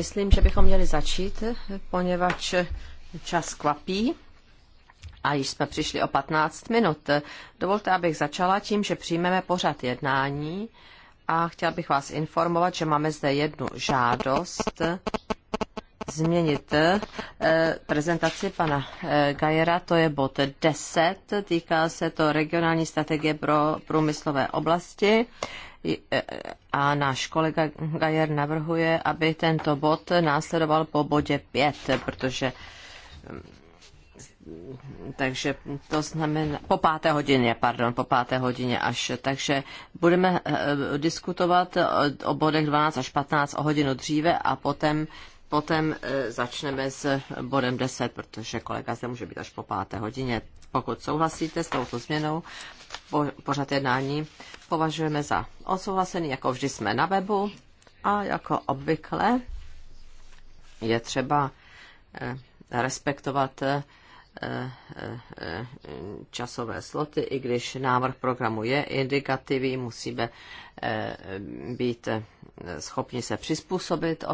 Myslím, že bychom měli začít, poněvadž čas kvapí a již jsme přišli o 15 minut. Dovolte, abych začala tím, že přijmeme pořad jednání a chtěla bych vás informovat, že máme zde jednu žádost změnit eh, prezentaci pana eh, Gajera, to je bod 10, týká se to regionální strategie pro průmyslové oblasti a náš kolega Gajer navrhuje, aby tento bod následoval po bodě 5, protože mm, takže to znamená po páté hodině, pardon, po páté hodině až. Takže budeme eh, diskutovat o bodech 12 až 15 o hodinu dříve a potom, potom eh, začneme s bodem 10, protože kolega zde může být až po páté hodině pokud souhlasíte s touto změnou, po, pořad jednání považujeme za odsouhlasený, jako vždy jsme na webu a jako obvykle je třeba eh, respektovat eh, eh, časové sloty, i když návrh programu je indikativní, musíme být schopni se přizpůsobit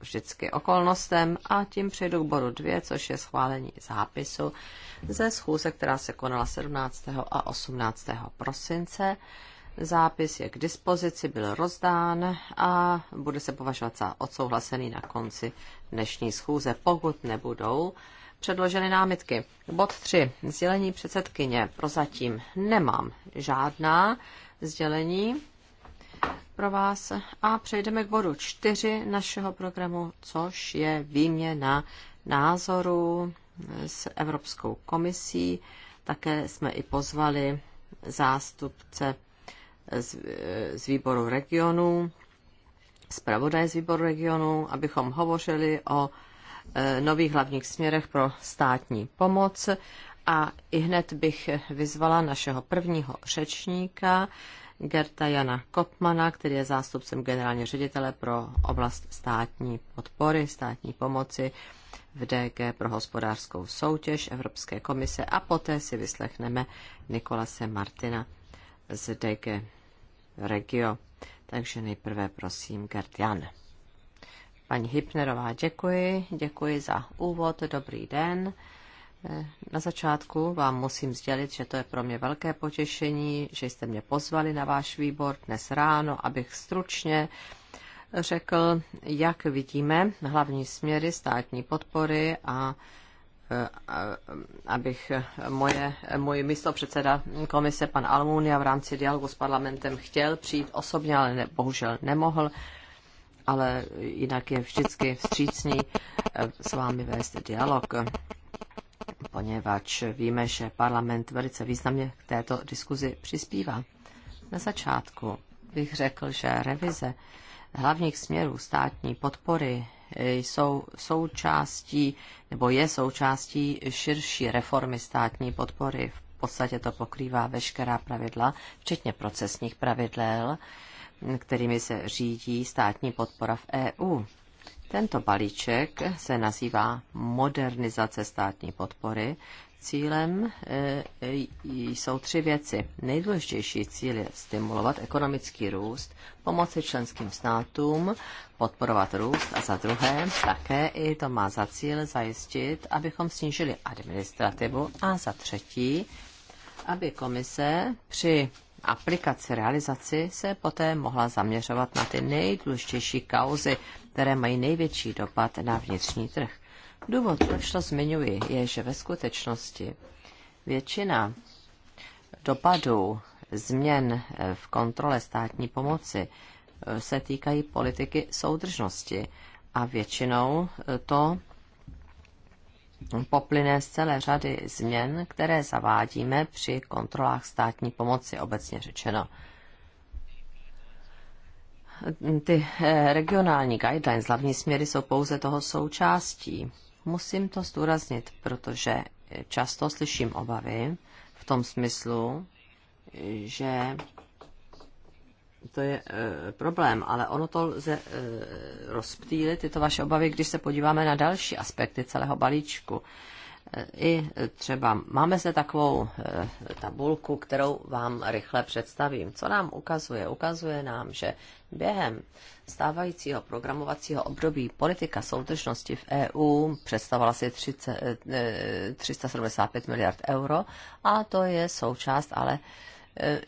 vždycky okolnostem a tím přejdu k bodu 2, což je schválení zápisu ze schůze, která se konala 17. a 18. prosince. Zápis je k dispozici, byl rozdán a bude se považovat za odsouhlasený na konci dnešní schůze, pokud nebudou předloženy námitky. Bod 3. Sdělení předsedkyně. Prozatím nemám žádná sdělení pro vás a přejdeme k bodu čtyři našeho programu, což je výměna názoru s Evropskou komisí. Také jsme i pozvali zástupce z, z výboru regionu, zpravodaj z výboru regionu, abychom hovořili o e, nových hlavních směrech pro státní pomoc. A i hned bych vyzvala našeho prvního řečníka, Gerta Jana Kopmana, který je zástupcem generálního ředitele pro oblast státní podpory, státní pomoci v DG pro hospodářskou soutěž Evropské komise a poté si vyslechneme Nikolase Martina z DG Regio. Takže nejprve prosím Gert Jan. Paní Hypnerová, děkuji, děkuji za úvod, dobrý den. Eh, na začátku vám musím sdělit, že to je pro mě velké potěšení, že jste mě pozvali na váš výbor dnes ráno, abych stručně řekl, jak vidíme hlavní směry státní podpory a eh, abych moje, můj místo předseda komise pan Almunia v rámci dialogu s parlamentem chtěl přijít osobně, ale ne, bohužel nemohl, ale jinak je vždycky vstřícný eh, s vámi vést dialog poněvadž víme, že parlament velice významně k této diskuzi přispívá. Na začátku bych řekl, že revize hlavních směrů státní podpory jsou součástí nebo je součástí širší reformy státní podpory. V podstatě to pokrývá veškerá pravidla, včetně procesních pravidel, kterými se řídí státní podpora v EU. Tento balíček se nazývá modernizace státní podpory. Cílem eh, jsou tři věci. Nejdůležitější cíl je stimulovat ekonomický růst, pomoci členským státům, podporovat růst a za druhé také i to má za cíl zajistit, abychom snížili administrativu a za třetí, aby komise při aplikaci realizaci se poté mohla zaměřovat na ty nejdůležitější kauzy které mají největší dopad na vnitřní trh. Důvod, proč to zmiňuji, je, že ve skutečnosti většina dopadů změn v kontrole státní pomoci eh, se týkají politiky soudržnosti a většinou eh, to poplyne z celé řady změn, které zavádíme při kontrolách státní pomoci, obecně řečeno ty eh, regionální guidelines, hlavní směry jsou pouze toho součástí. Musím to zdůraznit, protože často slyším obavy v tom smyslu, že to je e, problém, ale ono to lze e, rozptýlit, tyto vaše obavy, když se podíváme na další aspekty celého balíčku. E, i třeba máme se takovou eh, tabulku, kterou vám rychle představím. Co nám ukazuje? Ukazuje nám, že během stávajícího programovacího období politika soudržnosti v EU představovala si 375 eh, miliard euro a to je součást ale eh,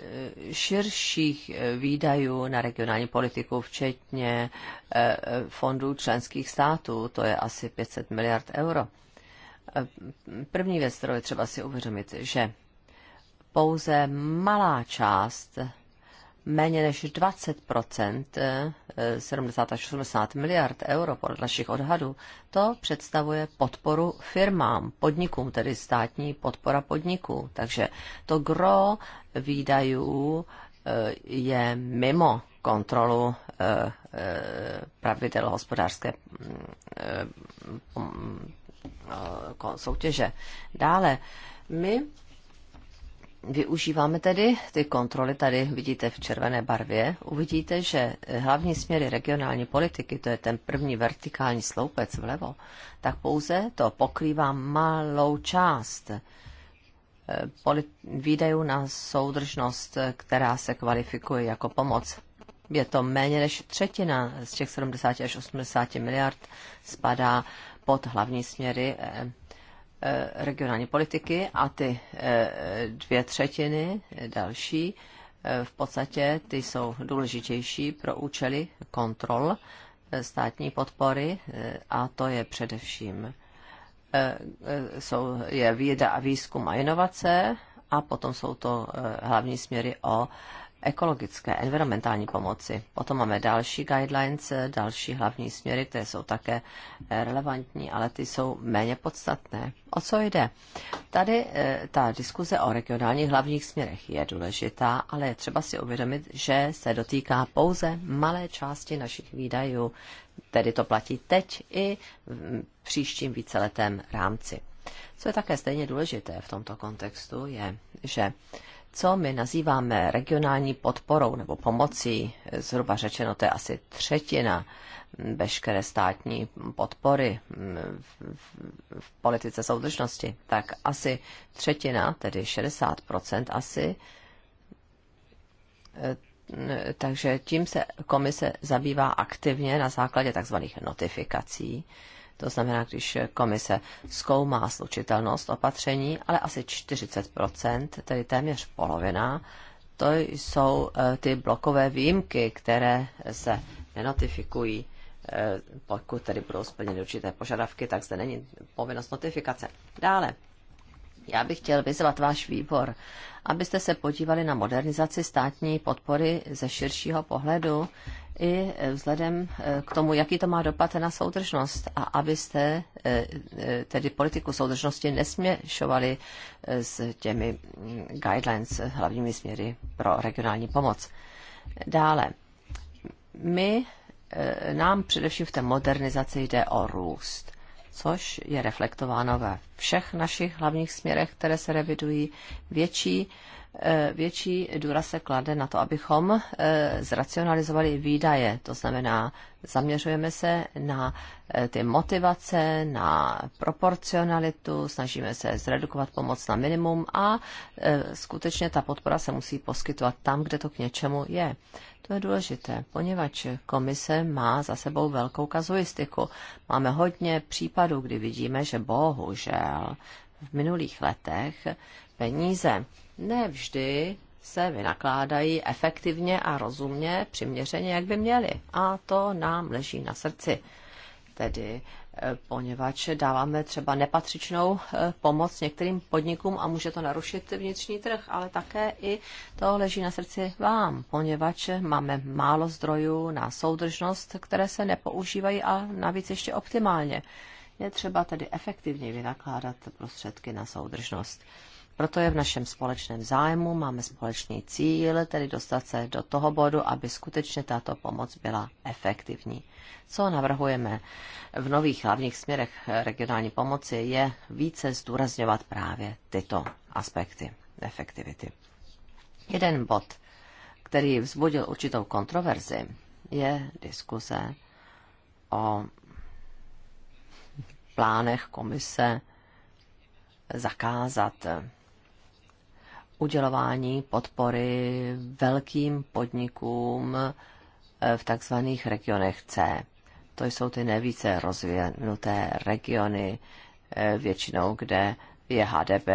širších výdajů na regionální politiku, včetně fondů členských států, to je asi 500 miliard euro. První věc, kterou je třeba si uvědomit, že pouze malá část, méně než 20 70 eh, až 80 miliard euro podle našich odhadů, to představuje podporu firmám, podnikům, tedy státní podpora podniků. Takže to gro výdajů eh, je mimo kontrolu eh, pravidel hospodářské mm, Eh, soutěže. Dále, my využíváme tedy ty kontroly, tady vidíte v červené barvě, uvidíte, že eh, hlavní směry regionální politiky, to je ten první vertikální sloupec vlevo, tak pouze to pokrývá malou část eh, výdajů na soudržnost, která se kvalifikuje jako pomoc. Je to méně než třetina z těch 70 až 80 miliard spadá pod hlavní směry eh, eh, regionální politiky a ty eh, dvě třetiny další v podstatě ty jsou důležitější pro účely kontrol státní podpory a to je především jsou, je věda a výzkum a inovace a potom jsou to hlavní směry o ekologické, environmentální pomoci. Potom máme další guidelines, další hlavní směry, které jsou také eh, relevantní, ale ty jsou méně podstatné. O co jde? Tady eh, ta diskuze o regionálních hlavních směrech je důležitá, ale je třeba si uvědomit, že se dotýká pouze malé části našich výdajů, tedy to platí teď i v příštím víceletém rámci. Co je také stejně důležité v tomto kontextu, je, že co my nazýváme regionální podporou nebo pomocí, zhruba řečeno to je asi třetina veškeré státní podpory v, politice soudržnosti, tak asi třetina, tedy 60% asi, e, takže tím se komise zabývá aktivně na základě tzv. notifikací. To znamená, když komise zkoumá slučitelnost opatření, ale asi 40 tedy téměř polovina, to jsou eh, ty blokové výjimky, které se nenotifikují. Eh, pokud tedy budou splněny určité požadavky, tak zde není povinnost notifikace. Dále, já bych chtěl vyzvat váš výbor, abyste se podívali na modernizaci státní podpory ze širšího pohledu, i vzhledem eh, k tomu, jaký to má dopad na soudržnost a abyste eh, eh, tedy politiku soudržnosti nesměšovali s těmi mm, guidelines, hlavními směry pro regionální pomoc. Dále, my, nám především v té modernizaci jde o růst, což je reflektováno ve všech našich hlavních směrech, které se revidují. Větší Eh, větší důraz se klade na to, abychom eh, zracionalizovali výdaje. To znamená, zaměřujeme se na eh, ty motivace, na proporcionalitu, snažíme se zredukovat pomoc na minimum a skutečně ta podpora se musí poskytovat tam, kde to k něčemu je. To je důležité, poněvadž komise má za sebou velkou kazuistiku. Máme hodně případů, kdy vidíme, že bohužel v minulých letech peníze ne vždy se vynakládají efektivně a rozumně, přiměřeně, jak by měly. A to nám leží na srdci. Tedy eh, poněvadž dáváme třeba nepatřičnou eh, pomoc některým podnikům a může to narušit vnitřní trh, ale také i to leží na srdci vám, poněvadž máme málo zdrojů na soudržnost, které se nepoužívají a navíc ještě optimálně. Je třeba tedy efektivně vynakládat prostředky na soudržnost. Proto je v našem společném zájmu, máme společný cíl, tedy dostat se do toho bodu, aby skutečně tato pomoc byla efektivní. Co navrhujeme v nových hlavních směrech regionální pomoci je více zdůrazňovat právě tyto aspekty efektivity. Jeden bod, který vzbudil určitou kontroverzi, je diskuse o plánech komise zakázat udělování podpory velkým podnikům eh, v takzvaných regionech C. To jsou ty nejvíce rozvinuté regiony, eh, většinou, kde je HDP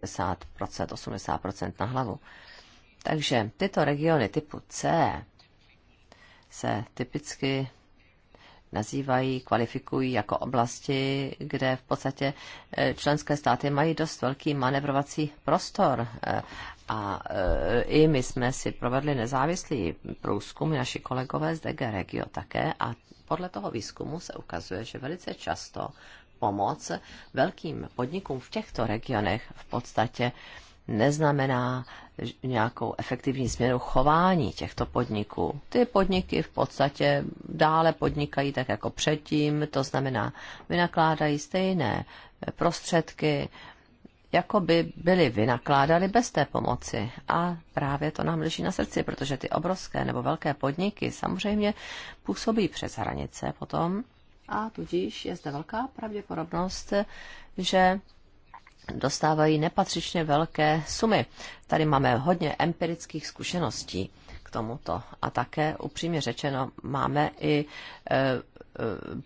50%, 80% na hlavu. Takže tyto regiony typu C se typicky nazývají, kvalifikují jako oblasti, kde v podstatě eh, členské státy mají dost velký manevrovací prostor. Eh, a eh, i my jsme si provedli nezávislý průzkum, naši kolegové z DG Regio také, a podle toho výzkumu se ukazuje, že velice často pomoc velkým podnikům v těchto regionech v podstatě eh, neznamená nějakou efektivní změnu chování těchto podniků. Ty podniky v podstatě dále podnikají tak jako předtím, to znamená, vynakládají stejné prostředky, jako by byly vynakládali bez té pomoci. A právě to nám leží na srdci, protože ty obrovské nebo velké podniky samozřejmě působí přes hranice potom a tudíž je zde velká pravděpodobnost, že dostávají nepatřičně velké sumy. Tady máme hodně empirických zkušeností k tomuto. A také, upřímně řečeno, máme i e, e,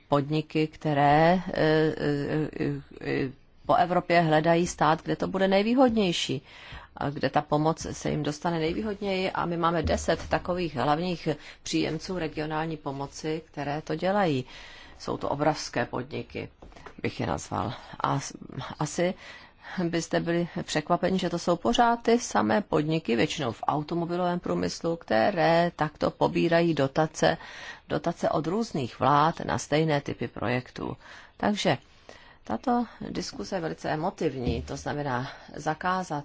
podniky, které e, po Evropě hledají stát, kde to bude nejvýhodnější kde ta pomoc se jim dostane nejvýhodněji a my máme deset takových hlavních příjemců regionální pomoci, které to dělají. Jsou to obrovské podniky, bych je nazval. A asi byste byli překvapeni, že to jsou pořád ty samé podniky, většinou v automobilovém průmyslu, které takto pobírají dotace, dotace od různých vlád na stejné typy projektů. Takže tato diskuse je velice emotivní, to znamená zakázat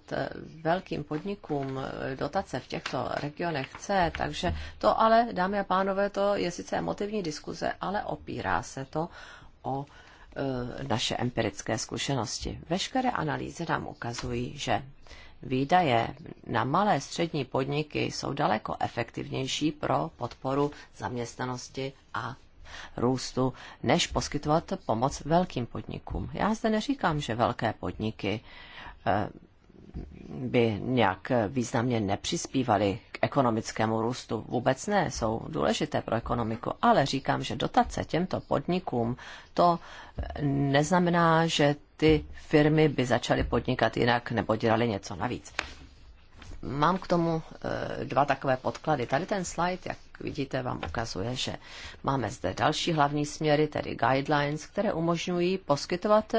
velkým podnikům dotace v těchto regionech C, takže to ale, dámy a pánové, to je sice emotivní diskuze, ale opírá se to o Eh, naše empirické zkušenosti. Veškeré analýzy nám ukazují, že výdaje na malé střední podniky jsou daleko efektivnější pro podporu zaměstnanosti a růstu, než poskytovat pomoc velkým podnikům. Já zde neříkám, že velké podniky eh, by nějak významně nepřispívaly k ekonomickému růstu. Vůbec ne, jsou důležité pro ekonomiku, ale říkám, že dotace těmto podnikům to neznamená, že ty firmy by začaly podnikat jinak nebo dělali něco navíc mám k tomu e, dva takové podklady. Tady ten slide, jak vidíte, vám ukazuje, že máme zde další hlavní směry, tedy guidelines, které umožňují poskytovat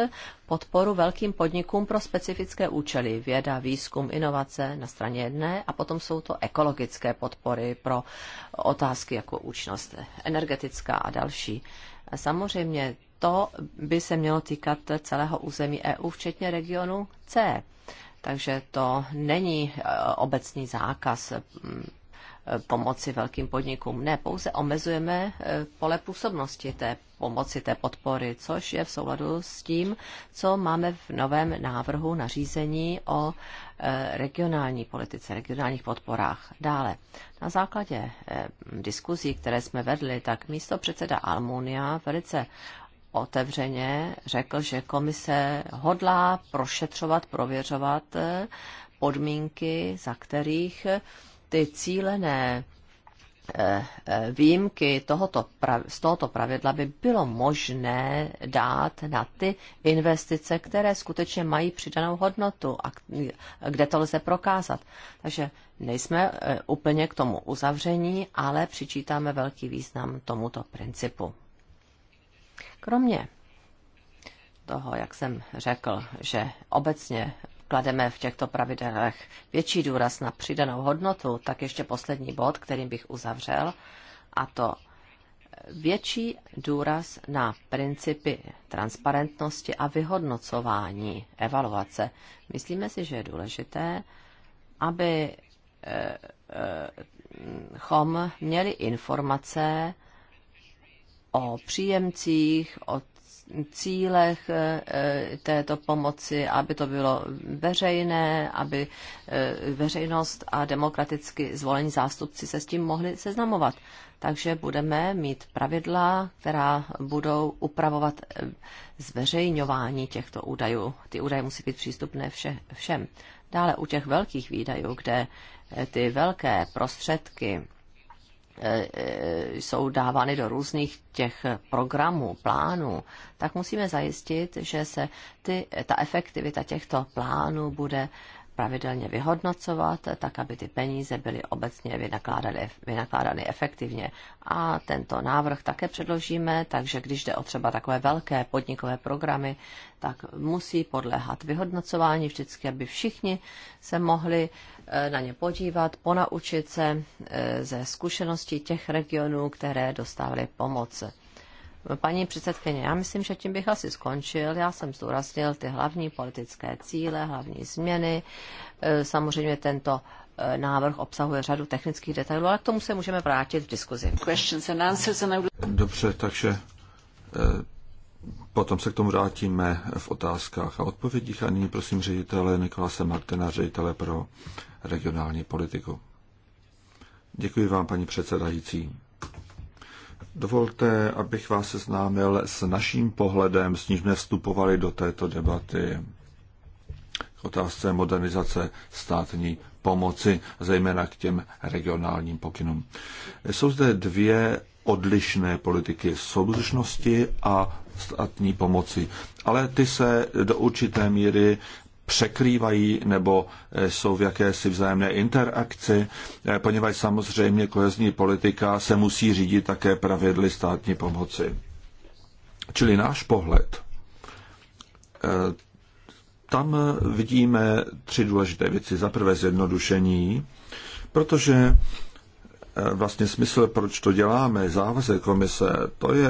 podporu velkým podnikům pro specifické účely, věda, výzkum, inovace na straně jedné a potom jsou to ekologické podpory pro otázky jako účinnost energetická a další. Samozřejmě to by se mělo týkat celého území EU, včetně regionu C takže to není eh, obecný zákaz mm, eh, pomoci velkým podnikům. Ne, pouze omezujeme eh, pole působnosti té pomoci, té podpory, což je v souladu s tím, co máme v novém návrhu nařízení o regionální politice, regionálních podporách. Dále, na základě diskuzí, které jsme vedli, tak místo předseda Almunia velice otevřeně řekl, že komise hodlá prošetřovat, prověřovat eh, podmínky, za kterých eh, ty cílené eh, výjimky tohoto, z tohoto pravidla by bylo možné dát na ty investice, které skutečně mají přidanou hodnotu a kde to lze prokázat. Takže nejsme úplně k tomu uzavření, ale přičítáme velký význam tomuto principu. Kromě toho, jak jsem řekl, že obecně klademe v těchto pravidelech větší důraz na přidanou hodnotu, tak ještě poslední bod, kterým bych uzavřel, a to větší důraz na principy transparentnosti a vyhodnocování evaluace. Myslíme si, že je důležité, aby eh, eh, chom měli informace o příjemcích, o cílech e, této pomoci, aby to bylo veřejné, aby e, veřejnost a demokraticky zvolení zástupci se s tím mohli seznamovat. Takže budeme mít pravidla, která budou upravovat e, zveřejňování těchto údajů. Ty údaje musí být přístupné vše, všem. Dále u těch velkých výdajů, kde ty velké prostředky E, e, jsou dávány do různých těch programů, plánů, tak musíme zajistit, že se ty, ta efektivita těchto plánů bude pravidelně vyhodnocovat, tak aby ty peníze byly obecně vynakládány, vynakládány efektivně. A tento návrh také předložíme, takže když jde o třeba takové velké podnikové programy, tak musí podléhat vyhodnocování vždycky, aby všichni se mohli eh, na ně podívat, ponaučit se eh, ze zkušeností těch regionů, které dostávaly pomoc. Paní předsedkyně, já myslím, že tím bych asi skončil. Já jsem zdůraznil ty hlavní politické cíle, hlavní změny. E, samozřejmě tento e, návrh obsahuje řadu technických detailů, ale k tomu se můžeme vrátit v diskuzi. Dobře, takže e, potom se k tomu vrátíme v otázkách a odpovědích. A nyní prosím ředitele Nikolase Martina, ředitele pro regionální politiku. Děkuji vám, paní předsedající. Dovolte, abych vás seznámil s naším pohledem, s níž jsme vstupovali do této debaty k otázce modernizace státní pomoci, zejména k těm regionálním pokynům. Jsou zde dvě odlišné politiky soudržnosti a státní pomoci, ale ty se do určité míry překrývají nebo eh, jsou v jakési vzájemné interakci, eh, poněvadž samozřejmě kohezní politika se musí řídit také pravidly státní pomoci. Čili náš pohled. Eh, tam vidíme tři důležité věci. Za prvé zjednodušení, protože vlastně smysl, proč to děláme, závazek komise, to je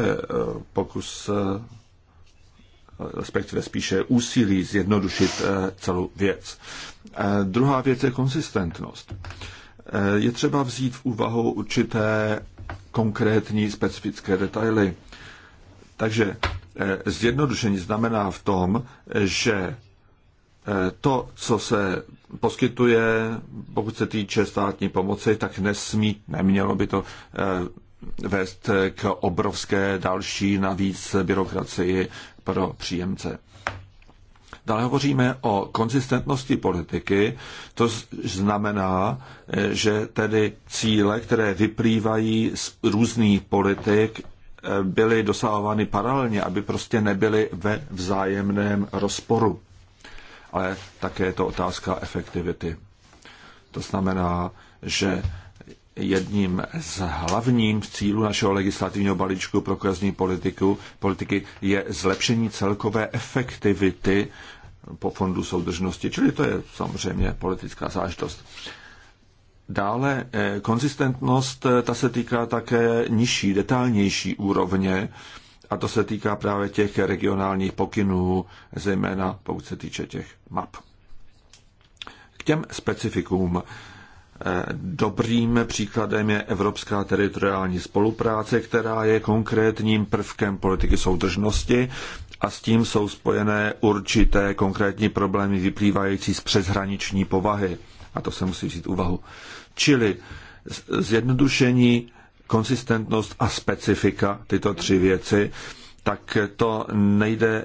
pokus respektive spíše úsilí zjednodušit eh, celou věc. Eh, druhá věc je konsistentnost. Eh, je třeba vzít v úvahu určité konkrétní specifické detaily. Takže zjednodušení znamená v tom, že to, co se poskytuje, pokud se týče státní pomoci, tak nesmí, nemělo by to vést k obrovské další navíc byrokracii pro příjemce. Dále hovoříme o konzistentnosti politiky, to znamená, eh, že tedy cíle, které vyplývají z různých politik, eh, byly dosahovány paralelně, aby prostě nebyly ve vzájemném rozporu. Ale také je to otázka efektivity. To znamená, že jedním z hlavních cílů našeho legislativního balíčku pro kohezní politiku, politiky je zlepšení celkové efektivity po fondu soudržnosti, čili to je samozřejmě politická zážitost. Dále eh, konzistentnost, eh, ta se týká také nižší, detailnější úrovně a to se týká právě těch regionálních pokynů, zejména pokud se týče těch map. K těm specifikům. Dobrým příkladem je evropská teritoriální spolupráce, která je konkrétním prvkem politiky soudržnosti a s tím jsou spojené určité konkrétní problémy vyplývající z přeshraniční povahy. A to se musí vzít úvahu. Čili zjednodušení, konsistentnost a specifika, tyto tři věci, tak to nejde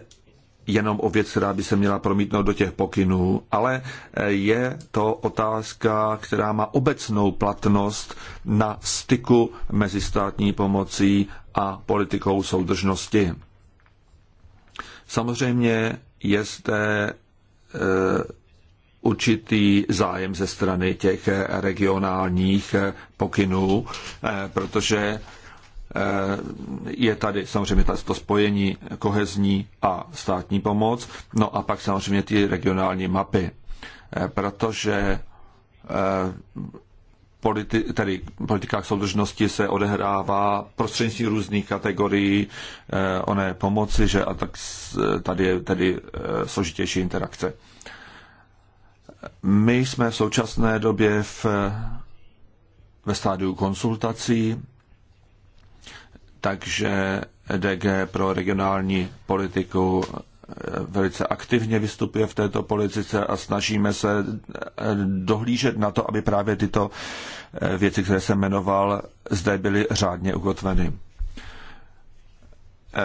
jenom o věc, která by se měla promítnout do těch pokynů, ale eh, je to otázka, která má obecnou platnost na styku mezi státní pomocí a politikou soudržnosti. Samozřejmě je zde eh, určitý zájem ze strany těch regionálních eh, pokynů, protože Eh, je tady samozřejmě to spojení kohezní a státní pomoc, no a pak samozřejmě ty regionální mapy, eh, protože eh, politi- tedy politikách soudržnosti se odehrává prostřednictvím různých kategorií oné pomoci, že a tak tady je tedy složitější interakce. My jsme v současné době v, ve stádiu konsultací takže DG pro regionální politiku eh, velice aktivně vystupuje v této politice a snažíme se eh, dohlížet na to, aby právě tyto eh, věci, které jsem jmenoval, zde byly řádně ukotveny.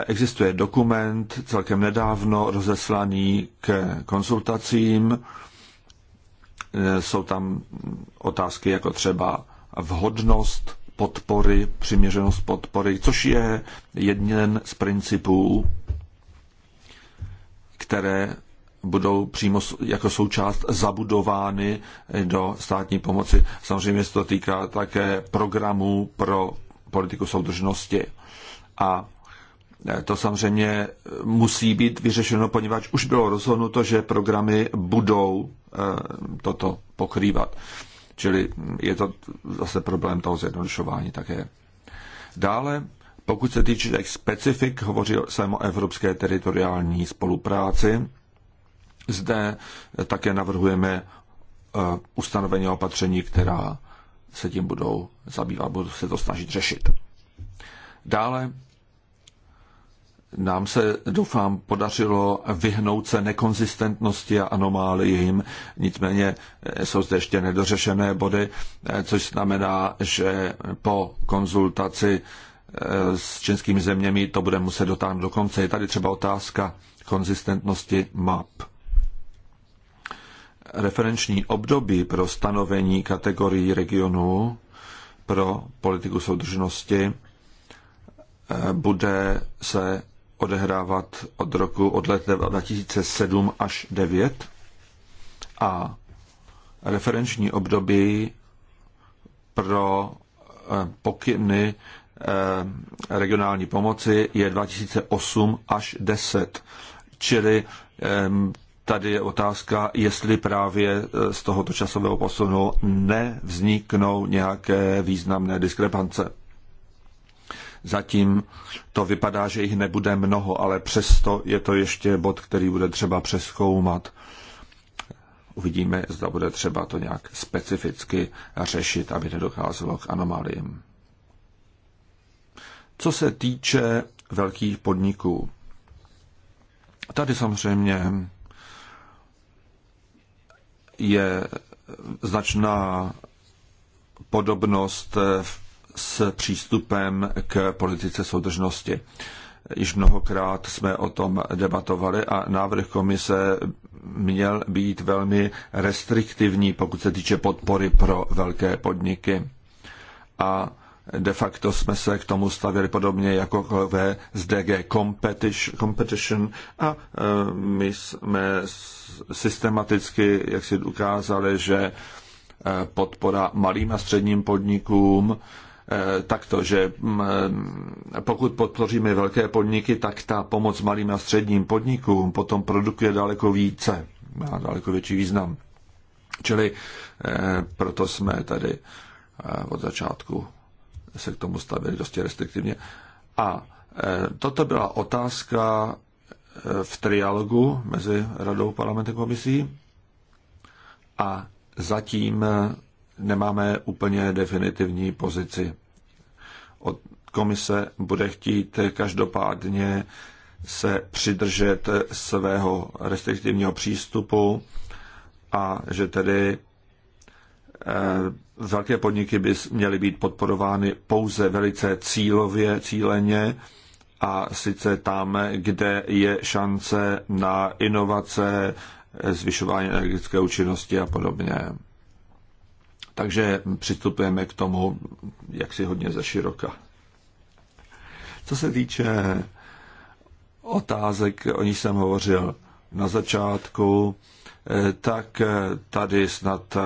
Existuje dokument celkem nedávno rozeslaný k konsultacím. Jsou tam otázky jako třeba vhodnost podpory, přiměřenost podpory, což je jeden z principů, které budou přímo jako součást zabudovány do státní pomoci. Samozřejmě se to týká také programů pro politiku soudržnosti. A e, to samozřejmě musí být vyřešeno, poněvadž už bylo rozhodnuto, že programy budou e, toto pokrývat. Čili je to zase problém toho zjednodušování také. Dále, pokud se týče těch specifik, hovoří jsem o evropské teritoriální spolupráci. Zde také navrhujeme eh, ustanovení opatření, která se tím budou zabývat, budou se to snažit řešit. Dále nám se, doufám, podařilo vyhnout se nekonzistentnosti a anomáliím, nicméně eh, jsou zde ještě nedořešené body, eh, což znamená, že po konzultaci eh, s českými zeměmi to bude muset dotáhnout do konce. Je tady třeba otázka konzistentnosti map. Referenční období pro stanovení kategorií regionů pro politiku soudržnosti bude se odehrávat od roku, od let 2007 až 9 a referenční období pro eh, pokyny eh, regionální pomoci je 2008 až 10. Čili tady je otázka, jestli právě eh, z tohoto časového posunu nevzniknou nějaké významné diskrepance. Zatím to vypadá, že jich nebude mnoho, ale přesto je to ještě bod, který bude třeba přeskoumat. Uvidíme, zda bude třeba to nějak specificky řešit, aby nedocházelo k anomáliím. Co se týče velkých podniků, tady samozřejmě je značná podobnost v s přístupem k politice soudržnosti. Již mnohokrát jsme o tom debatovali a návrh komise měl být velmi restriktivní, pokud se týče podpory pro velké podniky. A de facto jsme se k tomu stavili podobně jako ve SDG Competition a eh, my jsme systematicky jak si ukázali, že eh, podpora malým a středním podnikům Eh, takto, že mm, eh, pokud podpoříme velké podniky, tak ta pomoc malým a středním podnikům potom produkuje daleko více, má daleko větší význam. Čili eh, proto jsme tady od začátku se k tomu stavili dosti restriktivně. A toto byla otázka v trialogu mezi Radou parlamentem komisí a zatím nemáme úplně definitivní pozici. Od komise bude chtít každopádně se přidržet svého restriktivního přístupu a že tedy eh, velké podniky by měly být podporovány pouze velice cílově, cíleně a sice tam, kde je šance na inovace, zvyšování energetické účinnosti a podobně. Takže přistupujeme k tomu jaksi hodně ze široka. Co se týče otázek, o nich jsem hovořil na začátku, eh, tak eh, tady snad eh,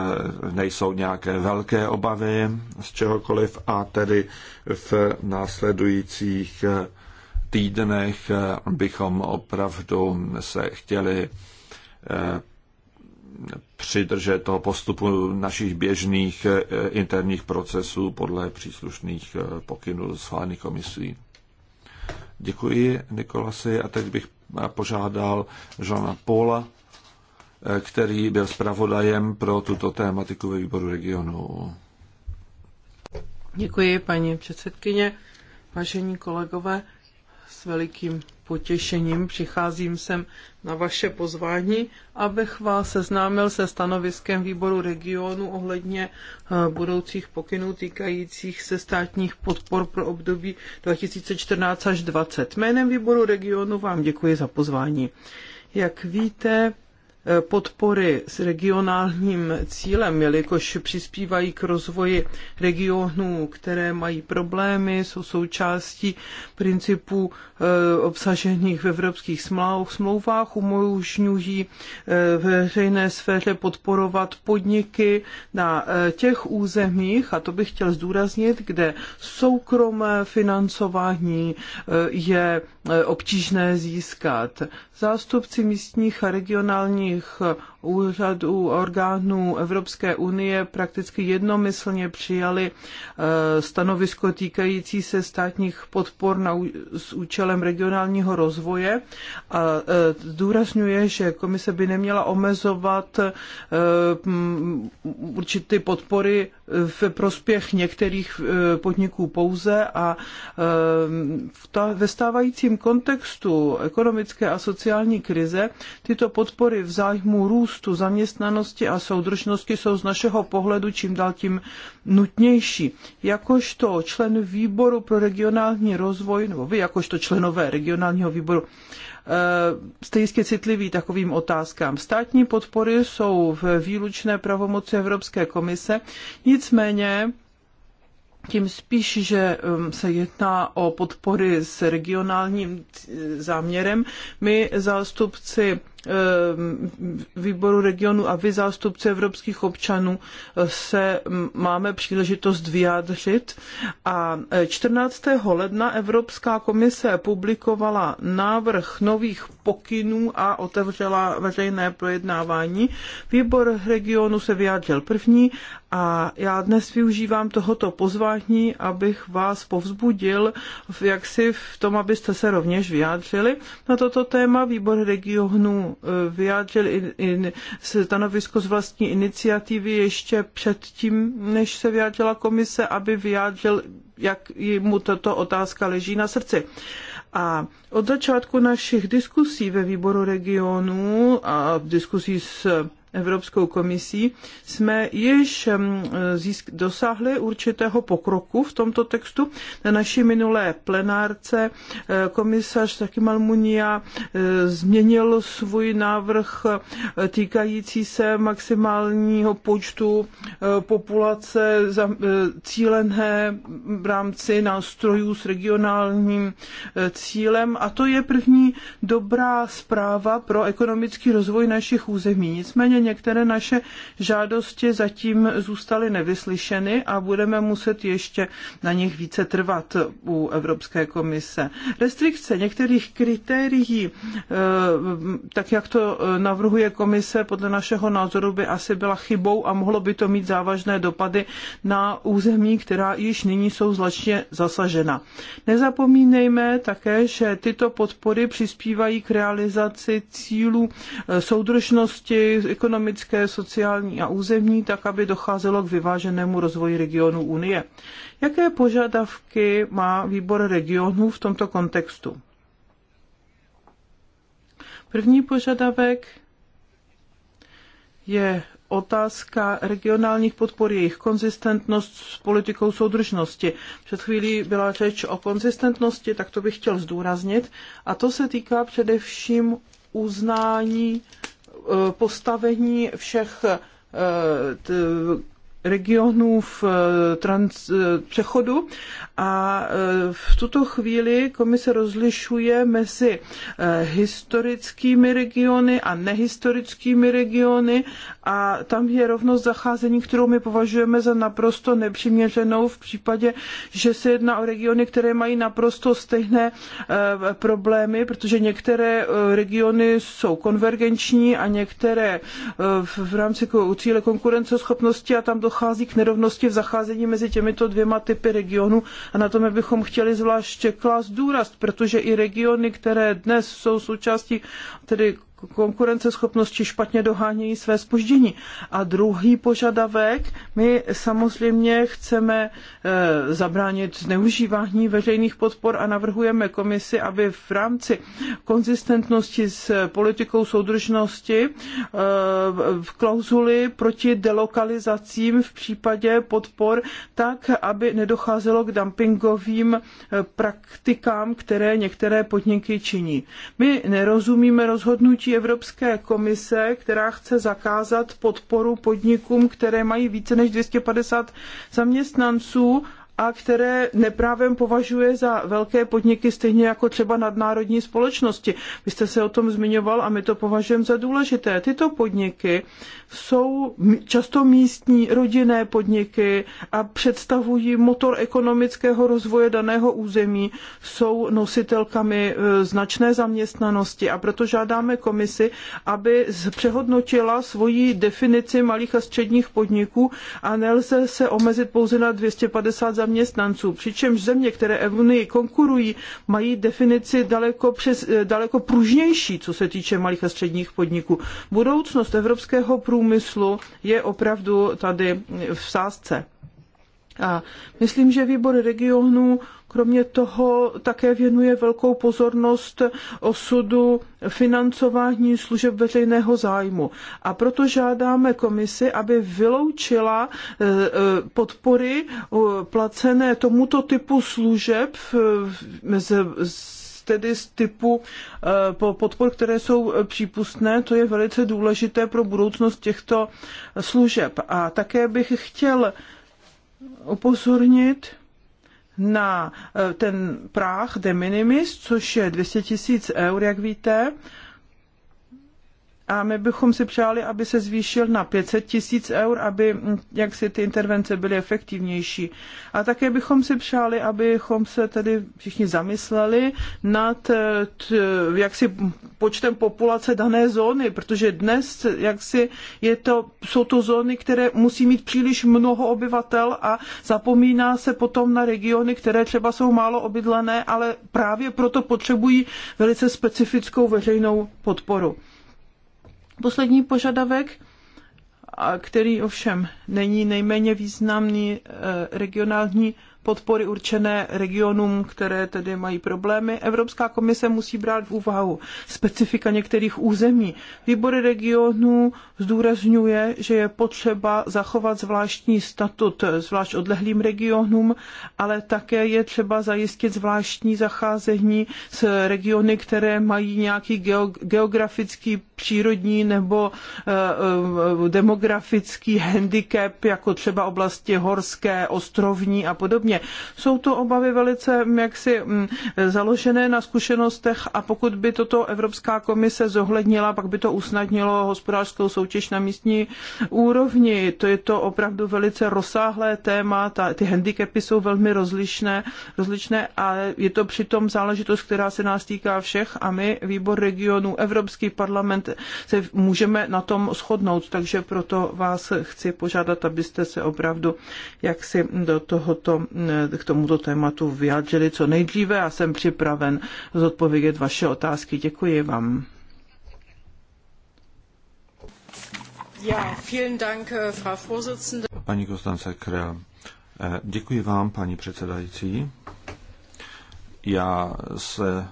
nejsou nějaké velké obavy z čehokoliv a tedy v následujících týdnech bychom opravdu se chtěli přidržet toho postupu našich běžných eh, interních procesů podle příslušných eh, pokynů schválených komisí. Děkuji Nikolasi a teď bych eh, požádal Žana Paula, který byl zpravodajem pro tuto tématiku ve výboru regionu. Děkuji, paní předsedkyně, vážení kolegové s velikým potěšením přicházím sem na vaše pozvání, abych vás seznámil se stanoviskem výboru regionu ohledně eh, budoucích pokynů týkajících se státních podpor pro období 2014 až 2020. Jménem výboru regionu vám děkuji za pozvání. Jak víte, podpory s regionálním cílem, jelikož přispívají k rozvoji regionů, které mají problémy, jsou součástí principů eh, obsažených v evropských smlouvách, umožňují eh, veřejné sféře podporovat podniky na eh, těch územích, a to bych chtěl zdůraznit, kde soukromé financování je Eh, obtížné získat. Zástupci místních a regionálních eh, úřadů a orgánů Evropské unie prakticky jednomyslně přijali eh, stanovisko týkající se státních podpor na, s účelem regionálního rozvoje a zdůrazňuje, že komise by neměla omezovat určité podpory v prospěch některých eh, podniků pouze a eh, ve stávajícím kontextu ekonomické a sociální krize tyto podpory v zájmu růstu, zaměstnanosti a soudržnosti jsou z našeho pohledu čím dál tím nutnější. Jakožto člen výboru pro regionální rozvoj, nebo vy jakožto členové regionálního výboru, Eh, jste jistě citliví takovým otázkám. Státní podpory jsou v výlučné pravomoci Evropské komise, nicméně tím spíš, že se jedná o podpory s regionálním eh, záměrem. My zástupci Ehm, výboru regionu a vy zástupci evropských občanů se máme příležitost vyjádřit. A 14. E, ledna Evropská komise publikovala návrh nových pokynů a otevřela veřejné projednávání. Výbor regionu se vyjádřil první a já dnes využívám tohoto pozvání, abych vás povzbudil jaksi v tom, abyste se rovněž vyjádřili na toto téma. Výbor regionu Eh, vyjádřil in, in, stanovisko z vlastní iniciativy ještě předtím, než se vyjádřila komise, aby vyjádřil, jak mu tato otázka leží na srdci. A od začátku našich diskusí ve výboru regionů a diskusí s Evropskou komisí, jsme již mm, získ- dosáhli určitého pokroku v tomto textu. Na naší minulé plenárce eh, komisař Taky Malmunia eh, změnil svůj návrh eh, týkající se maximálního počtu populace cílené v rámci nástrojů s regionálním cílem a to je první dobrá zpráva pro ekonomický rozvoj našich území. Nicméně některé naše žádosti zatím zůstaly nevyslyšeny a budeme muset ještě na nich více trvat u Evropské komise. Restrikce některých kritérií, eh, tak jak to eh, navrhuje komise, podle našeho názoru by asi byla chybou a mohlo by to mít závažné dopady na území, která již nyní jsou zlačně zasažena. Nezapomínejme také, že tyto podpory přispívají k realizaci cílů eh, soudržnosti, ekonomické ekonomické, sociální a územní, tak aby docházelo k vyváženému rozvoji regionu Unie. Jaké požadavky má výbor regionů v tomto kontextu? První požadavek je otázka regionálních podpor, jejich konzistentnost s politikou soudržnosti. Před chvílí byla řeč o konzistentnosti, tak to bych chtěl zdůraznit. A to se týká především uznání postavení všech eh, regionů v eh, trans, eh, přechodu a eh, v tuto chvíli komise rozlišuje mezi historickými regiony a nehistorickými regiony a tam je rovnost zacházení, kterou my považujeme za naprosto nepřiměřenou v případě, že se jedná o regiony, které mají naprosto stejné problémy, protože některé regiony jsou konvergenční a některé v rámci cíle konkurenceschopnosti a tam do dochází k nerovnosti v zacházení mezi těmito dvěma typy regionů a na tom bychom chtěli zvláště klást důraz, protože i regiony, které dnes jsou součástí tedy konkurenceschopnosti špatně dohánějí své spoždění. A druhý požadavek, my samozřejmě chceme eh, zabránit zneužívání veřejných podpor a navrhujeme komisi, aby v rámci konzistentnosti s politikou soudržnosti eh, v klauzuli proti delokalizacím v případě podpor tak, aby nedocházelo k dumpingovým eh, praktikám, které některé podniky činí. My nerozumíme rozhodnutí rozhodnutí Evropské komise, která chce zakázat podporu podnikům, které mají více než 250 zaměstnanců a které neprávem považuje za velké podniky, stejně jako třeba nadnárodní společnosti. Vy jste se o tom zmiňoval a my to považujeme za důležité. Tyto podniky jsou často místní rodinné podniky a představují motor ekonomického rozvoje daného území, jsou nositelkami e, značné zaměstnanosti a proto žádáme komisi, aby přehodnotila svoji definici malých a středních podniků a nelze se omezit pouze na 250 zaměstnanců zaměstnanců, přičemž země, které v Unii konkurují, mají definici daleko, přes, eh, daleko pružnější, co se týče malých a středních podniků. Budoucnost evropského průmyslu je opravdu tady v sázce. A myslím, že výbor regionů Kromě toho také věnuje velkou pozornost osudu financování služeb veřejného zájmu. A proto žádáme komisi, aby vyloučila e, e, podpory e, placené tomuto typu služeb tedy z typu podpor, které jsou přípustné. To je velice důležité pro budoucnost těchto služeb. A také bych chtěl upozornit, na eh, ten práh de minimis, což je 200 tisíc eur, jak víte, a my bychom si přáli, aby se zvýšil na 500 tisíc eur, aby mm, jak si ty intervence byly efektivnější. A také bychom si přáli, abychom se tedy všichni zamysleli nad eh, jak si počtem populace dané zóny, protože dnes jak si je to, jsou to zóny, které musí mít příliš mnoho obyvatel a zapomíná se potom na regiony, které třeba jsou málo obydlené, ale právě proto potřebují velice specifickou veřejnou podporu. Poslední požadavek, který ovšem není nejméně významný, eh, regionální podpory určené regionům, které tedy mají problémy. Evropská komise musí brát v úvahu specifika některých území. výbory regionů zdůrazňuje, že je potřeba zachovat zvláštní statut zvlášť odlehlým regionům, ale také je třeba zajistit zvláštní zacházení s regiony, které mají nějaký geografický přírodní nebo eh, eh, demografický handicap, jako třeba oblasti horské, ostrovní a podobně. Jsou to obavy velice mm, jaksi mm, založené na zkušenostech a pokud by toto Evropská komise zohlednila, pak by to usnadnilo hospodářskou soutěž na místní úrovni. To je to opravdu velice rozsáhlé téma, ta, ty handicapy jsou velmi rozlišné, rozličné a je to přitom záležitost, která se nás týká všech a my, výbor regionů, Evropský parlament, se můžeme na tom shodnout, takže proto vás chci požádat, abyste se opravdu jaksi do tohoto, k tomuto tématu vyjádřili co nejdříve a jsem připraven zodpovědět vaše otázky. Děkuji vám. Ja, vielen Dank, eh, Frau Vorsitzende. Paní Konstance Krell. Eh, děkuji vám, paní předsedající. Já se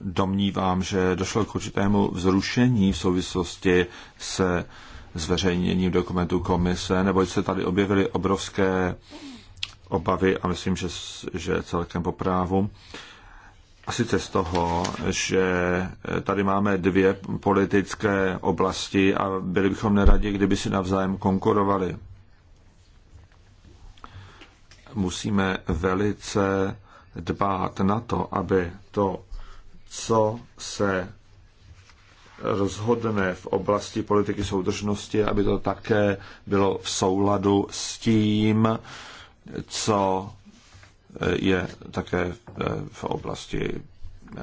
domnívám, že došlo k určitému vzrušení v souvislosti se zveřejněním dokumentů komise, neboť se tady objevily obrovské obavy a myslím, že, že celkem po právu. A sice z toho, že tady máme dvě politické oblasti a byli bychom neradi, kdyby si navzájem konkurovali. Musíme velice dbát na to, aby to co se rozhodne v oblasti politiky soudržnosti, aby to také bylo v souladu s tím, co je také eh, v oblasti eh,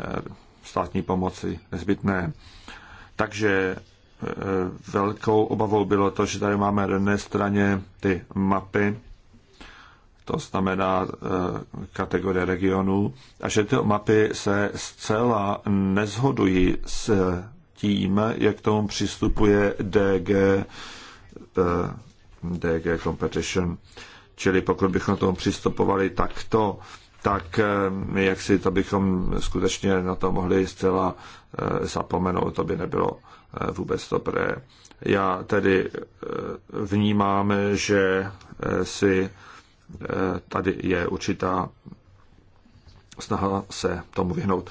státní pomoci nezbytné. Takže eh, velkou obavou bylo to, že tady máme na jedné straně ty mapy to znamená eh, kategorie regionů, a že ty mapy se zcela nezhodují s tím, jak tomu přistupuje DG, eh, DG Competition. Čili pokud bychom tomu přistupovali takto, tak eh, jak si to bychom skutečně na to mohli zcela zapomenout, to by nebylo vůbec dobré. Já tedy vnímám, že si Eh, tady je určitá snaha se tomu vyhnout.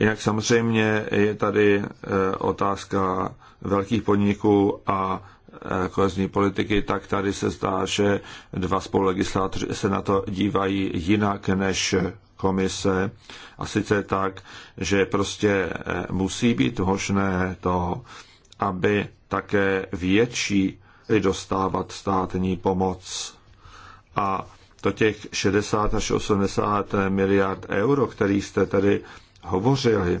Jinak samozřejmě je tady eh, otázka velkých podniků a eh, kohezní politiky, tak tady se zdá, že dva spolulegislátoři se na to dívají jinak než komise. A sice tak, že prostě musí být možné to, aby také větší dostávat státní pomoc. A to těch 60 až 80 miliard euro, který jste tady hovořili,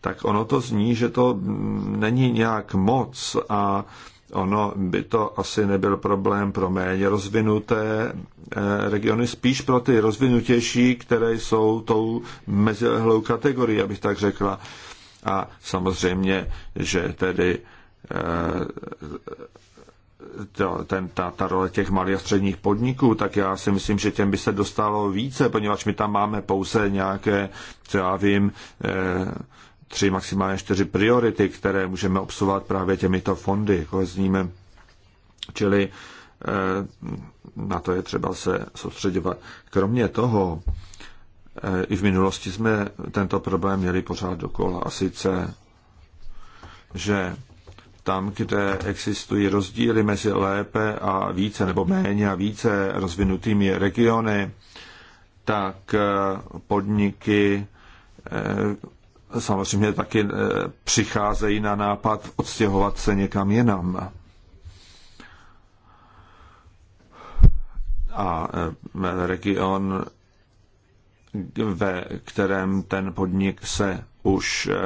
tak ono to zní, že to není nějak moc a ono by to asi nebyl problém pro méně rozvinuté eh, regiony, spíš pro ty rozvinutější, které jsou tou mezilehlou kategorií, abych tak řekla. A samozřejmě, že tedy eh, to, ten, ta, ta role těch malých a středních podniků, tak já si myslím, že těm by se dostalo více, poněvadž my tam máme pouze nějaké, co já vím, eh, tři, maximálně čtyři priority, které můžeme obsovat právě těmito fondy, kohezníme. Jako Čili eh, na to je třeba se soustředovat. Kromě toho, eh, i v minulosti jsme tento problém měli pořád dokola. A sice, že tam, kde existují rozdíly mezi lépe a více nebo méně a více rozvinutými regiony, tak eh, podniky eh, samozřejmě taky eh, přicházejí na nápad odstěhovat se někam jinam. A region, ve kterém ten podnik se už eh,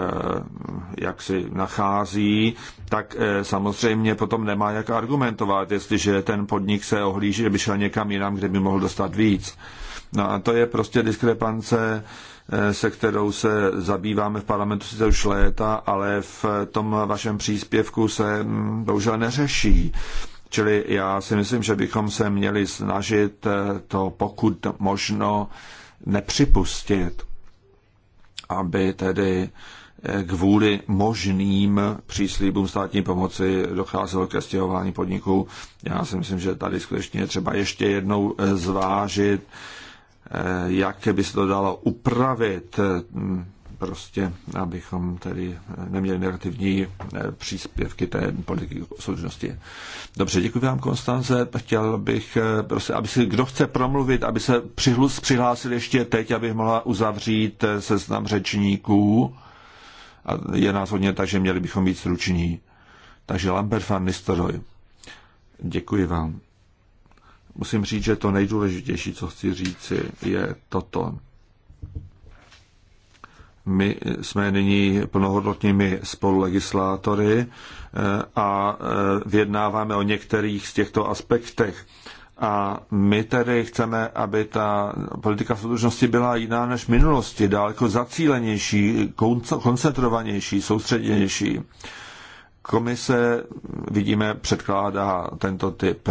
jak si nachází, tak eh, samozřejmě potom nemá jak argumentovat, jestliže ten podnik se ohlíží, že by šel někam jinam, kde by mohl dostat víc. No a to je prostě diskrepance, eh, se kterou se zabýváme v parlamentu sice už léta, ale v tom vašem příspěvku se mm, bohužel neřeší. Čili já si myslím, že bychom se měli snažit to pokud možno nepřipustit aby tedy eh, kvůli možným příslíbům státní pomoci docházelo ke stěhování podniků. Já si myslím, že tady skutečně je třeba ještě jednou eh, zvážit, eh, jak by se to dalo upravit prostě, abychom tedy neměli negativní eh, příspěvky té politiky soudržnosti. Dobře, děkuji vám, Konstance. Chtěl bych, eh, prostě, aby si, kdo chce promluvit, aby se přihlus, přihlásil ještě teď, abych mohla uzavřít eh, seznam řečníků. A je nás hodně, takže měli bychom být struční. Takže Lambert van Nistelrooy. Děkuji vám. Musím říct, že to nejdůležitější, co chci říci, je toto my jsme nyní plnohodnotnými spolulegislátory eh, a eh, vyjednáváme o některých z těchto aspektech. A my tedy chceme, aby ta politika soudržnosti byla jiná než v minulosti, daleko zacílenější, koncentrovanější, soustředěnější. Komise, vidíme, předkládá tento typ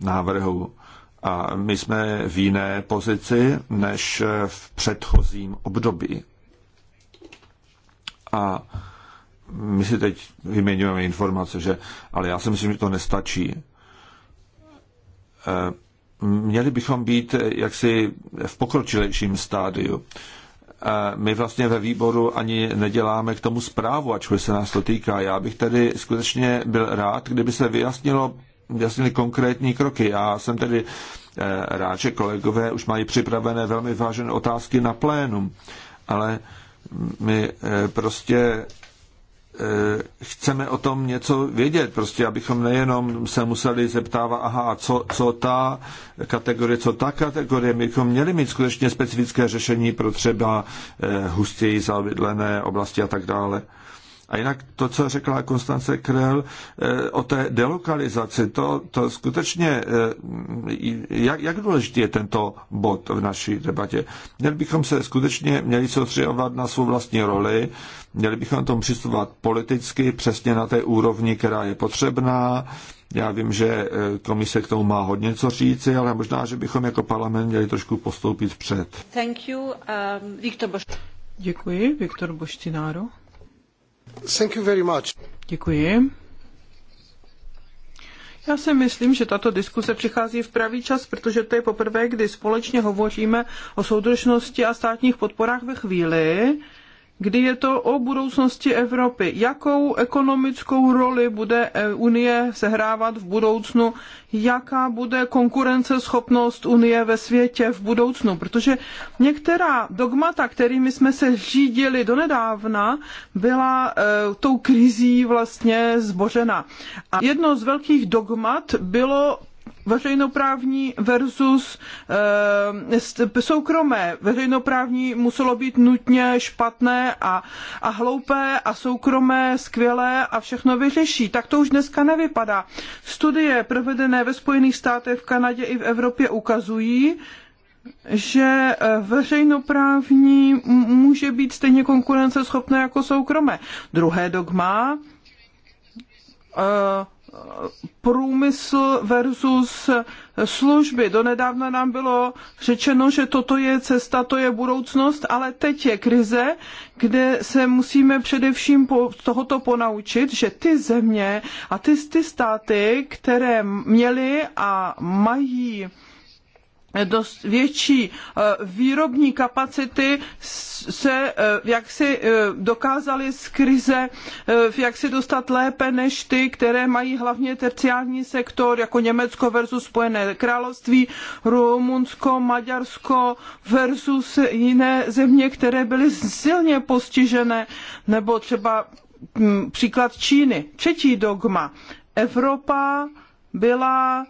návrhu. A my jsme v jiné pozici než v předchozím období. A my si teď vyměňujeme informace, že, ale já si myslím, že to nestačí. E, měli bychom být jaksi v pokročilejším stádiu. E, my vlastně ve výboru ani neděláme k tomu zprávu, ačkoliv se nás to týká. Já bych tedy skutečně byl rád, kdyby se vyjasnilo, vyjasnili konkrétní kroky. Já jsem tedy e, rád, že kolegové už mají připravené velmi vážené otázky na plénum, ale my eh, prostě eh, chceme o tom něco vědět, prostě abychom nejenom se museli zeptávat, aha, co, co ta kategorie, co ta kategorie, my bychom měli mít skutečně specifické řešení pro třeba eh, hustěji zavidlené oblasti a tak dále. A jinak to, co řekla Konstance Krell eh, o té delokalizaci, to, to skutečně, eh, jak, jak důležitý je tento bod v naší debatě? Měli bychom se skutečně měli soustředovat na svou vlastní roli, měli bychom tomu přistupovat politicky, přesně na té úrovni, která je potřebná, já vím, že eh, komise k tomu má hodně co říci, ale možná, že bychom jako parlament měli trošku postoupit před. Thank you, um, Viktor Děkuji, Viktor Boštináru. Děkuji. Já si myslím, že tato diskuse přichází v pravý čas, protože to je poprvé, kdy společně hovoříme o soudržnosti a státních podporách ve chvíli, kdy je to o budoucnosti Evropy. Jakou ekonomickou roli bude e, Unie sehrávat v budoucnu? Jaká bude konkurenceschopnost Unie ve světě v budoucnu? Protože některá dogmata, kterými jsme se řídili donedávna, byla e, tou krizí vlastně zbořena. A jedno z velkých dogmat bylo veřejnoprávní versus e, soukromé. Veřejnoprávní muselo být nutně špatné a, a hloupé a soukromé skvělé a všechno vyřeší. Tak to už dneska nevypadá. Studie provedené ve Spojených státech, v Kanadě i v Evropě ukazují, že eh, veřejnoprávní může být stejně konkurenceschopné jako soukromé. Druhé dogma e, průmysl versus služby. Donedávna nám bylo řečeno, že toto je cesta, to je budoucnost, ale teď je krize, kde se musíme především po, tohoto ponaučit, že ty země a ty, ty státy, které měly a mají dost větší eh, výrobní kapacity se eh, jak si eh, dokázaly z krize jak si dostat lépe než ty, které mají hlavně terciární sektor, jako Německo versus Spojené království, Rumunsko, Maďarsko versus jiné země, které byly silně postižené, nebo třeba hm, příklad Číny. Třetí dogma. Evropa byla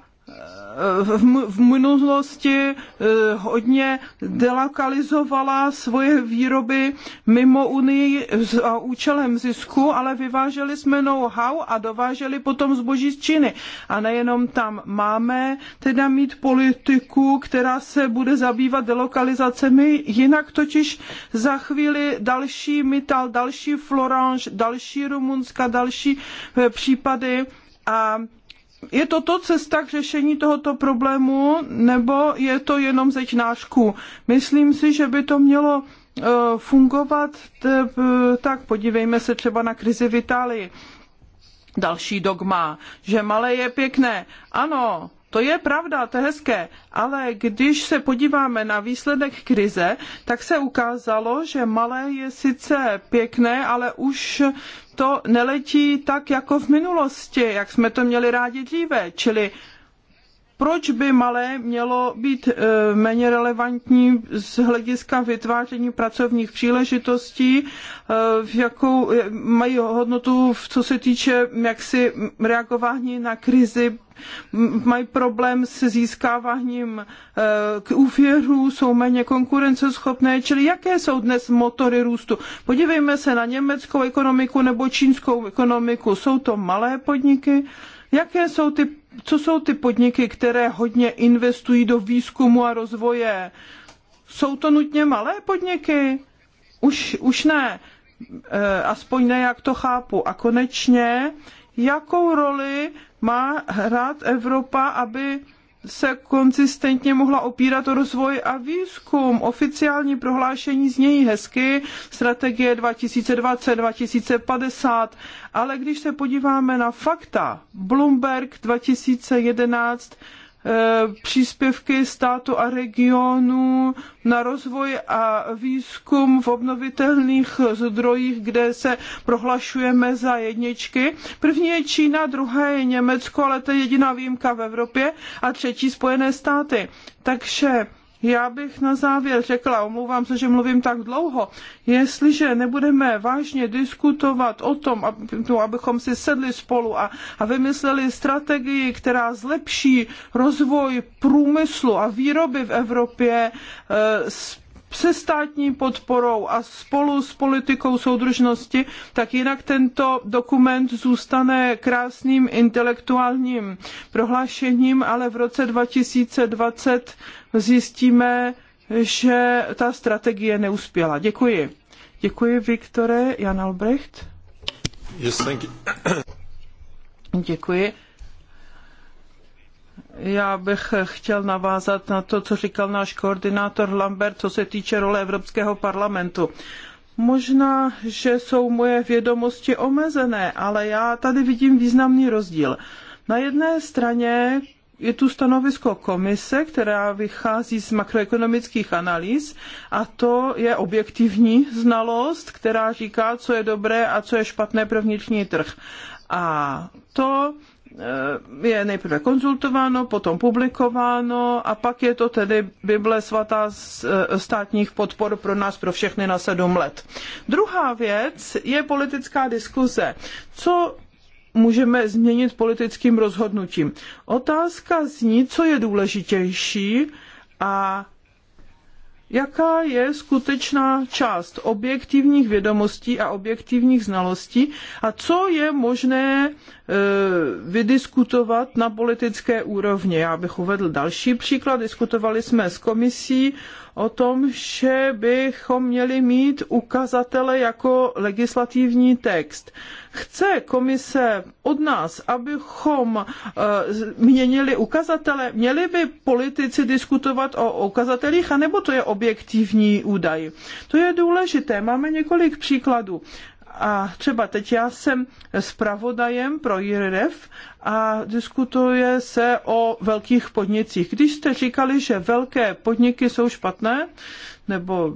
Eh, v minulosti eh, hodně delokalizovala svoje výroby mimo Unii za účelem zisku, ale vyváželi jsme know-how a dováželi potom zboží z Číny. A nejenom tam máme teda mít politiku, která se bude zabývat delokalizacemi, jinak totiž za chvíli další Mital, další Florange, další Rumunska, další eh, případy a je to to cesta k řešení tohoto problému, nebo je to jenom zeď nášku? Myslím si, že by to mělo e, fungovat, tak podívejme se třeba na krizi v Itálii. Další dogma, že malé je pěkné. Ano, to je pravda, to je hezké, ale když se podíváme na výsledek krize, tak se ukázalo, že malé je sice pěkné, ale už to neletí tak jako v minulosti, jak jsme to měli rádi dříve, čili proč by malé mělo být eh, méně relevantní z hlediska vytváření pracovních příležitostí, eh, jakou eh, mají hodnotu, co se týče jaksi reagování na krizi mají problém s získáváním k úvěru, jsou méně konkurenceschopné, čili jaké jsou dnes motory růstu. Podívejme se na německou ekonomiku nebo čínskou ekonomiku. Jsou to malé podniky? Jaké jsou ty co jsou ty podniky, které hodně investují do výzkumu a rozvoje? Jsou to nutně malé podniky? Už, už ne, e, aspoň ne, jak to chápu. A konečně, jakou roli má hrát Evropa, aby se konzistentně mohla opírat o rozvoj a výzkum. Oficiální prohlášení znějí hezky, strategie 2020-2050, ale když se podíváme na fakta, Bloomberg 2011 Eh, příspěvky státu a regionů na rozvoj a výzkum v obnovitelných zdrojích, kde se prohlašujeme za jedničky. První je Čína, druhá je Německo, ale to je jediná výjimka v Evropě a třetí Spojené státy. Takže já bych na závěr řekla, omlouvám se, že mluvím tak dlouho, jestliže nebudeme vážně diskutovat o tom, abychom si sedli spolu a, a vymysleli strategii, která zlepší rozvoj průmyslu a výroby v Evropě eh, s se státní podporou a spolu s politikou soudržnosti, tak jinak tento dokument zůstane krásným intelektuálním prohlášením, ale v roce 2020 zjistíme, že ta strategie neuspěla. Děkuji. Děkuji, Viktore. Jan Albrecht. Yes, thank you. Děkuji. Já bych chtěl navázat na to, co říkal náš koordinátor Lambert, co se týče role Evropského parlamentu. Možná, že jsou moje vědomosti omezené, ale já tady vidím významný rozdíl. Na jedné straně je tu stanovisko komise, která vychází z makroekonomických analýz a to je objektivní znalost, která říká, co je dobré a co je špatné pro vnitřní trh. A to Eh, je nejprve konzultováno, potom publikováno a pak je to tedy Bible svatá eh, státních podpor pro nás, pro všechny na sedm let. Druhá věc je politická diskuze. Co můžeme změnit politickým rozhodnutím? Otázka zní, co je důležitější a jaká je skutečná část objektivních vědomostí a objektivních znalostí a co je možné e, vydiskutovat na politické úrovni. Já bych uvedl další příklad. Diskutovali jsme s komisí o tom, že bychom měli mít ukazatele jako legislativní text. Chce komise od nás, abychom eh, měnili ukazatele? Měli by politici diskutovat o ukazatelích, anebo to je objektivní údaj? To je důležité. Máme několik příkladů. A třeba teď já jsem zpravodajem pro IRF a diskutuje se o velkých podnicích. Když jste říkali, že velké podniky jsou špatné, nebo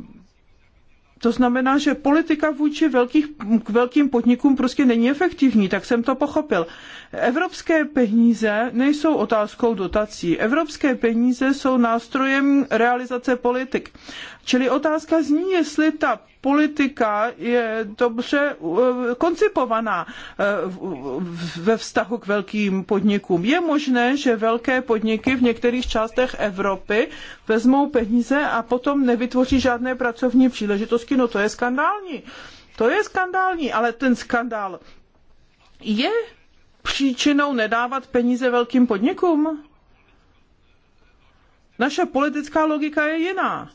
to znamená, že politika vůči velkých, k velkým podnikům prostě není efektivní, tak jsem to pochopil. Evropské peníze nejsou otázkou dotací. Evropské peníze jsou nástrojem realizace politik. Čili otázka zní, jestli ta politika je dobře eh, koncipovaná eh, ve vztahu k velkým podnikům. Je možné, že velké podniky v některých částech Evropy vezmou peníze a potom nevytvoří žádné pracovní příležitosti. No to je skandální. To je skandální, ale ten skandál je příčinou nedávat peníze velkým podnikům? Naše politická logika je jiná.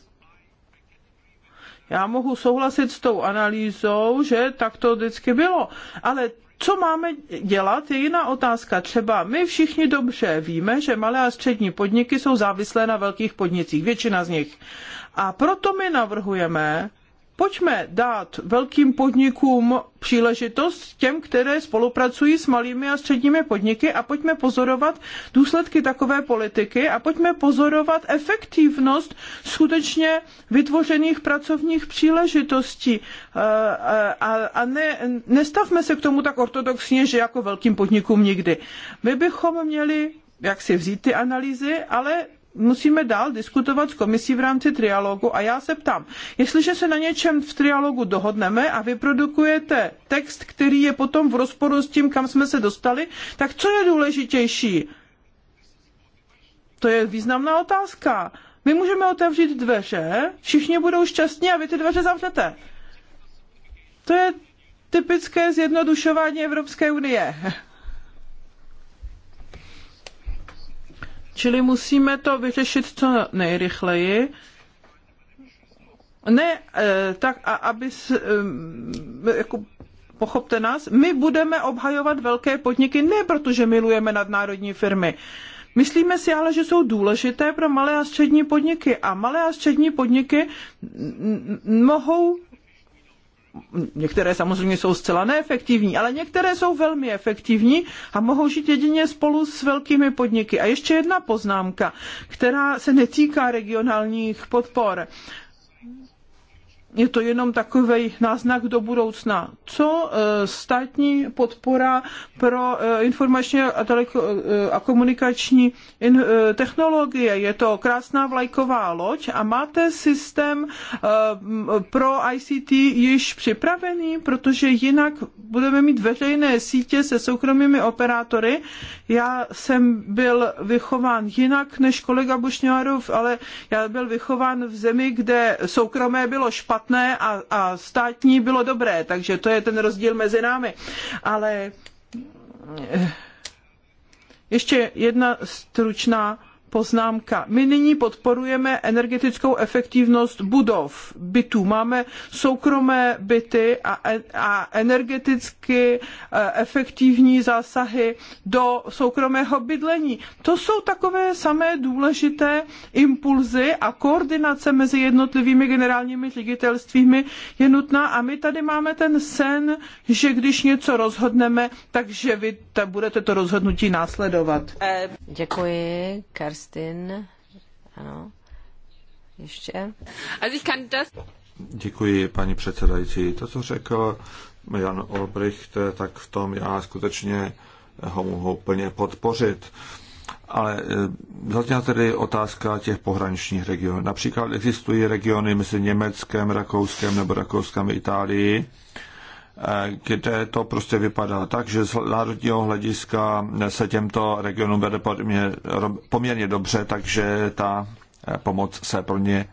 Já mohu souhlasit s tou analýzou, že tak to vždycky bylo, ale co máme dělat, je jiná otázka. Třeba my všichni dobře víme, že malé a střední podniky jsou závislé na velkých podnicích, většina z nich. A proto my navrhujeme, Pojďme dát velkým podnikům příležitost těm, které spolupracují s malými a středními podniky a pojďme pozorovat důsledky takové politiky a pojďme pozorovat efektivnost skutečně vytvořených pracovních příležitostí. Eh, eh, a, ne, nestavme se k tomu tak ortodoxně, že jako velkým podnikům nikdy. My bychom měli jak si vzít ty analýzy, ale musíme dál diskutovat s komisí v rámci trialogu a já se ptám, jestliže se na něčem v trialogu dohodneme a vyprodukujete text, který je potom v rozporu s tím, kam jsme se dostali, tak co je důležitější? To je významná otázka. My můžeme otevřít dveře, všichni budou šťastní a vy ty dveře zavřete. To je typické zjednodušování Evropské unie. Čili musíme to vyřešit co nejrychleji. Ne, eh, tak a, aby s, eh, jako pochopte nás, my budeme obhajovat velké podniky ne protože milujeme nadnárodní firmy. Myslíme si ale, že jsou důležité pro malé a střední podniky a malé a střední podniky mohou Některé samozřejmě jsou zcela neefektivní, ale některé jsou velmi efektivní a mohou žít jedině spolu s velkými podniky. A ještě jedna poznámka, která se netýká regionálních podpor je to jenom takový náznak do budoucna. Co e, státní podpora pro e, informační a e, komunikační technologie? Je to krásná vlajková loď a máte systém pro ICT již připravený, protože jinak budeme mít veřejné sítě se soukromými operátory. Já jsem byl vychován jinak než kolega Bušňárov, ale já byl vychován v zemi, kde soukromé bylo špatné špatné a, a státní bylo dobré, takže to je ten rozdíl mezi námi. Ale eh, ještě jedna stručná poznámka. My nyní podporujeme energetickou efektivnost budov, bytů. Máme soukromé byty a, a energeticky eh, efektivní zásahy do soukromého bydlení. To jsou takové samé důležité impulzy a koordinace mezi jednotlivými generálními ředitelstvími je nutná a my tady máme ten sen, že když něco rozhodneme, takže vy ta, budete to rozhodnutí následovat. Eh, děkuji, Kers Kristin, ano, ještě. Děkuji, paní předsedající. To, co řekl Jan Olbricht, tak v tom já skutečně ho mohu plně podpořit. Ale eh, zazněla tedy otázka těch pohraničních regionů. Například existují regiony mezi Německem, Rakouskem nebo Rakouskem Itálií. Eh, kde to prostě vypadá tak, že z národního hlediska se těmto regionům vede poměrně dobře, takže ta eh, pomoc se pro ně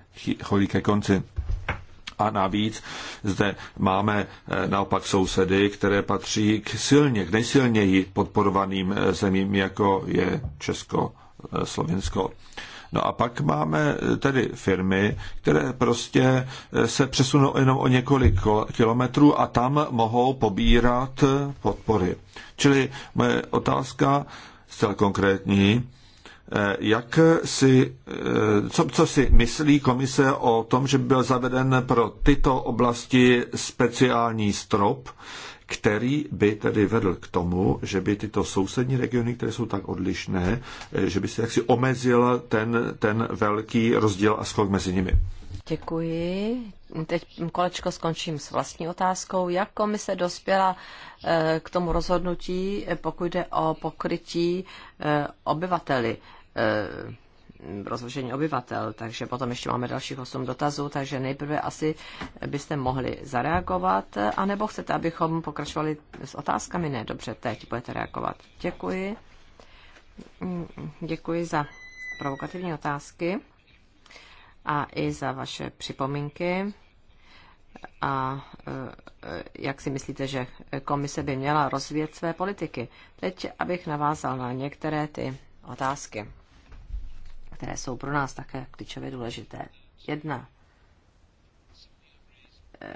chodí ke konci. A navíc zde máme eh, naopak sousedy, které patří k silně, k nejsilněji podporovaným zemím, jako je Česko, Slovinsko. No a pak máme eh, tedy firmy, které prostě eh, se přesunou jenom o několik kilometrů a tam mohou pobírat eh, podpory. Čili moje otázka zcela konkrétní, jak si, co, co si myslí komise o tom, že by byl zaveden pro tyto oblasti speciální strop, který by tedy vedl k tomu, že by tyto sousední regiony, které jsou tak odlišné, eh, že by se jaksi omezil ten, ten velký rozdíl a skok mezi nimi. Děkuji. Teď kolečko skončím s vlastní otázkou. Jak komise dospěla eh, k tomu rozhodnutí, eh, pokud jde o pokrytí obyvateli? rozložení obyvatel, takže potom ještě máme dalších 8 dotazů, takže nejprve asi byste mohli zareagovat, anebo chcete, abychom pokračovali s otázkami? Ne, dobře, teď budete reagovat. Děkuji. Děkuji za provokativní otázky a i za vaše připomínky. A eh, jak si myslíte, že komise by měla rozvíjet své politiky? Teď, abych navázal na některé ty otázky které jsou pro nás také klíčově důležité. Jedna, eh,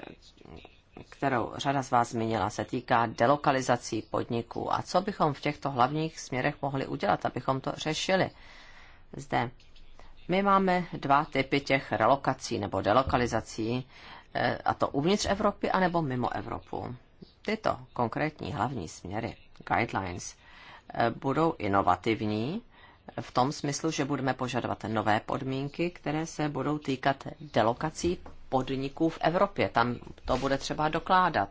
kterou řada z vás zmínila, se týká delokalizací podniků. A co bychom v těchto hlavních směrech mohli udělat, abychom to řešili? Zde my máme dva typy těch relokací nebo delokalizací, eh, a to uvnitř Evropy anebo mimo Evropu. Tyto konkrétní hlavní směry, guidelines, eh, budou inovativní v tom smyslu, že budeme požadovat nové podmínky, které se budou týkat delokací podniků v Evropě. Tam to bude třeba dokládat.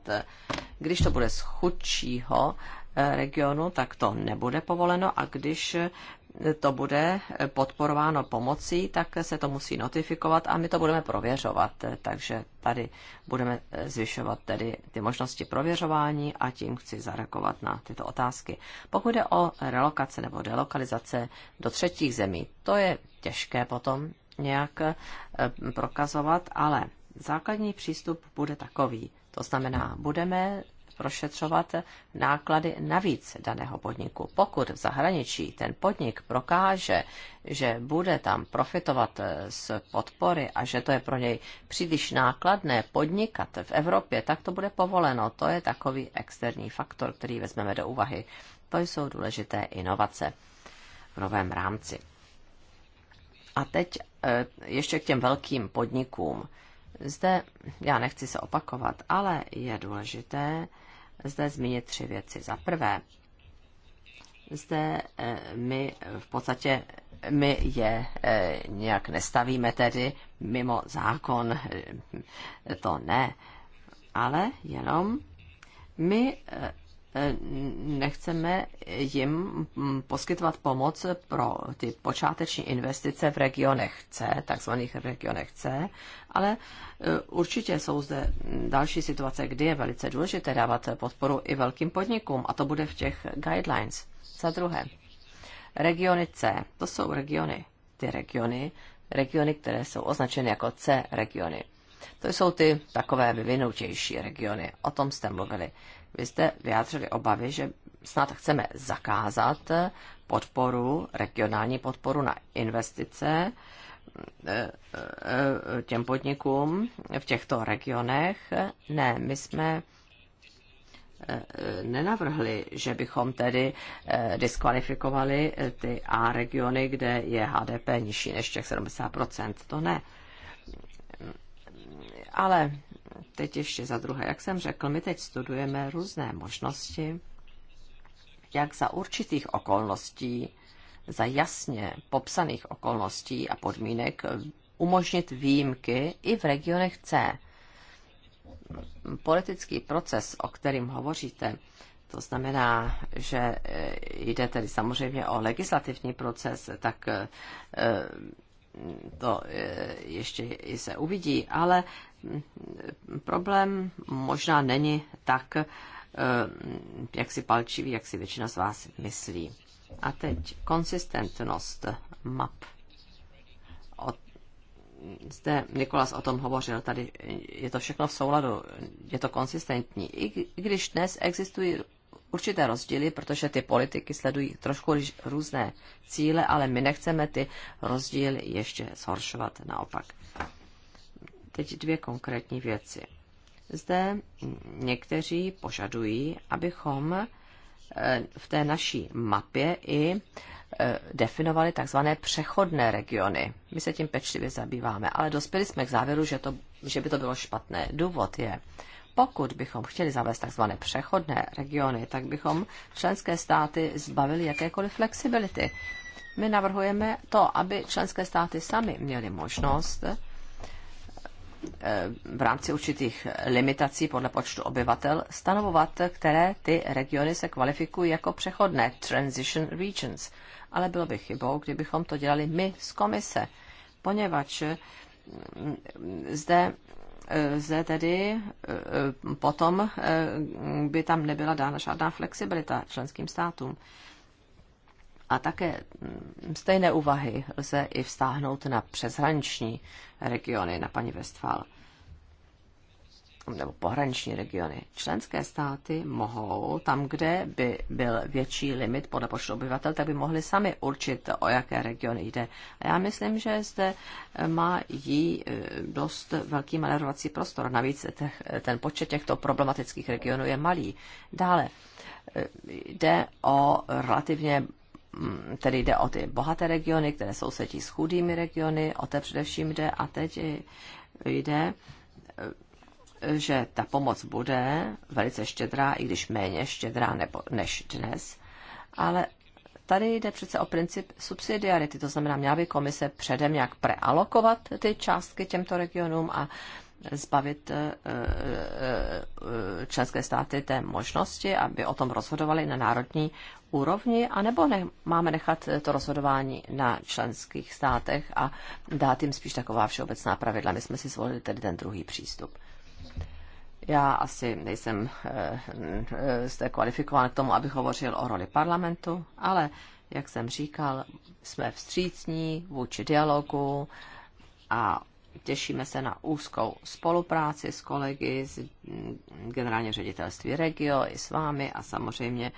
Když to bude z chudšího eh, regionu, tak to nebude povoleno a když to bude podporováno pomocí, tak se to musí notifikovat a my to budeme prověřovat. Takže tady budeme zvyšovat tedy ty možnosti prověřování a tím chci zareagovat na tyto otázky. Pokud je o relokace nebo delokalizace do třetích zemí, to je těžké potom nějak eh, prokazovat, ale základní přístup bude takový. To znamená, budeme prošetřovat náklady navíc daného podniku. Pokud v zahraničí ten podnik prokáže, že bude tam profitovat eh, z podpory a že to je pro něj příliš nákladné podnikat v Evropě, tak to bude povoleno. To je takový externí faktor, který vezmeme do úvahy. To jsou důležité inovace v novém rámci. A teď eh, ještě k těm velkým podnikům. Zde já nechci se opakovat, ale je důležité zde zmínit tři věci. Za prvé, zde eh, my v podstatě my je eh, nějak nestavíme tedy mimo zákon, eh, to ne, ale jenom my Eh, nechceme jim mm, poskytovat pomoc pro ty počáteční investice v regionech C, takzvaných regionech C, ale eh, určitě jsou zde další situace, kdy je velice důležité dávat podporu i velkým podnikům, a to bude v těch guidelines. Za druhé, regiony C, to jsou regiony, ty regiony, regiony, které jsou označeny jako C regiony. To jsou ty takové vyvinutější regiony, o tom jste mluvili. Vy jste vyjádřili obavy, že snad chceme zakázat podporu, regionální podporu na investice eh, eh, eh, těm podnikům v těchto regionech. Ne, my jsme nenavrhli, že bychom tedy diskvalifikovali ty A regiony, kde je HDP nižší než těch 70%. To ne. Ale teď ještě za druhé, jak jsem řekl, my teď studujeme různé možnosti, jak za určitých okolností, za jasně popsaných okolností a podmínek umožnit výjimky i v regionech C. Politický proces, o kterým hovoříte, to znamená, že e, jde tedy samozřejmě o legislativní proces, tak e, to e, ještě se uvidí, ale mm, problém možná není tak, e, jak si palčivý, jak si většina z vás myslí. A teď konsistentnost map. O, zde Nikolas o tom hovořil, tady je to všechno v souladu, je to konsistentní. I, i když dnes existují určité rozdíly, protože ty politiky sledují trošku různé cíle, ale my nechceme ty rozdíly ještě zhoršovat naopak. Teď dvě konkrétní věci. Zde někteří požadují, abychom e, v té naší mapě i e, definovali takzvané přechodné regiony. My se tím pečlivě zabýváme, ale dospěli jsme k závěru, že, to, že by to bylo špatné. Důvod je pokud bychom chtěli zavést tzv. přechodné regiony, tak bychom členské státy zbavili jakékoliv flexibility. My navrhujeme to, aby členské státy sami měly možnost eh, v rámci určitých limitací podle počtu obyvatel stanovovat, které ty regiony se kvalifikují jako přechodné transition regions. Ale bylo by chybou, kdybychom to dělali my z komise, poněvadž mm, zde lze tedy eh, potom eh, by tam nebyla dána žádná flexibilita členským státům. A také mm, stejné úvahy lze i vztáhnout na přeshraniční regiony, na paní Westfál nebo pohraniční regiony. Členské státy mohou, tam, kde by byl větší limit podle počtu obyvatel, tak by mohli sami určit, o jaké regiony jde. A já myslím, že zde eh, má jí eh, dost velký manévrovací prostor. Navíc ten počet těchto problematických regionů je malý. Dále eh, jde o relativně mm, tedy jde o ty bohaté regiony, které sousedí s chudými regiony, o té především jde a teď jde že ta pomoc bude velice štědrá, i když méně štědrá nebo, než dnes. Ale tady jde přece o princip subsidiarity, to znamená, měla by komise předem nějak prealokovat ty částky těmto regionům a zbavit eh, eh, členské státy té možnosti, aby o tom rozhodovali na národní úrovni, anebo ne, máme nechat to rozhodování na členských státech a dát jim spíš taková všeobecná pravidla. My jsme si zvolili tedy ten druhý přístup. Já asi nejsem eh, eh, zde kvalifikován k tomu, abych hovořil o roli parlamentu, ale jak jsem říkal, jsme vstřícní vůči dialogu a těšíme se na úzkou spolupráci s kolegy z mm, generálně ředitelství Regio i s vámi a samozřejmě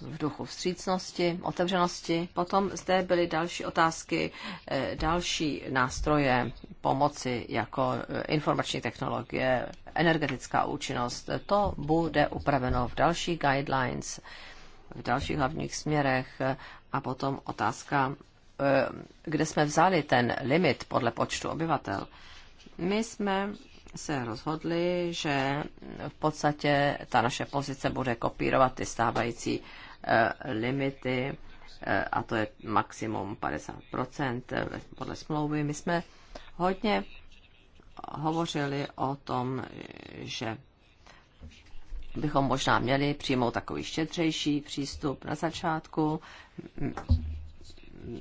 v duchu vstřícnosti, otevřenosti. Potom zde byly další otázky, eh, další nástroje pomoci, jako eh, informační technologie, energetická účinnost. To bude upraveno v dalších guidelines, v dalších hlavních směrech a potom otázka, eh, kde jsme vzali ten limit podle počtu obyvatel. My jsme se rozhodli, že v podstatě ta naše pozice bude kopírovat ty stávající eh, limity, eh, a to je maximum 50% eh, podle smlouvy. My jsme hodně hovořili o tom, že bychom možná měli přijmout takový štědřejší přístup na začátku.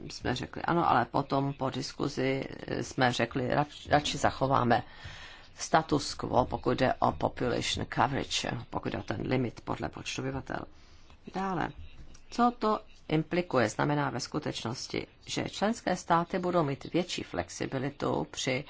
Jsme řekli ano, ale potom po diskuzi jsme řekli, radši zachováme status quo, pokud jde o population coverage, pokud jde o ten limit podle počtu obyvatel. Dále, co to implikuje, znamená ve skutečnosti, že členské státy budou mít větší flexibilitu při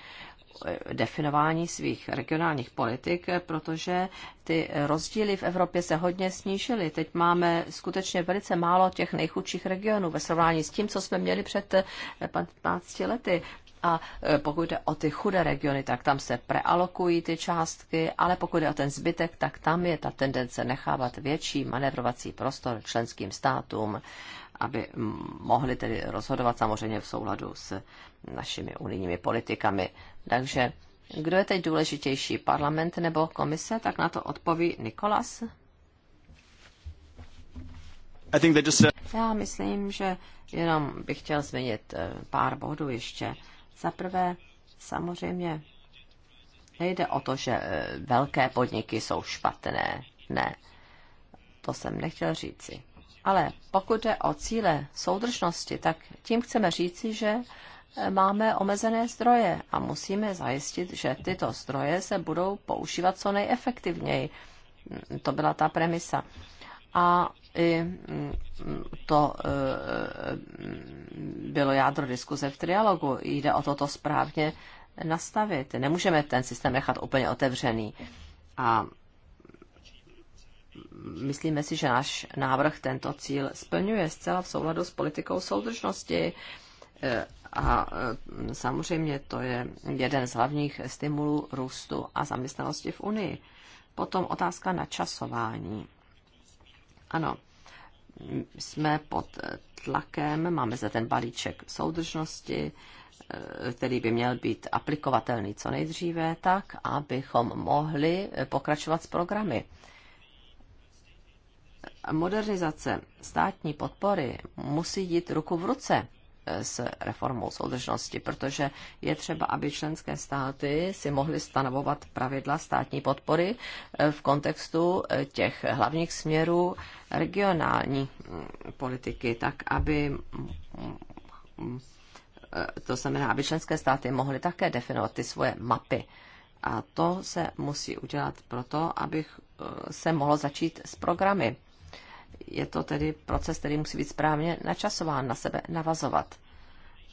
eh, definování svých regionálních politik, eh, protože ty rozdíly v Evropě se hodně snížily. Teď máme skutečně velice málo těch nejchudších regionů ve srovnání s tím, co jsme měli před 15 eh, lety. A e, pokud jde o ty chudé regiony, tak tam se prealokují ty částky, ale pokud jde o ten zbytek, tak tam je ta tendence nechávat větší manevrovací prostor členským státům, aby mohli tedy rozhodovat samozřejmě v souladu s našimi unijními politikami. Takže kdo je teď důležitější, parlament nebo komise, tak na to odpoví Nikolas. Já myslím, že jenom bych chtěl změnit e, pár bodů ještě. Za prvé, samozřejmě nejde o to, že eh, velké podniky jsou špatné. Ne, to jsem nechtěl říci. Ale pokud jde o cíle soudržnosti, tak tím chceme říci, že eh, máme omezené zdroje a musíme zajistit, že tyto zdroje se budou používat co nejefektivněji. Mm, to byla ta premisa. A i mm, to eh, bylo jádro diskuze v trialogu. Jde o toto správně nastavit. Nemůžeme ten systém nechat úplně otevřený. A myslíme si, že náš návrh tento cíl splňuje zcela v souladu s politikou soudržnosti. Eh, a eh, samozřejmě to je jeden z hlavních stimulů růstu a zaměstnanosti v Unii. Potom otázka na časování ano, jsme pod tlakem, máme za ten balíček soudržnosti, eh, který by měl být aplikovatelný co nejdříve, tak abychom mohli pokračovat s programy. Modernizace státní podpory musí jít ruku v ruce s reformou soudržnosti, protože je třeba, aby členské státy si mohly stanovovat pravidla státní podpory eh, v kontextu eh, těch hlavních směrů regionální mm, politiky, tak aby mm, eh, to znamená, aby členské státy mohly také definovat ty svoje mapy. A to se musí udělat proto, abych se mohlo začít s programy je to tedy proces, který musí být správně načasován na sebe, navazovat.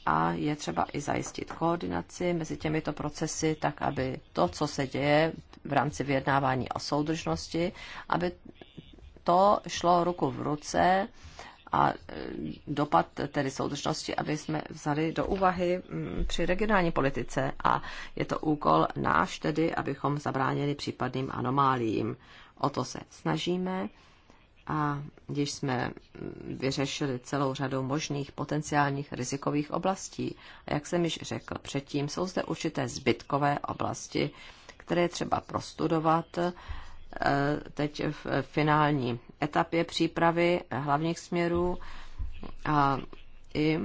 A je třeba i zajistit koordinaci mezi těmito procesy, tak aby to, co se děje v rámci vyjednávání o soudržnosti, aby to šlo ruku v ruce a e, dopad tedy soudržnosti, aby jsme vzali do úvahy mm, při regionální politice a je to úkol náš tedy, abychom zabránili případným anomáliím. O to se snažíme a když jsme vyřešili celou řadu možných potenciálních rizikových oblastí. A jak jsem již řekl předtím, jsou zde určité zbytkové oblasti, které je třeba prostudovat eh, teď v finální etapě přípravy hlavních směrů a i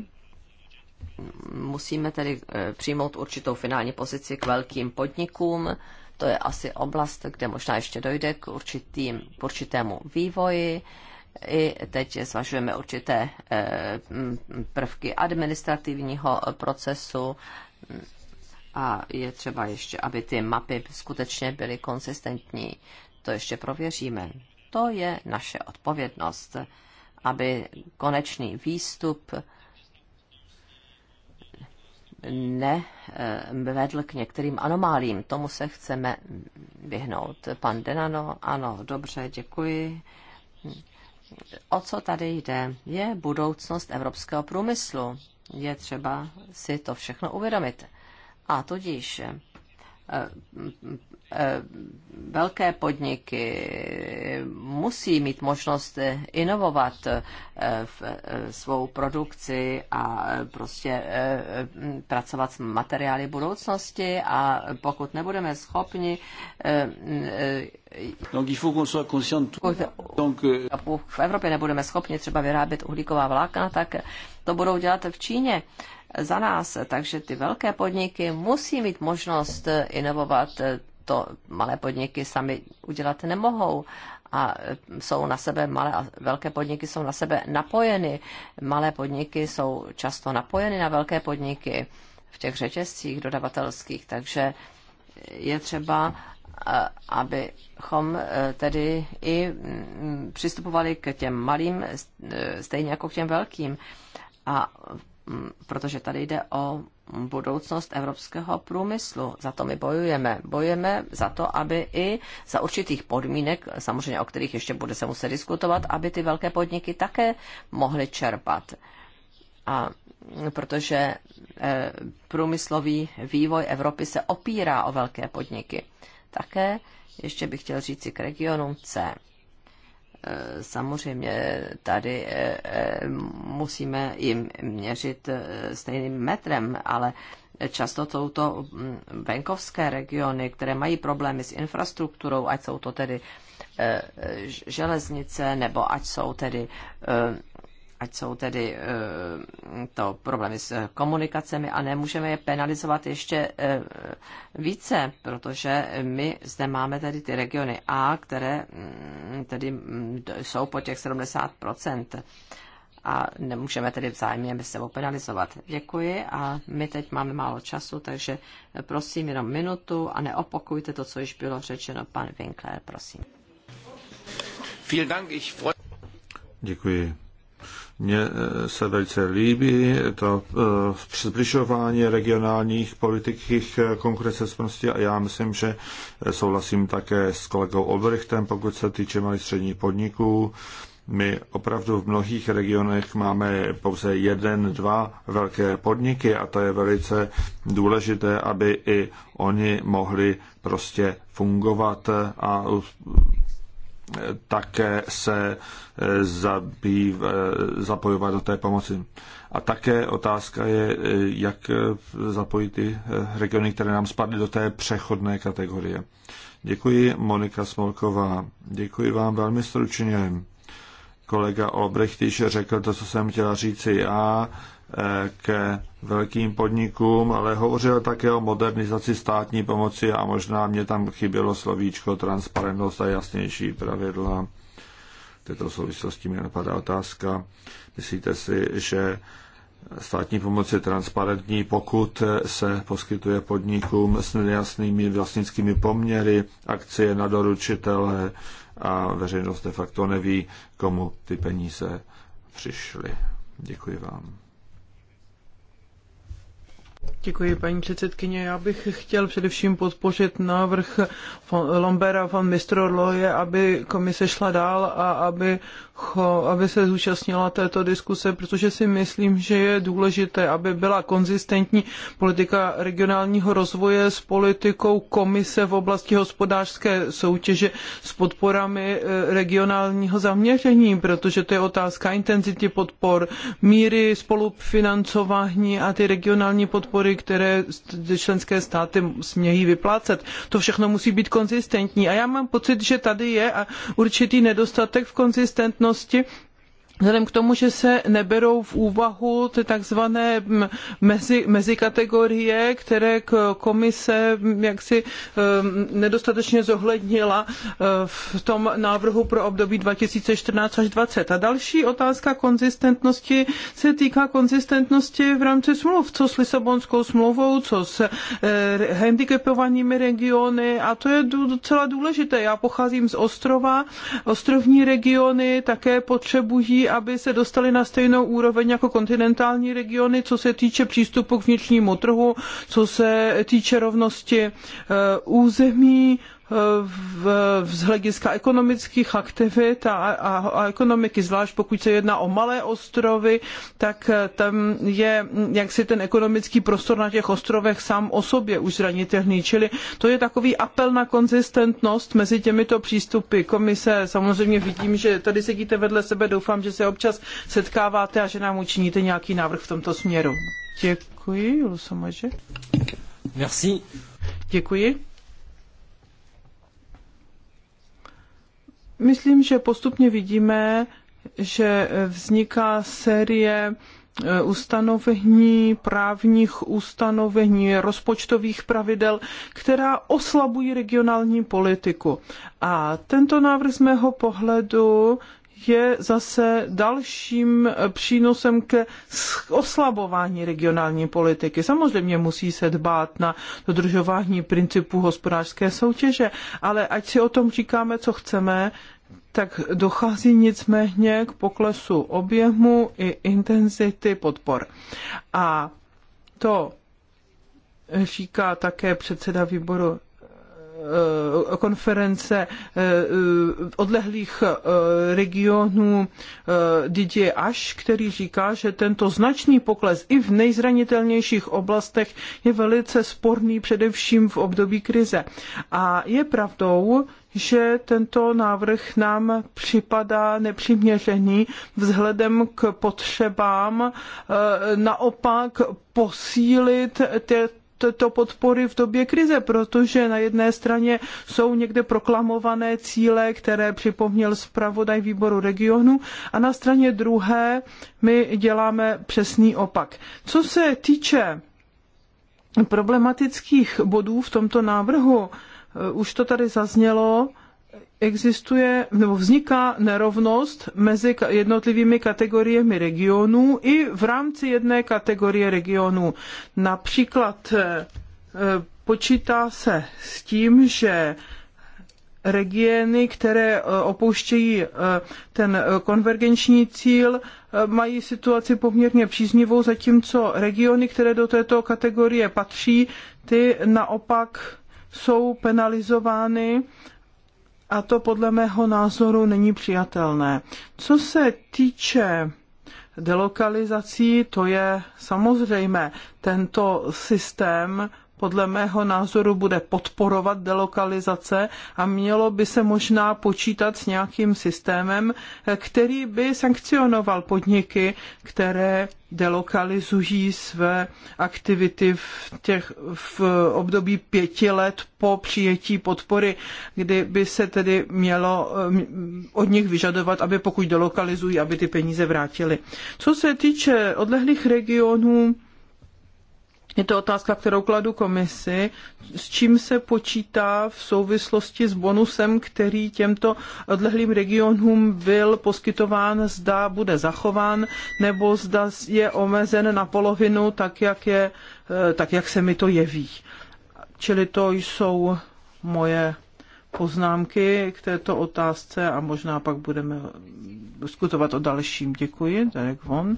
musíme tedy eh, přijmout určitou finální pozici k velkým podnikům, to je asi oblast, kde možná ještě dojde k, určitým, k určitému vývoji. I teď zvažujeme určité eh, prvky administrativního procesu a je třeba ještě, aby ty mapy skutečně byly konsistentní. To ještě prověříme. To je naše odpovědnost, aby konečný výstup nevedl k některým anomálím. Tomu se chceme vyhnout. Pan Denano, ano, dobře, děkuji. O co tady jde? Je budoucnost evropského průmyslu. Je třeba si to všechno uvědomit. A tudíž eh, Eh, velké podniky musí mít možnost inovovat eh, v eh, svou produkci a prostě pracovat s materiály budoucnosti a pokud nebudeme schopni Donc il faut qu'on soit conscient euh, v Evropě nebudeme schopni třeba vyrábět uhlíková vlákna, tak to budou dělat v Číně za nás. Takže ty velké podniky musí mít možnost inovovat to malé podniky sami udělat nemohou a jsou na sebe malé a velké podniky jsou na sebe napojeny. Malé podniky jsou často napojeny na velké podniky v těch řetězcích dodavatelských, takže je třeba, eh, abychom eh, tedy i mm, přistupovali k těm malým eh, stejně jako k těm velkým. A mm, protože tady jde o budoucnost evropského průmyslu. Za to my bojujeme. Bojujeme za to, aby i za určitých podmínek, samozřejmě o kterých ještě bude se muset diskutovat, aby ty velké podniky také mohly čerpat. A protože eh, průmyslový vývoj Evropy se opírá o velké podniky. Také ještě bych chtěl říci k regionu C. Eh, samozřejmě tady eh, eh, musíme jim měřit stejným metrem, ale často jsou to mm, venkovské regiony, které mají problémy s infrastrukturou, ať jsou to tedy železnice, nebo ať jsou tedy ať jsou tedy eh, to problémy s komunikacemi a nemůžeme je penalizovat ještě eh, více, protože my zde máme tedy ty regiony A, které mm, tedy mm, jsou po těch 70% a nemůžeme tedy vzájemně se sebou penalizovat. Děkuji a my teď máme málo času, takže prosím jenom minutu a neopakujte to, co již bylo řečeno. Pan Winkler, prosím. Děkuji. Mně eh, se velice líbí to eh, přibližování regionálních politických eh, konkurenceschopnosti a já myslím, že souhlasím také s kolegou Obrichtem, pokud se týče malých středních podniků. My opravdu v mnohých regionech máme pouze jeden, dva velké podniky a to je velice důležité, aby i oni mohli prostě fungovat a také se eh, eh, zapojovat do té pomoci. A také otázka je, eh, jak zapojit ty regiony, které nám spadly do té přechodné kategorie. Děkuji, Monika Smolková. Děkuji vám velmi stručně. Kolega Obrecht řekl to, co jsem chtěla říci já ke velkým podnikům, ale hovořil také o modernizaci státní pomoci a možná mě tam chybělo slovíčko transparentnost a jasnější pravidla. V této souvislosti mě napadá otázka. Myslíte si, že státní pomoc je transparentní, pokud se poskytuje podnikům s nejasnými vlastnickými poměry, akcie na doručitele a veřejnost de facto neví, komu ty peníze přišly. Děkuji vám. Děkuji, paní předsedkyně. Já bych chtěl především podpořit návrh von Lombera van Mistroloje, aby komise šla dál a aby aby se zúčastnila této diskuse, protože si myslím, že je důležité, aby byla konzistentní politika regionálního rozvoje s politikou komise v oblasti hospodářské soutěže s podporami eh, regionálního zaměření, protože to je otázka intenzity podpor, míry spolufinancování a ty regionální podpory, které členské státy smějí vyplácet. To všechno musí být konzistentní. A já mám pocit, že tady je určitý nedostatek v konzistentnosti transparentnosti Vzhledem k tomu, že se neberou v úvahu ty takzvané mezi, mezikategorie, které komise jaksi nedostatečně zohlednila eh, v tom návrhu pro období 2014 až 2020. A další otázka konzistentnosti se týká konzistentnosti v rámci smluv, co s Lisabonskou smlouvou, co s eh, handicapovanými regiony a to je docela důležité. Já pocházím z ostrova, ostrovní regiony také potřebují aby se dostaly na stejnou úroveň jako kontinentální regiony, co se týče přístupu k vnitřnímu trhu, co se týče rovnosti eh, území, v, z hlediska ekonomických aktivit a, a, a ekonomiky, zvlášť pokud se jedná o malé ostrovy, tak eh, tam je hm, jaksi ten ekonomický prostor na těch ostrovech sám o sobě už zranitelný. Čili to je takový apel na konzistentnost mezi těmito přístupy. Komise samozřejmě vidím, že tady sedíte vedle sebe, doufám, že se občas setkáváte a že nám učiníte nějaký návrh v tomto směru. Děkuji, Lusomaže. Merci. Děkuji. Myslím, že postupně vidíme, že vzniká série e, ustanovení, právních ustanovení, rozpočtových pravidel, která oslabují regionální politiku. A tento návrh z mého pohledu je zase dalším přínosem ke oslabování regionální politiky. Samozřejmě musí se dbát na dodržování principů hospodářské soutěže, ale ať si o tom říkáme, co chceme, tak dochází nicméně k poklesu objemu i intenzity podpor. A to říká také předseda výboru Eh, konference eh, odlehlých eh, regionů Didier Až, který říká, že tento značný pokles i v nejzranitelnějších oblastech je velice sporný, především v období krize. A je pravdou, že tento návrh nám připadá nepřiměřený vzhledem k potřebám naopak posílit této podpory v době krize, protože na jedné straně jsou někde proklamované cíle, které připomněl zpravodaj výboru regionu a na straně druhé my děláme přesný opak. Co se týče problematických bodů v tomto návrhu, eh, už to tady zaznělo, existuje nebo vzniká nerovnost mezi jednotlivými kategoriemi regionů i v rámci jedné kategorie regionů. Například eh, eh, počítá se s tím, že regiony, které eh, opouštějí ten konvergenční cíl, mají situaci poměrně příznivou, zatímco regiony, které do této kategorie patří, ty naopak jsou penalizovány a to podle mého názoru není přijatelné. Co se týče delokalizací, to je samozřejmé. Tento systém podle mého názoru bude podporovat delokalizace a mělo by se možná počítat s nějakým systémem, který by sankcionoval podniky, které delokalizují své aktivity v, těch, v období pěti let po přijetí podpory, kdy by se tedy mělo od nich vyžadovat, aby pokud delokalizují, aby ty peníze vrátili. Co se týče odlehlých regionů, je to otázka, kterou kladu komisi. S čím se počítá v souvislosti s bonusem, který těmto odlehlým regionům byl poskytován, zda bude zachován, nebo zda je omezen na polovinu, tak jak, je, eh, tak jak se mi to jeví. Čili to jsou moje poznámky k této otázce a možná pak budeme diskutovat o dalším. Děkuji, Derek Von.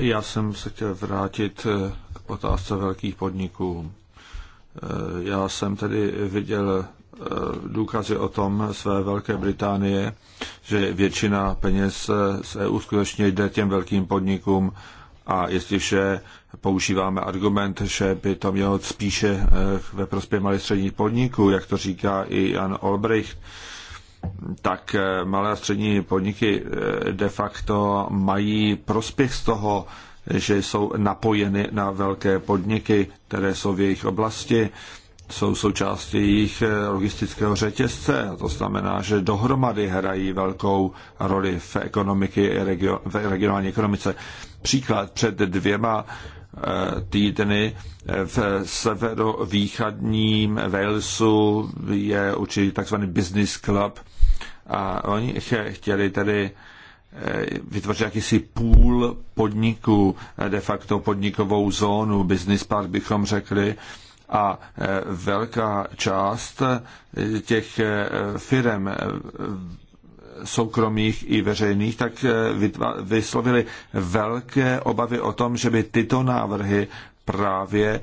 Já jsem se chtěl vrátit uh, k otázce velkých podniků. Uh, já jsem tedy viděl uh, důkazy o tom své Velké Británie, že většina peněz z EU skutečně jde těm velkým podnikům a jestliže používáme argument, že by to mělo spíše ve prospěch malých středních podniků, jak to říká i Jan Olbricht, tak eh, malé a střední podniky eh, de facto mají prospěch z toho, že jsou napojeny na velké podniky, které jsou v jejich oblasti, jsou součástí jejich eh, logistického řetězce. To znamená, že dohromady hrají velkou roli v, ekonomiky, v regionální ekonomice. Příklad před dvěma týdny v severovýchodním Walesu je určitý takzvaný business club, a oni chtěli tedy e, vytvořit jakýsi půl podniku, e, de facto podnikovou zónu, business park bychom řekli, a e, velká část těch firm soukromých i veřejných, tak vyslovili velké obavy o tom, že by tyto návrhy právě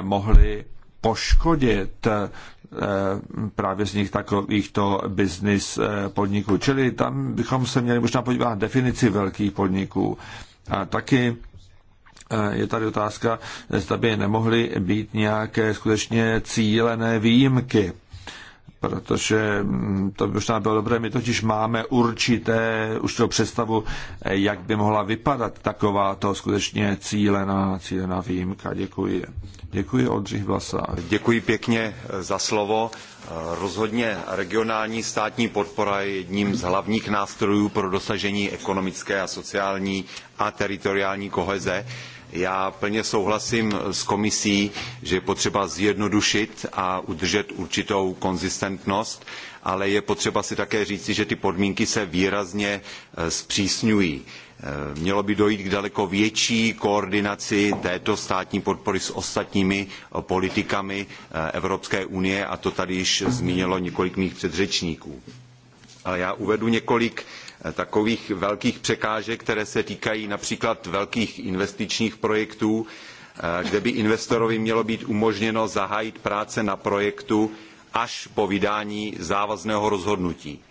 mohly poškodit Eh, právě z nich takovýchto business eh, podniků. Čili tam bychom se měli možná podívat na definici velkých podniků. A taky eh, je tady otázka, zda by nemohly být nějaké skutečně cílené výjimky protože mm, to by možná bylo dobré. My totiž máme určité už to představu, eh, jak by mohla vypadat taková to skutečně cílená, cílená výjimka. Děkuji. Děkuji, Oldřich Vlasa. Děkuji pěkně eh, za slovo. Eh, rozhodně regionální státní podpora je jedním z hlavních nástrojů pro dosažení ekonomické a sociální a teritoriální koheze. Já plně souhlasím s komisí, že je potřeba zjednodušit a udržet určitou konzistentnost, ale je potřeba si také říci, že ty podmínky se výrazně e, zpřísňují. E, mělo by dojít k daleko větší koordinaci této státní podpory s ostatními e, politikami Evropské unie a to tady již zmínilo několik mých předřečníků. Ale já uvedu několik Eh, takových velkých překážek, které se týkají například velkých investičních projektů, eh, kde by investorovi mělo být umožněno zahájit práce na projektu až po vydání závazného rozhodnutí.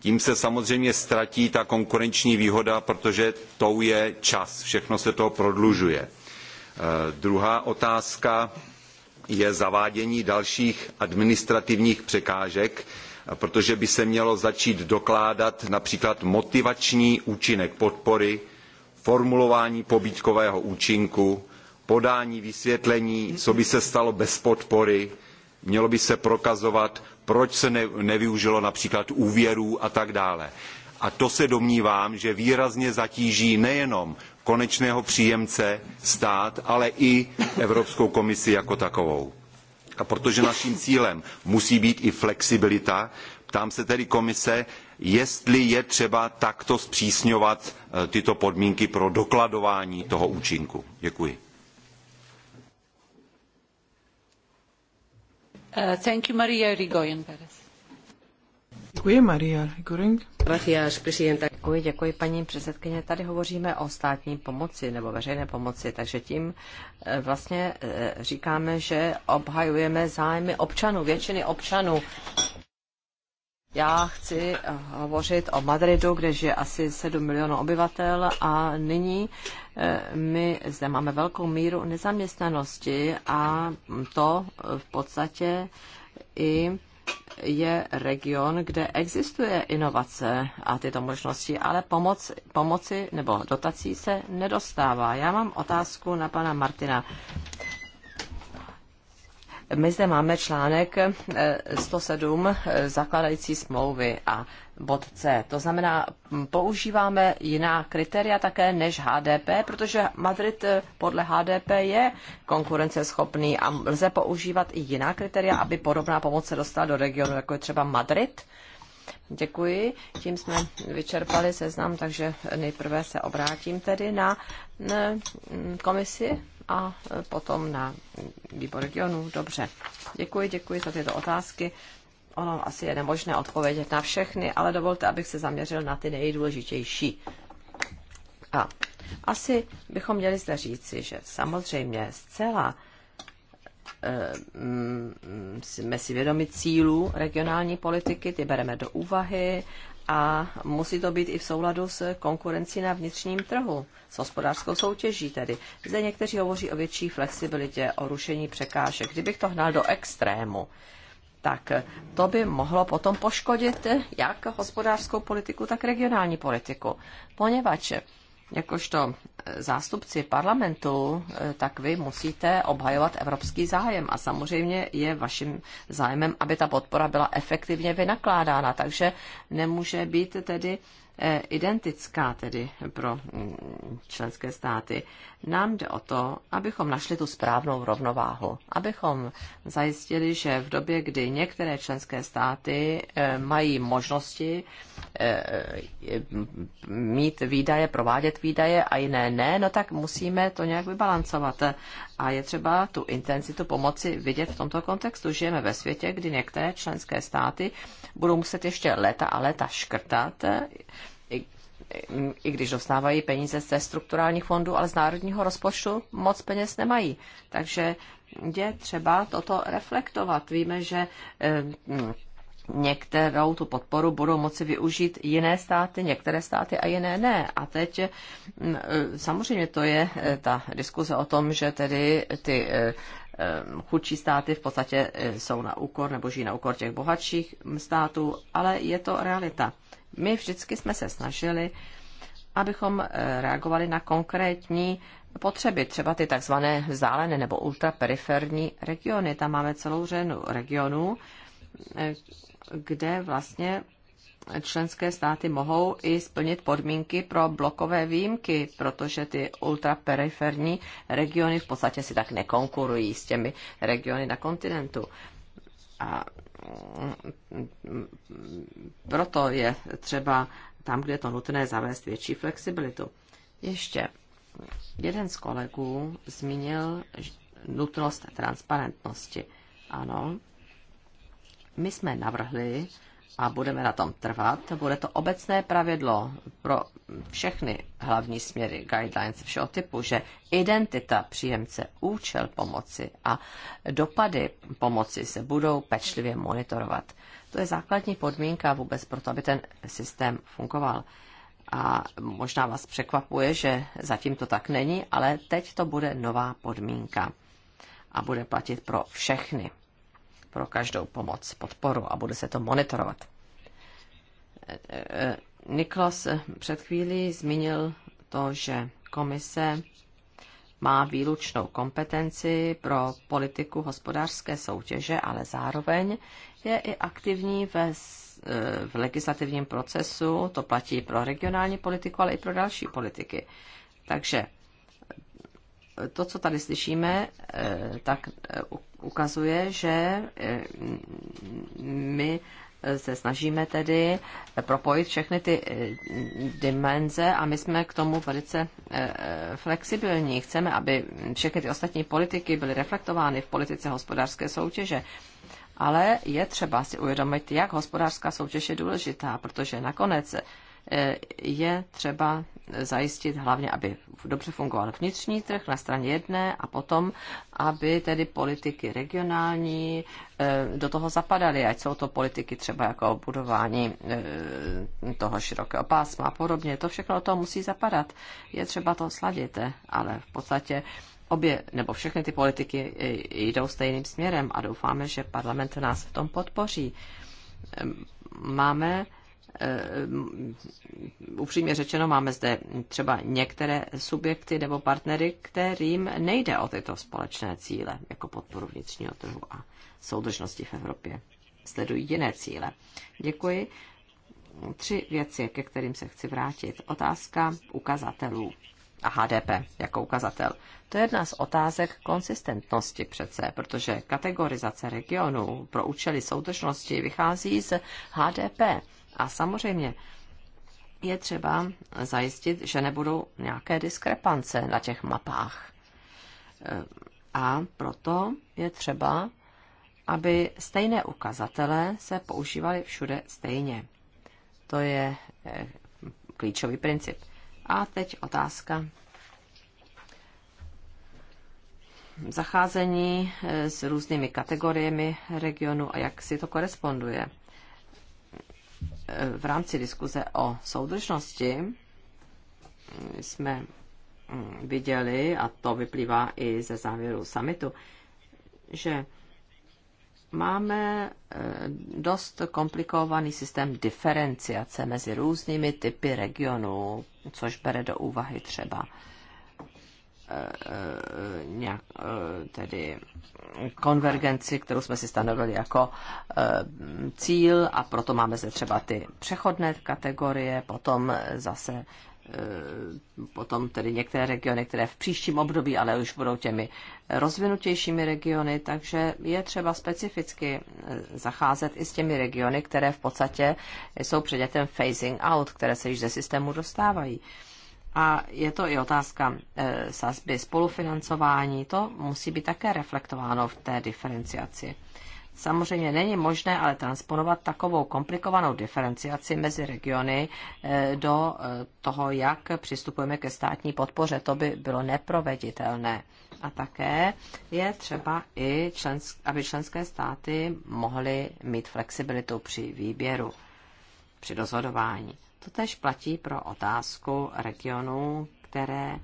Tím se samozřejmě ztratí ta konkurenční výhoda, protože tou je čas, všechno se to prodlužuje. Eh, druhá otázka je zavádění dalších administrativních překážek, protože by se mělo začít dokládat například motivační účinek podpory, formulování pobídkového účinku, podání vysvětlení, co by se stalo bez podpory, mělo by se prokazovat, proč se ne, nevyužilo například úvěrů a tak dále. A to se domnívám, že výrazně zatíží nejenom konečného příjemce stát, ale i Evropskou komisi jako takovou. A protože naším cílem musí být i flexibilita, ptám se tedy komise, jestli je třeba takto zpřísňovat e, tyto podmínky pro dokladování toho účinku. Děkuji. Uh, thank you, Maria Rigoyen Perez. Děkuji, Maria Goring. Děkuji, děkuji, paní předsedkyně. Tady hovoříme o státní pomoci nebo veřejné pomoci, takže tím eh, vlastně eh, říkáme, že obhajujeme zájmy občanů, většiny občanů. Já chci eh, hovořit o Madridu, kde žije asi 7 milionů obyvatel a nyní my zde máme velkou míru nezaměstnanosti a to v podstatě i je region, kde existuje inovace a tyto možnosti, ale pomoc, pomoci nebo dotací se nedostává. Já mám otázku na pana Martina. My zde máme článek 107 eh, eh, zakladající smlouvy a bod C. To znamená, používáme jiná kritéria také než HDP, protože Madrid eh, podle HDP je konkurenceschopný a lze používat i jiná kritéria, aby podobná pomoc se dostala do regionu, jako je třeba Madrid. Děkuji. Tím jsme vyčerpali seznam, takže nejprve se obrátím tedy na mm, komisi a eh, potom na výbor regionu. Dobře. Děkuji, děkuji za tyto otázky ono asi je nemožné odpovědět na všechny, ale dovolte, abych se zaměřil na ty nejdůležitější. A asi bychom měli zde říci, že samozřejmě zcela eh, mm, jsme si vědomi cílů regionální politiky, ty bereme do úvahy a musí to být i v souladu s konkurencí na vnitřním trhu, s hospodářskou soutěží tedy. Zde někteří hovoří o větší flexibilitě, o rušení překážek. Kdybych to hnal do extrému, tak eh, to by mohlo potom poškodit eh, jak hospodářskou politiku, tak regionální politiku. Poněvadž eh, jakožto zástupci parlamentu, tak vy musíte obhajovat evropský zájem a samozřejmě je vaším zájmem, aby ta podpora byla efektivně vynakládána, takže nemůže být tedy Eh, identická tedy pro mm, členské státy. Nám jde o to, abychom našli tu správnou rovnováhu, abychom zajistili, že v době, kdy některé členské státy eh, mají možnosti eh, mít výdaje, provádět výdaje a jiné ne, no tak musíme to nějak vybalancovat. A je třeba tu intenzitu pomoci vidět v tomto kontextu. Žijeme ve světě, kdy některé členské státy budou muset ještě léta a léta škrtat, i, i když dostávají peníze ze strukturálních fondů, ale z národního rozpočtu moc peněz nemají. Takže je třeba toto reflektovat. Víme, že eh, některou tu podporu budou moci využít jiné státy, některé státy a jiné ne. A teď e, samozřejmě to je e, ta diskuze o tom, že tedy ty e, chudší státy v podstatě jsou na úkor nebo žijí na úkor těch bohatších států, ale je to realita. My vždycky jsme se snažili, abychom reagovali na konkrétní potřeby, třeba ty takzvané vzdálené nebo ultraperiferní regiony. Tam máme celou řadu regionů, kde vlastně členské státy mohou i splnit podmínky pro blokové výjimky, protože ty ultraperiferní regiony v podstatě si tak nekonkurují s těmi regiony na kontinentu. A mm, proto je třeba tam, kde je to nutné, zavést větší flexibilitu. Ještě jeden z kolegů zmínil nutnost transparentnosti. Ano, my jsme navrhli a budeme na tom trvat. Bude to obecné pravidlo pro všechny hlavní směry guidelines všeho typu, že identita příjemce, účel pomoci a dopady pomoci se budou pečlivě monitorovat. To je základní podmínka vůbec pro to, aby ten systém fungoval. A možná vás překvapuje, že zatím to tak není, ale teď to bude nová podmínka a bude platit pro všechny pro každou pomoc, podporu a bude se to monitorovat. Niklas před chvílí zmínil to, že komise má výlučnou kompetenci pro politiku hospodářské soutěže, ale zároveň je i aktivní ve, v legislativním procesu. To platí pro regionální politiku, ale i pro další politiky. Takže to, co tady slyšíme, eh, tak eh, ukazuje, že eh, my se snažíme tedy propojit všechny ty dimenze a my jsme k tomu velice flexibilní. Chceme, aby všechny ty ostatní politiky byly reflektovány v politice hospodářské soutěže. Ale je třeba si uvědomit, jak hospodářská soutěž je důležitá, protože nakonec je třeba zajistit hlavně, aby dobře fungoval vnitřní trh na straně jedné a potom, aby tedy politiky regionální eh, do toho zapadaly, ať jsou to politiky třeba jako budování eh, toho širokého pásma a podobně. To všechno do toho musí zapadat. Je třeba to sladit, eh, ale v podstatě obě nebo všechny ty politiky jdou stejným směrem a doufáme, že parlament nás v tom podpoří. Ehm, máme Eh, upřímně řečeno, máme zde třeba některé subjekty nebo partnery, kterým nejde o tyto společné cíle, jako podporu vnitřního trhu a soudržnosti v Evropě. Sledují jiné cíle. Děkuji. Tři věci, ke kterým se chci vrátit. Otázka ukazatelů a HDP jako ukazatel. To je jedna z otázek konsistentnosti přece, protože kategorizace regionů pro účely soudržnosti vychází z HDP a samozřejmě je třeba zajistit, že nebudou nějaké diskrepance na těch mapách. E, a proto je třeba, aby stejné ukazatele se používaly všude stejně. To je e, klíčový princip. A teď otázka zacházení e, s různými kategoriemi regionu a jak si to koresponduje v rámci diskuze o soudržnosti jsme mm, viděli, a to vyplývá i ze závěru summitu, že máme eh, dost komplikovaný systém diferenciace mezi různými typy regionů, což bere do úvahy třeba Eh, nějak, eh, tedy konvergenci, kterou jsme si stanovili jako eh, cíl a proto máme zde třeba ty přechodné kategorie, potom zase potom tedy některé regiony, které v příštím období, ale už budou těmi rozvinutějšími regiony, takže je třeba specificky zacházet i s těmi regiony, které v podstatě jsou předmětem phasing out, které se již ze systému dostávají. Uh, a je to i otázka e, sazby spolufinancování, to musí být také reflektováno v té diferenciaci. Samozřejmě není možné ale transponovat takovou komplikovanou diferenciaci mezi regiony e, do e, toho, jak přistupujeme ke státní podpoře. To by bylo neproveditelné. A také je třeba i, člensk- aby členské státy mohly mít flexibilitu při výběru, při rozhodování. To tež platí pro otázku regionů, které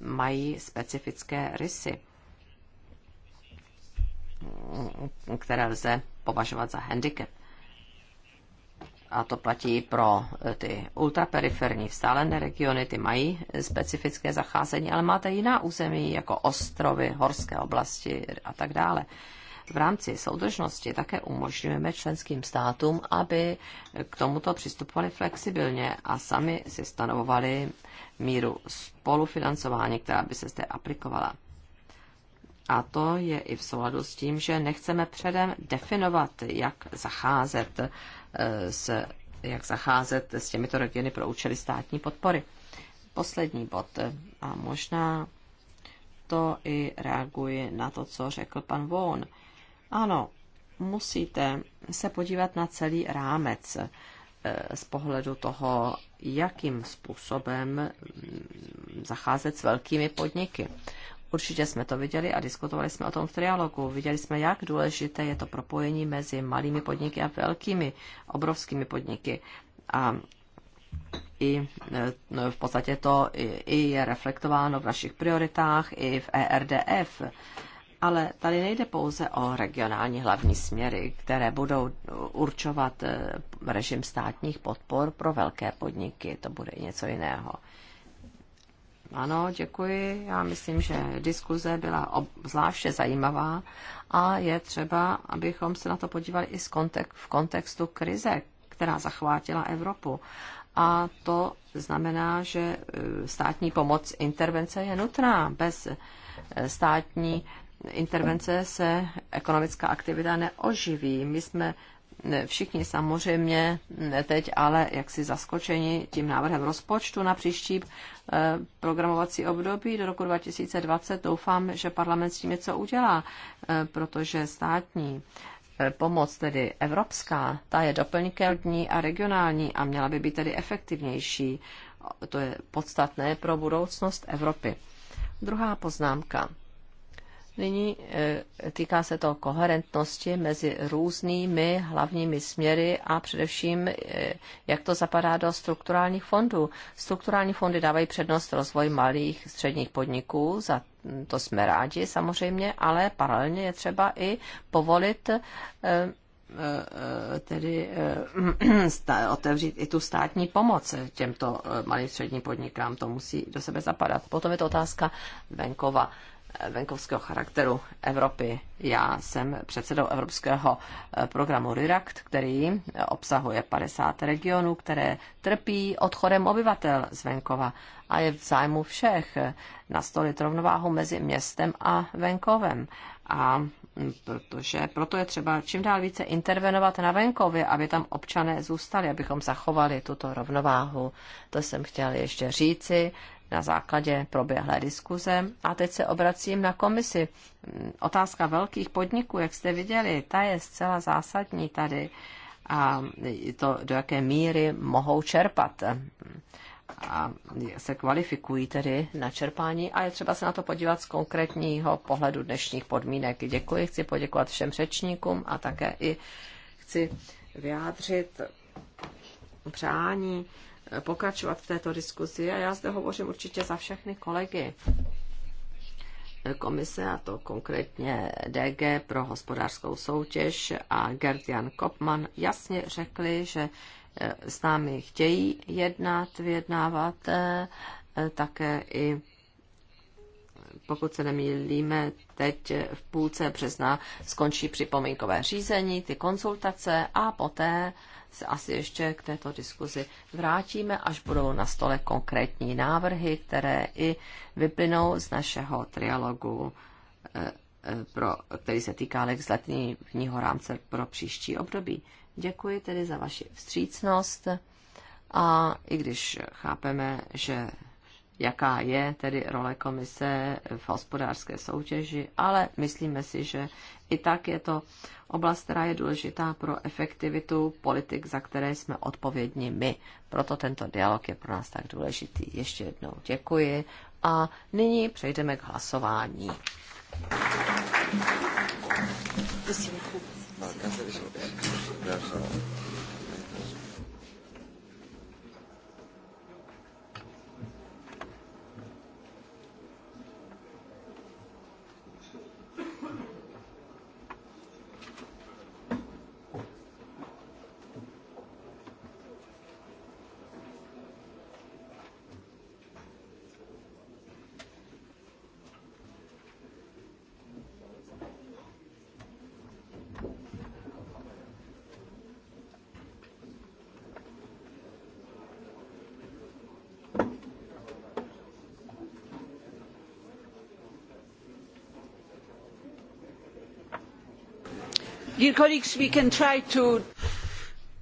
mají specifické rysy, které lze považovat za handicap. A to platí pro eh, ty ultraperiferní vzdálené regiony, ty mají eh, specifické zacházení, ale máte jiná území, jako ostrovy, horské oblasti a tak dále v rámci soudržnosti také umožňujeme členským státům, aby k tomuto přistupovali flexibilně a sami si stanovovali míru spolufinancování, která by se zde aplikovala. A to je i v souladu s tím, že nechceme předem definovat, jak zacházet eh, s, jak zacházet s těmito regiony pro účely státní podpory. Poslední bod. Eh, a možná to i reaguje na to, co řekl pan Vaughan. Ano, musíte se podívat na celý rámec eh, z pohledu toho, jakým způsobem mm, zacházet s velkými podniky. Určitě jsme to viděli a diskutovali jsme o tom v trialogu. Viděli jsme, jak důležité je to propojení mezi malými podniky a velkými, obrovskými podniky. A i eh, no, v podstatě to i, i je reflektováno v našich prioritách, i v ERDF ale tady nejde pouze o regionální hlavní směry, které budou určovat eh, režim státních podpor pro velké podniky. To bude něco jiného. Ano, děkuji. Já myslím, že diskuze byla zvláště zajímavá a je třeba, abychom se na to podívali i v kontextu krize, která zachvátila Evropu. A to znamená, že eh, státní pomoc intervence je nutná. Bez eh, státní intervence se ekonomická aktivita neoživí. My jsme všichni samozřejmě teď, ale jaksi zaskočeni tím návrhem rozpočtu na příští eh, programovací období do roku 2020. Doufám, že parlament s tím něco udělá, eh, protože státní eh, pomoc, tedy evropská, ta je doplňkelní a regionální a měla by být tedy efektivnější. To je podstatné pro budoucnost Evropy. Druhá poznámka Nyní eh, týká se to koherentnosti mezi různými hlavními směry a především, eh, jak to zapadá do strukturálních fondů. Strukturální fondy dávají přednost rozvoji malých středních podniků, za to jsme rádi samozřejmě, ale paralelně je třeba i povolit eh, tedy otevřít i tu státní pomoc těmto malým středním podnikám. To musí do sebe zapadat. Potom je to otázka venkova venkovského charakteru Evropy. Já jsem předsedou evropského eh, programu RIRACT, který eh, obsahuje 50 regionů, které trpí odchodem obyvatel z venkova a je v zájmu všech eh, nastolit rovnováhu mezi městem a venkovem. A hm, protože proto je třeba čím dál více intervenovat na venkově, aby tam občané zůstali, abychom zachovali tuto rovnováhu. To jsem chtěl ještě říci na základě proběhlé diskuze. A teď se obracím na komisi. Otázka velkých podniků, jak jste viděli, ta je zcela zásadní tady a to, do jaké míry mohou čerpat a se kvalifikují tedy na čerpání a je třeba se na to podívat z konkrétního pohledu dnešních podmínek. Děkuji, chci poděkovat všem řečníkům a také i chci vyjádřit přání pokračovat v této diskuzi a já zde hovořím určitě za všechny kolegy komise, a to konkrétně DG pro hospodářskou soutěž a Gerdian Kopman, jasně řekli, že eh, s námi chtějí jednat, vyjednávat eh, také i pokud se nemýlíme, teď v půlce března skončí připomínkové řízení, ty konzultace a poté se asi ještě k této diskuzi vrátíme, až budou na stole konkrétní návrhy, které i vyplynou z našeho trialogu, eh, eh, pro, který se týká legislativního rámce pro příští období. Děkuji tedy za vaši vstřícnost a i když chápeme, že jaká je tedy role komise v hospodářské soutěži, ale myslíme si, že i tak je to oblast, která je důležitá pro efektivitu politik, za které jsme odpovědní my. Proto tento dialog je pro nás tak důležitý. Ještě jednou děkuji a nyní přejdeme k hlasování. Děkuji.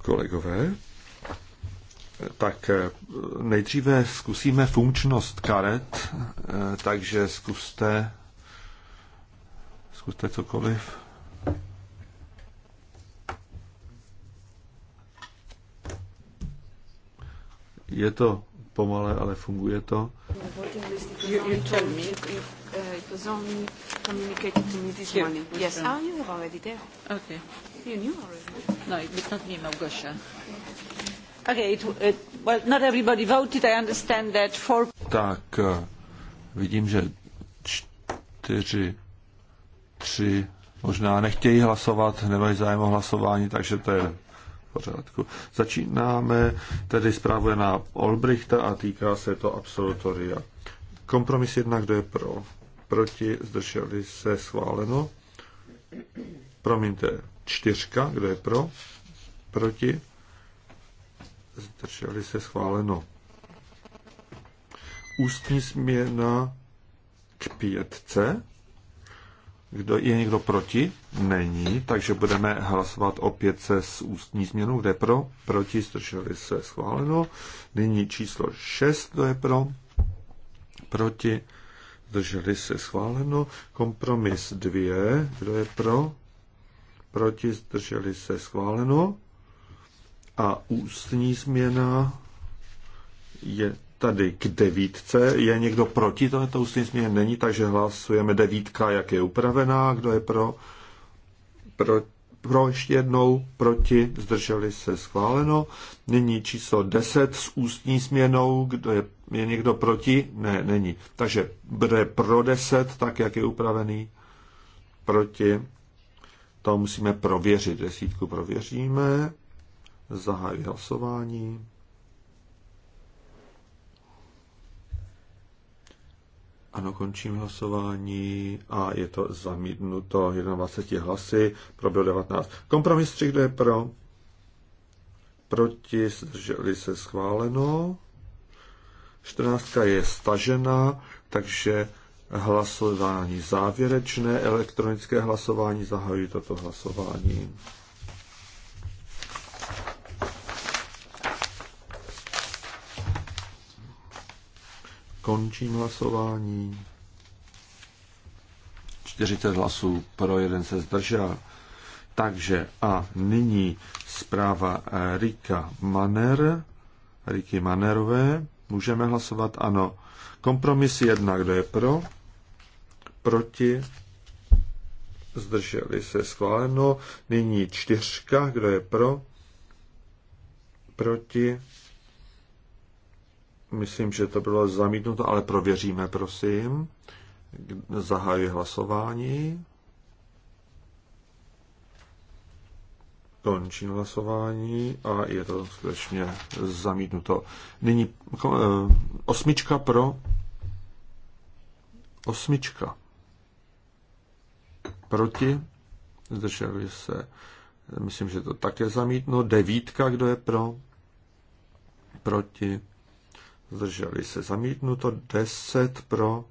Kolegové, tak eh, nejdříve zkusíme funkčnost karet, eh, takže zkuste, zkuste cokoliv. Je to pomalé, ale funguje to. You, you me was only communicated to me this Here, morning. Yes. Oh, you were already there. Okay. You knew already. No, it was not me, Małgosia. Okay, it, it, well, not everybody voted. I understand that four... Tak, eh, vidím, že čtyři, tři možná nechtějí hlasovat, nemají zájem o hlasování, takže to je pořádku. Začínáme tedy zprávu na Olbrichta a týká se to absolutoria. Kompromis jednak kdo je pro, proti, zdrželi se, schváleno. Promiňte, čtyřka, kdo je pro, proti, zdrželi se, schváleno. Ústní směna k pětce. Kdo, je někdo proti? Není, takže budeme hlasovat o pětce s ústní změnou. Kde pro? Proti, zdrželi se, schváleno. Nyní číslo 6, kdo je pro? Proti, zdrželi se schváleno. Kompromis 2, kdo je pro, proti, zdrželi se schváleno. A ústní změna je tady k devítce. Je někdo proti tohoto ústní změně? Není, takže hlasujeme devítka, jak je upravená. Kdo je pro? Pro, pro ještě jednou, proti, zdrželi se schváleno. Nyní číslo 10 s ústní změnou. Kdo je je někdo proti? Ne, není. Takže bude pro 10, tak jak je upravený. Proti. To musíme prověřit. Desítku prověříme. Zahájí hlasování. Ano, končím hlasování a je to zamítnuto 21 hlasy, pro 19. Kompromis 3, kdo je pro? Proti, zdrželi se schváleno. 14 je stažena, takže hlasování závěrečné, elektronické hlasování, zahajují toto hlasování. Končím hlasování. 40 hlasů pro, jeden se zdržel. Takže a nyní zpráva Rika Maner, Riky Manerové. Můžeme hlasovat ano. Kompromis jedna, kdo je pro? Proti? Zdrželi se schváleno. Nyní čtyřka, kdo je pro? Proti? Myslím, že to bylo zamítnuto, ale prověříme, prosím. Zahajuji hlasování. Končím hlasování a je to skutečně zamítnuto. Nyní eh, osmička pro. Osmička. Proti. Zdrželi se. Myslím, že to také zamítnu. Devítka, kdo je pro. Proti. Zdrželi se. Zamítnuto. Deset pro.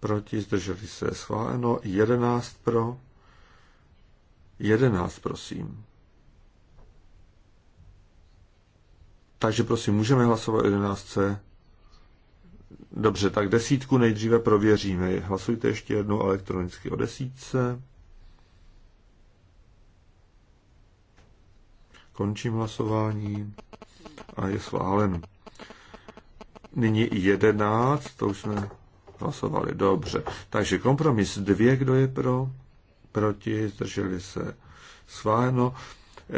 Proti. Zdrželi se. Schváleno. Jedenáct pro 11, prosím. Takže prosím, můžeme hlasovat o 11. Dobře, tak desítku nejdříve prověříme. Hlasujte ještě jednou elektronicky o desítce. Končím hlasování a je schválen. Nyní jedenáct, to už jsme hlasovali. Dobře. Takže kompromis dvě, kdo je pro? proti, zdrželi se schváleno.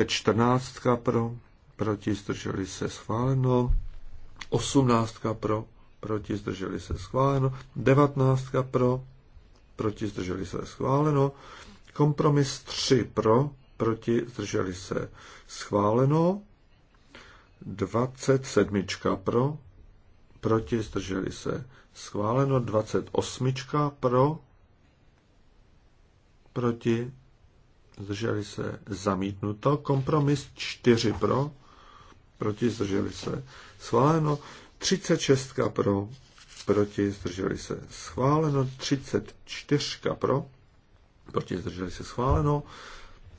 14 pro, proti, zdrželi se schváleno. 18 pro, proti, zdrželi se schváleno. 19 pro, proti, zdrželi se schváleno. Kompromis 3 pro, proti, zdrželi se schváleno. 27 pro, proti, zdrželi se schváleno. 28 pro, proti, zdrželi se zamítnuto, kompromis 4 pro, proti, zdrželi se schváleno, 36 pro, proti, zdrželi se schváleno, 34 pro, proti, zdrželi se schváleno,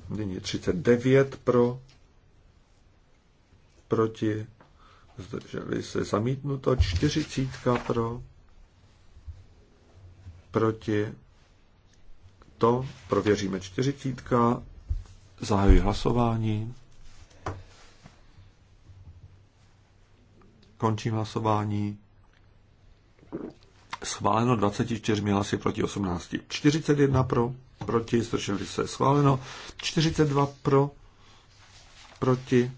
nyní 39 pro, proti, zdrželi se zamítnuto, 40 pro, proti, to prověříme. Čtyřicítka, zahajuji hlasování. Končím hlasování. Schváleno 24 hlasy proti 18. 41 pro, proti, zdrželi se. Schváleno 42 pro, proti,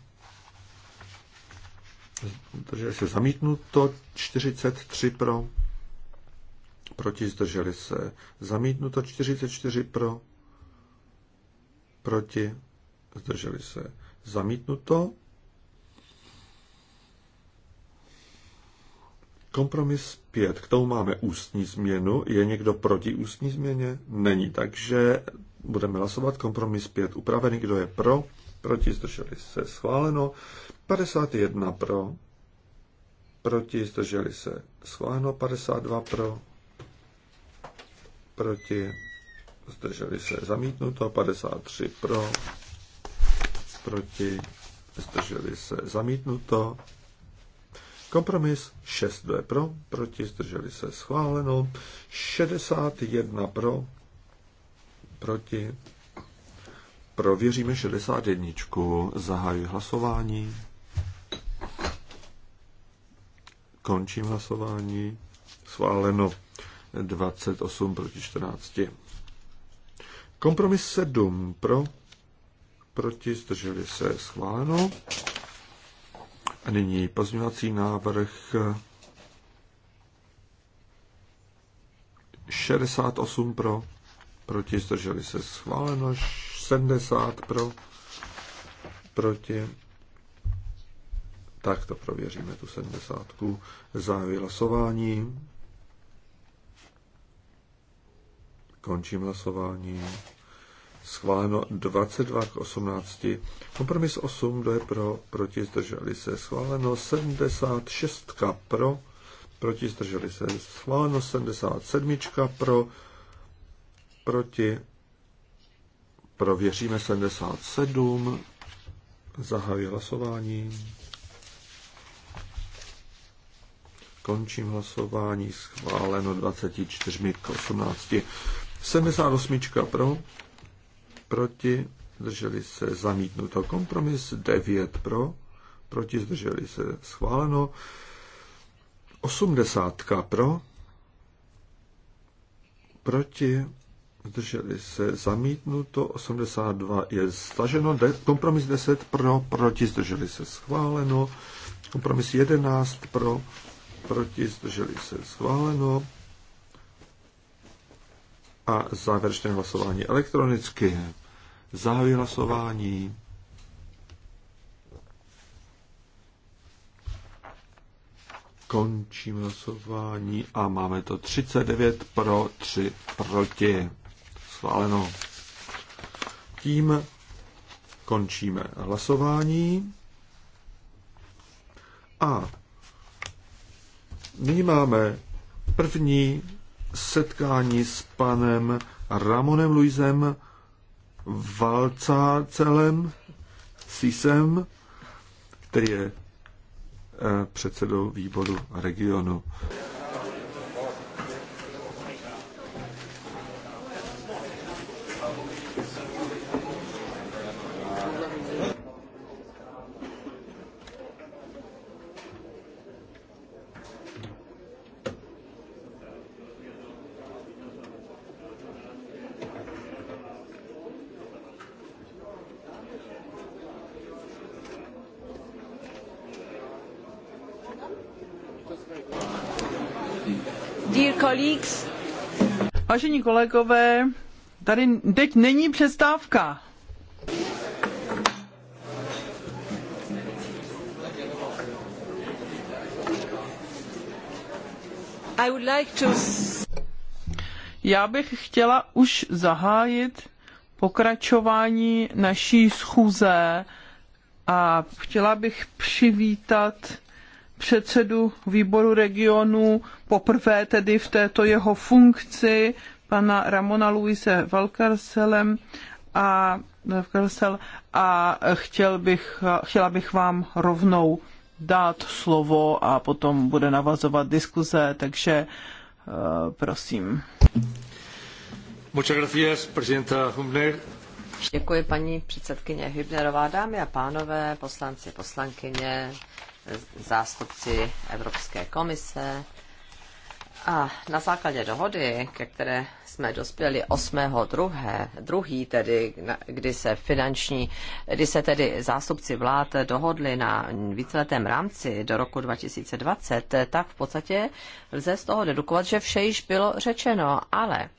takže se zamítnuto, 43 pro, proti zdrželi se, zamítnuto 44 pro, proti zdrželi se, zamítnuto, Kompromis 5. K tomu máme ústní změnu. Je někdo proti ústní změně? Není. Takže budeme hlasovat kompromis 5 upravený. Kdo je pro? Proti zdrželi se schváleno. 51 pro. Proti zdrželi se schváleno. 52 pro proti, zdrželi se zamítnuto, 53 pro, proti, zdrželi se zamítnuto, kompromis 6 pro, proti, zdrželi se schváleno, 61 pro, proti, prověříme 61, zahajuji hlasování, končím hlasování, schváleno. 28 proti 14. Kompromis 7 pro, proti, zdrželi se, schváleno. A nyní pozměňovací návrh 68 pro, proti, zdrželi se, schváleno. 70 pro, proti. Tak to prověříme, tu 70. Závěr hlasování. Končím hlasování. Schváleno 22 k 18. Kompromis 8, kdo je pro, proti, zdrželi se. Schváleno 76 pro, proti, zdrželi se. Schváleno 77 pro, proti, prověříme 77. Zahajuji hlasování. Končím hlasování. Schváleno 24 k 18. 78 pro, proti, zdrželi se zamítnuto. Kompromis 9 pro, proti, zdrželi se schváleno. 80 pro, proti, zdrželi se zamítnuto, 82 je staženo, kompromis 10 pro, proti, zdrželi se schváleno, kompromis 11 pro, proti, zdrželi se schváleno, a závěrečné hlasování elektronicky. Zahajuji hlasování. Končím hlasování a máme to 39 pro, 3 proti. Schváleno. Tím končíme hlasování. A nyní máme první setkání s panem Ramonem Luizem Valcácelem Sisem, který je eh, předsedou výboru regionu. kolegové, tady teď není přestávka. I would like to... Já bych chtěla už zahájit pokračování naší schůze a chtěla bych přivítat předsedu výboru regionu poprvé tedy v této jeho funkci pana Ramona Luise Valkarselem a, Valkarsel, a chtěl bych, chtěla bych vám rovnou dát slovo a potom bude navazovat diskuze, takže eh, prosím. Muchas gracias, presidenta Děkuji paní předsedkyně Hübnerová, dámy a pánové, poslanci, poslankyně, zástupci Evropské komise, a na základě dohody, ke které jsme dospěli 8. Druhé, druhý, tedy, kdy se finanční, kdy se tedy zástupci vlád dohodli na víceletém rámci do roku 2020, tak v podstatě lze z toho dedukovat, že vše již bylo řečeno, ale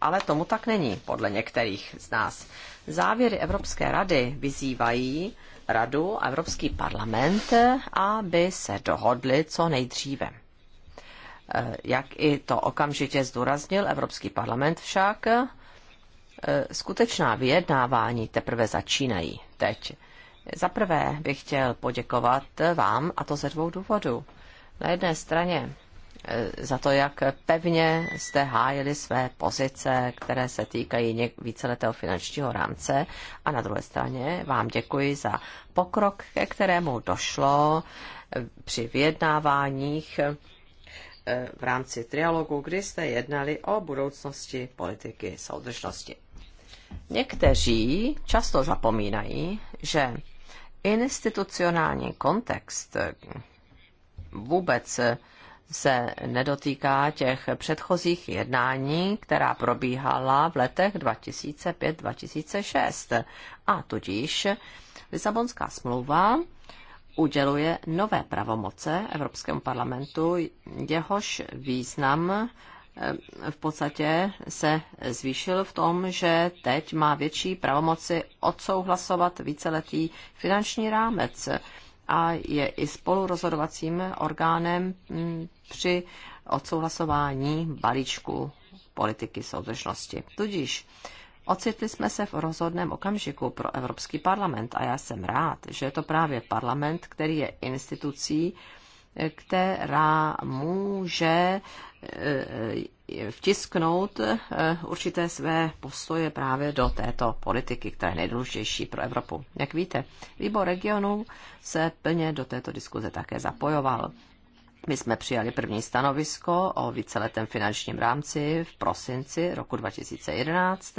ale tomu tak není, podle některých z nás. Závěry Evropské rady vyzývají radu a Evropský parlament, aby se dohodli co nejdříve. E, jak i to okamžitě zdůraznil Evropský parlament však, e, skutečná vyjednávání teprve začínají teď. Za prvé bych chtěl poděkovat vám, a to ze dvou důvodů. Na jedné straně Eh, za to, jak pevně jste hájili své pozice, které se týkají víceletého finančního rámce. A na druhé straně vám děkuji za pokrok, ke kterému došlo eh, při vyjednáváních eh, v rámci trialogu, kdy jste jednali o budoucnosti politiky soudržnosti. Někteří často zapomínají, že institucionální kontext vůbec se nedotýká těch předchozích jednání, která probíhala v letech 2005-2006. A tudíž Lisabonská smlouva uděluje nové pravomoce Evropskému parlamentu, jehož význam eh, v podstatě se zvýšil v tom, že teď má větší pravomoci odsouhlasovat víceletý finanční rámec a je i spolurozhodovacím orgánem mm, při odsouhlasování balíčku politiky soudržnosti. Tudíž ocitli jsme se v rozhodném okamžiku pro Evropský parlament a já jsem rád, že je to právě parlament, který je institucí, která může eh, vtisknout eh, určité své postoje právě do této politiky, která je nejdůležitější pro Evropu. Jak víte, výbor regionů se plně do této diskuze také zapojoval. My jsme přijali první stanovisko o víceletém finančním rámci v prosinci roku 2011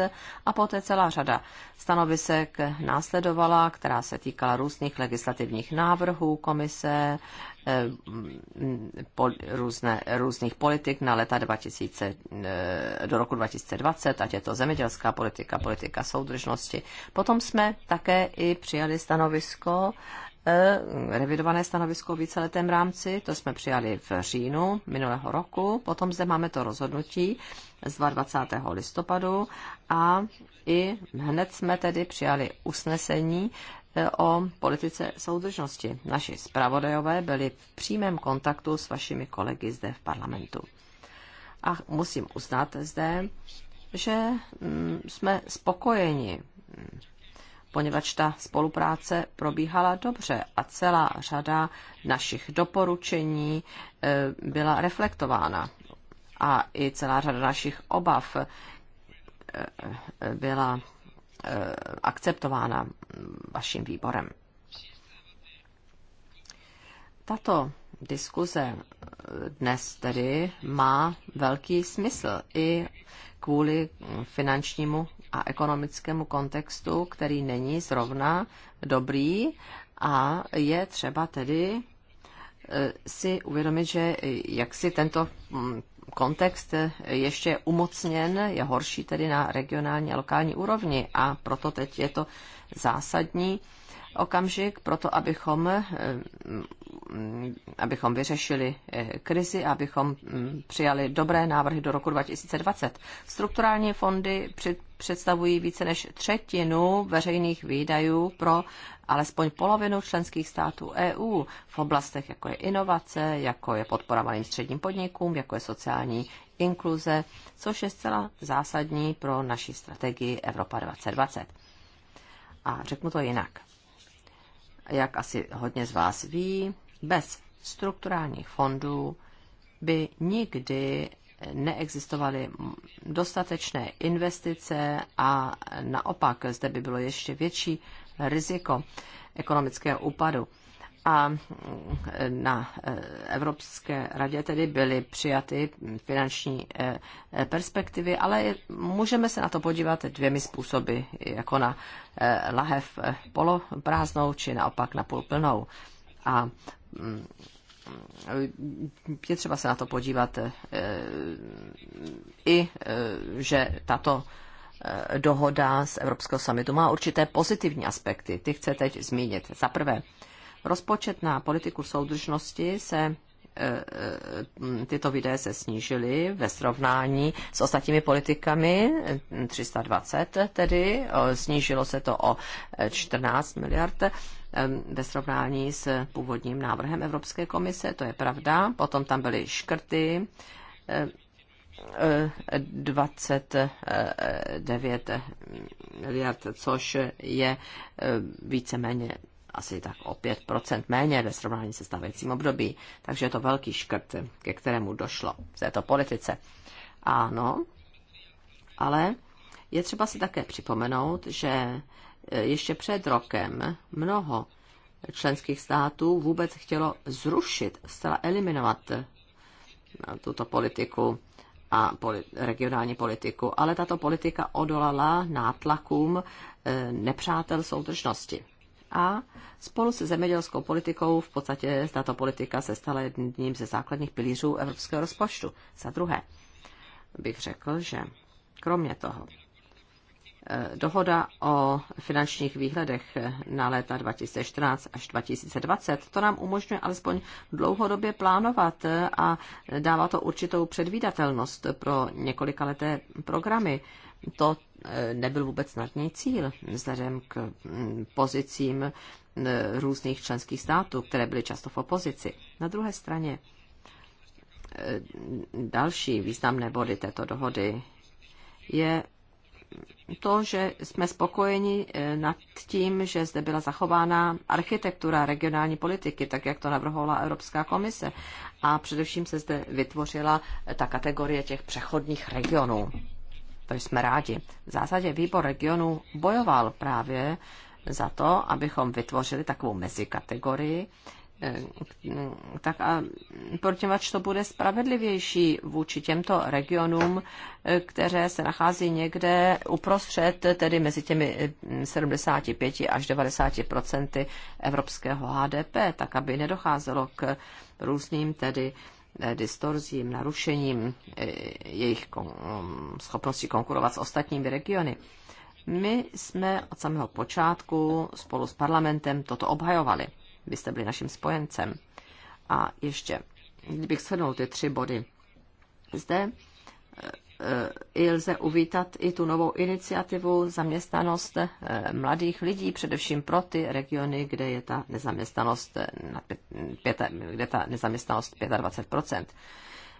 a poté celá řada stanovisek následovala, která se týkala různých legislativních návrhů komise, eh, po, různé, různých politik na leta 2000, eh, do roku 2020, ať je to zemědělská politika, politika soudržnosti. Potom jsme také i přijali stanovisko E, revidované stanovisko o víceletém rámci, to jsme přijali v říjnu minulého roku, potom zde máme to rozhodnutí z 22. listopadu a i hned jsme tedy přijali usnesení e, o politice soudržnosti. Naši zpravodajové byli v přímém kontaktu s vašimi kolegy zde v parlamentu. A musím uznat zde, že mm, jsme spokojeni poněvadž ta spolupráce probíhala dobře a celá řada našich doporučení eh, byla reflektována. A i celá řada našich obav eh, eh, byla akceptována vaším výborem. Tato diskuze dnes tedy má velký smysl i kvůli finančnímu a ekonomickému kontextu, který není zrovna dobrý a je třeba tedy eh, si uvědomit, že eh, jak si tento mm, kontext eh, ještě umocněn, je horší tedy na regionální a lokální úrovni a proto teď je to zásadní okamžik, proto abychom Mm, abychom vyřešili eh, krizi, abychom mm, přijali dobré návrhy do roku 2020. Strukturální fondy představují více než třetinu veřejných výdajů pro alespoň polovinu členských států EU v oblastech, jako je inovace, jako je podpora malým středním podnikům, jako je sociální inkluze, což je zcela zásadní pro naši strategii Evropa 2020. A řeknu to jinak. Jak asi hodně z vás ví, bez strukturálních fondů by nikdy neexistovaly dostatečné investice a naopak zde by bylo ještě větší riziko ekonomického úpadu. A na Evropské radě tedy byly přijaty finanční eh, perspektivy, ale můžeme se na to podívat dvěmi způsoby, jako na eh, lahev eh, poloprázdnou či naopak na půl plnou. A mm, je třeba se na to podívat eh, i, eh, že tato eh, dohoda z Evropského samitu má určité pozitivní aspekty. Ty chce teď zmínit. Za prvé, rozpočet na politiku soudržnosti se Eh, eh, tyto výdaje se snížily ve srovnání s ostatními politikami, 320 eh, tedy, snížilo se to o 14 miliard ve srovnání s původním návrhem Evropské komise, to je pravda. Potom tam byly škrty, 29 miliard, což je víceméně asi tak o 5% méně ve srovnání se stávajícím období. Takže je to velký škrt, ke kterému došlo v této politice. Ano, ale je třeba si také připomenout, že e, ještě před rokem mnoho členských států vůbec chtělo zrušit, zcela eliminovat e, tuto politiku a poli- regionální politiku, ale tato politika odolala nátlakům e, nepřátel soudržnosti a spolu se zemědělskou politikou v podstatě tato politika se stala jedním ze základních pilířů evropského rozpočtu. Za druhé bych řekl, že kromě toho eh, dohoda o finančních výhledech na léta 2014 až 2020. To nám umožňuje alespoň dlouhodobě plánovat a dává to určitou předvídatelnost pro několikaleté programy to eh, nebyl vůbec snadný cíl vzhledem k mm, pozicím eh, různých členských států, které byly často v opozici. Na druhé straně eh, další významné body této dohody je to, že jsme spokojeni nad tím, že zde byla zachována architektura regionální politiky, tak jak to navrhovala Evropská komise. A především se zde vytvořila ta kategorie těch přechodních regionů. To jsme rádi. V zásadě výbor regionu bojoval právě za to, abychom vytvořili takovou mezikategorii, eh, tak a protivač to bude spravedlivější vůči těmto regionům, eh, které se nachází někde uprostřed, tedy mezi těmi 75 eh, až 90 evropského HDP, tak aby nedocházelo k různým tedy distorzím, narušením eh, jejich mm, schopnosti konkurovat s ostatními regiony. My jsme od samého počátku spolu s parlamentem toto obhajovali. Vy jste byli naším spojencem. A ještě, kdybych shrnul ty tři body. Zde eh, i lze uvítat i tu novou iniciativu zaměstnanost eh, mladých lidí, především pro ty regiony, kde je ta nezaměstnanost, eh, na pět, kde ta nezaměstnanost 25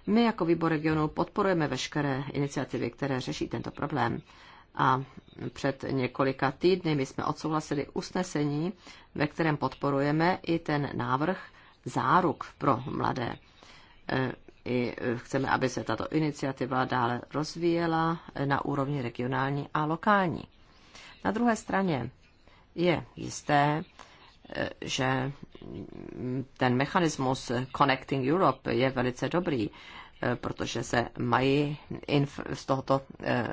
My jako výbor regionu podporujeme veškeré iniciativy, které řeší tento problém. A před několika týdny my jsme odsouhlasili usnesení, ve kterém podporujeme i ten návrh záruk pro mladé eh, i chceme, aby se tato iniciativa dále rozvíjela na úrovni regionální a lokální. Na druhé straně je jisté, že ten mechanismus Connecting Europe je velice dobrý, protože se mají z tohoto eh,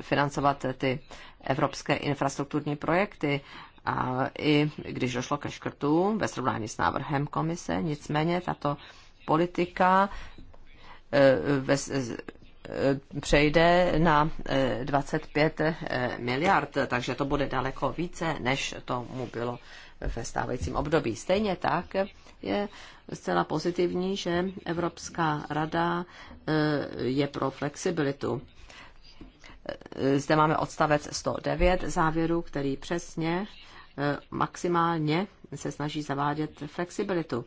financovat ty evropské infrastrukturní projekty. A i když došlo ke škrtům ve srovnání s návrhem komise, nicméně tato politika eh, ve, eh, přejde na 25 eh, miliard, takže to bude daleko více, než tomu bylo ve stávajícím období. Stejně tak je zcela pozitivní, že Evropská rada je pro flexibilitu. Zde máme odstavec 109 závěru, který přesně maximálně se snaží zavádět flexibilitu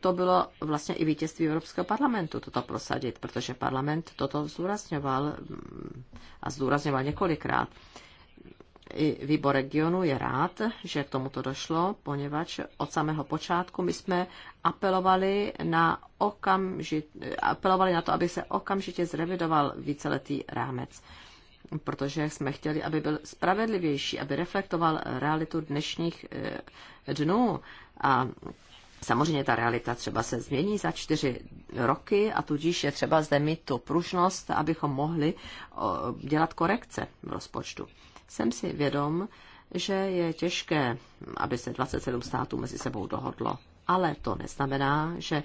to bylo vlastně i vítězství Evropského parlamentu toto prosadit, protože parlament toto zdůrazňoval mm, a zdůrazňoval několikrát. I výbor regionu je rád, že k tomuto došlo, poněvadž od samého počátku my jsme apelovali na, okamžit, apelovali na to, aby se okamžitě zrevidoval víceletý rámec protože jsme chtěli, aby byl spravedlivější, aby reflektoval realitu dnešních eh, dnů a Samozřejmě ta realita třeba se změní za čtyři roky a tudíž je třeba zde mít tu pružnost, abychom mohli dělat korekce v rozpočtu. Jsem si vědom, že je těžké, aby se 27 států mezi sebou dohodlo, ale to neznamená, že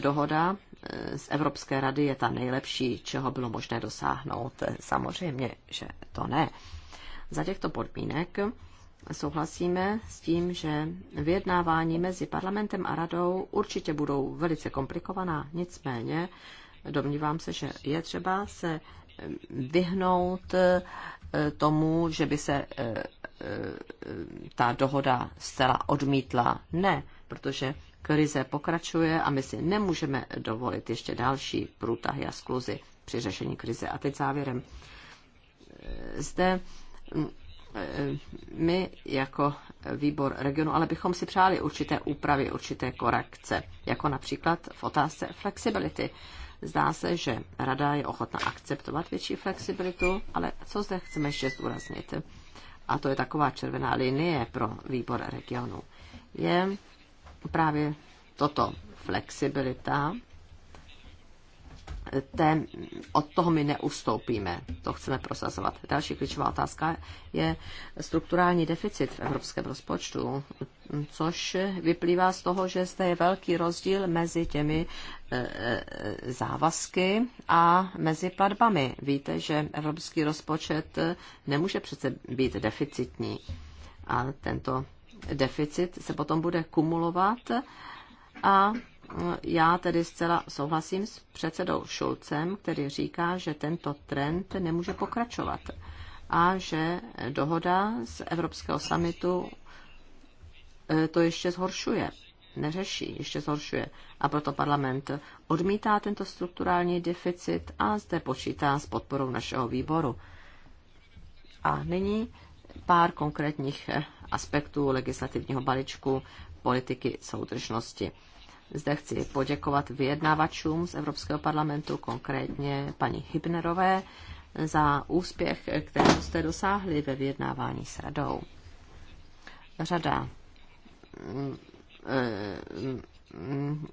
dohoda e, z Evropské rady je ta nejlepší, čeho bylo možné dosáhnout. E, samozřejmě, že to ne. Za těchto podmínek souhlasíme s tím, že vyjednávání mezi parlamentem a radou určitě budou velice komplikovaná. Nicméně domnívám se, že je třeba se eh, vyhnout eh, tomu, že by se eh, ta dohoda zcela odmítla. Ne, protože krize pokračuje a my si nemůžeme dovolit ještě další průtahy a skluzy při řešení krize. A teď závěrem. Zde hm, Eh, my jako výbor regionu, ale bychom si přáli určité úpravy, určité korekce, jako například v otázce flexibility. Zdá se, že rada je ochotna akceptovat větší flexibilitu, ale co zde chceme ještě zdůraznit? A to je taková červená linie pro výbor regionu. Je právě toto flexibilita té, od toho my neustoupíme. To chceme prosazovat. Další klíčová otázka je strukturální deficit v evropském rozpočtu, což vyplývá z toho, že zde je velký rozdíl mezi těmi e, e, závazky a mezi platbami. Víte, že evropský rozpočet nemůže přece být deficitní. A tento deficit se potom bude kumulovat a já tedy zcela souhlasím s předsedou Šulcem, který říká, že tento trend nemůže pokračovat a že dohoda z Evropského samitu eh, to ještě zhoršuje, neřeší, ještě zhoršuje. A proto parlament odmítá tento strukturální deficit a zde počítá s podporou našeho výboru. A nyní pár konkrétních aspektů legislativního balíčku politiky soudržnosti. Zde chci poděkovat vyjednávačům z Evropského parlamentu, konkrétně paní Hybnerové, za úspěch, který jste dosáhli ve vyjednávání s radou. Řada mm, mm, mm,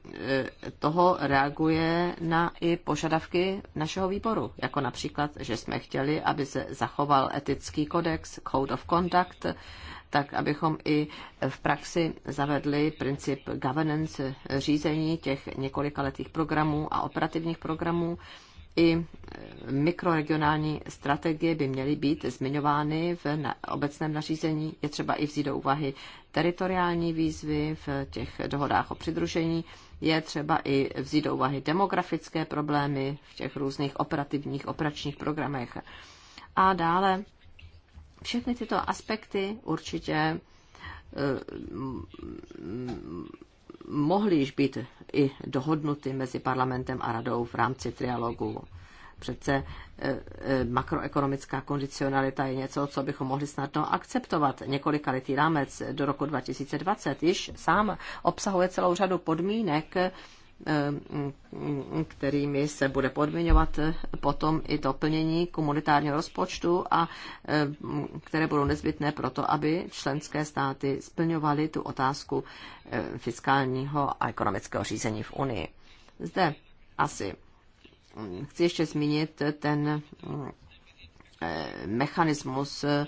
toho reaguje na i požadavky našeho výboru, jako například, že jsme chtěli, aby se zachoval etický kodex, Code of Conduct, tak abychom i v praxi zavedli princip governance řízení těch několikaletých programů a operativních programů. I e, mikroregionální strategie by měly být zmiňovány v obecném nařízení. Je třeba i vzít do úvahy teritoriální výzvy v těch dohodách o přidružení. Je třeba i vzít do úvahy demografické problémy v těch různých operativních operačních programech. A dále všechny tyto aspekty určitě eh, mohly již být i dohodnuty mezi parlamentem a radou v rámci trialogu. Přece eh, eh, makroekonomická kondicionalita je něco, co bychom mohli snadno akceptovat. letý rámec do roku 2020 již sám obsahuje celou řadu podmínek, Eh, kterými se bude podmiňovat potom i to plnění komunitárního rozpočtu a eh, které budou nezbytné pro to, aby členské státy splňovaly tu otázku eh, fiskálního a ekonomického řízení v Unii. Zde asi hm, chci ještě zmínit ten hm, Eh, mechanismus, eh,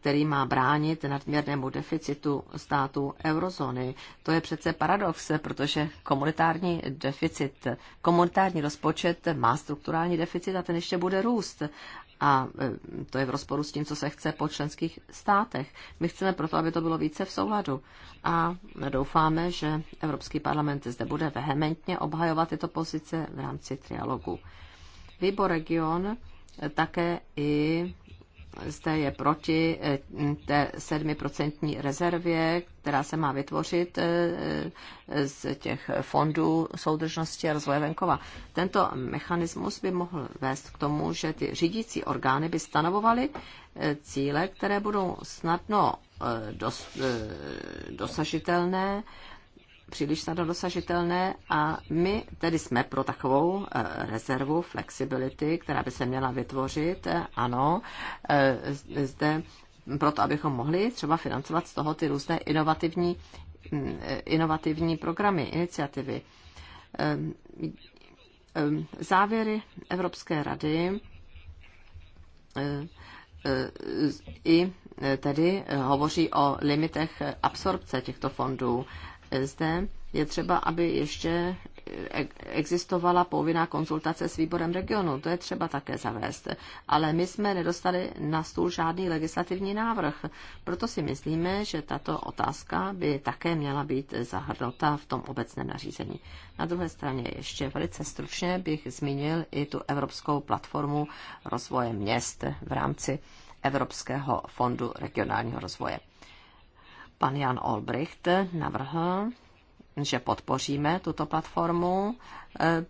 který má bránit nadměrnému deficitu států eurozóny. To je přece paradox, protože komunitární deficit, komunitární rozpočet má strukturální deficit a ten ještě bude růst. A eh, to je v rozporu s tím, co se chce po členských státech. My chceme proto, aby to bylo více v souladu. A doufáme, že Evropský parlament zde bude vehementně obhajovat tyto pozice v rámci trialogu. Výbor region také i zde je proti eh, té sedmiprocentní rezervě, která se má vytvořit eh, eh, z těch fondů soudržnosti a rozvoje venkova. Tento mechanismus by mohl vést k tomu, že ty řídící orgány by stanovovaly cíle, které budou snadno dosažitelné příliš snadno dosažitelné a my tedy jsme pro takovou eh, rezervu flexibility, která by se měla vytvořit, eh, ano, eh, zde proto, abychom mohli třeba financovat z toho ty různé inovativní, mm, inovativní programy, iniciativy. Mm, závěry Evropské rady i tedy hovoří o limitech absorpce těchto fondů zde je třeba, aby ještě e- existovala povinná konzultace s výborem regionu. To je třeba také zavést. Ale my jsme nedostali na stůl žádný legislativní návrh. Proto si myslíme, že tato otázka by také měla být zahrnuta v tom obecném nařízení. Na druhé straně ještě velice stručně bych zmínil i tu Evropskou platformu rozvoje měst v rámci Evropského fondu regionálního rozvoje. Pan Jan Olbricht navrhl, že podpoříme tuto platformu eh,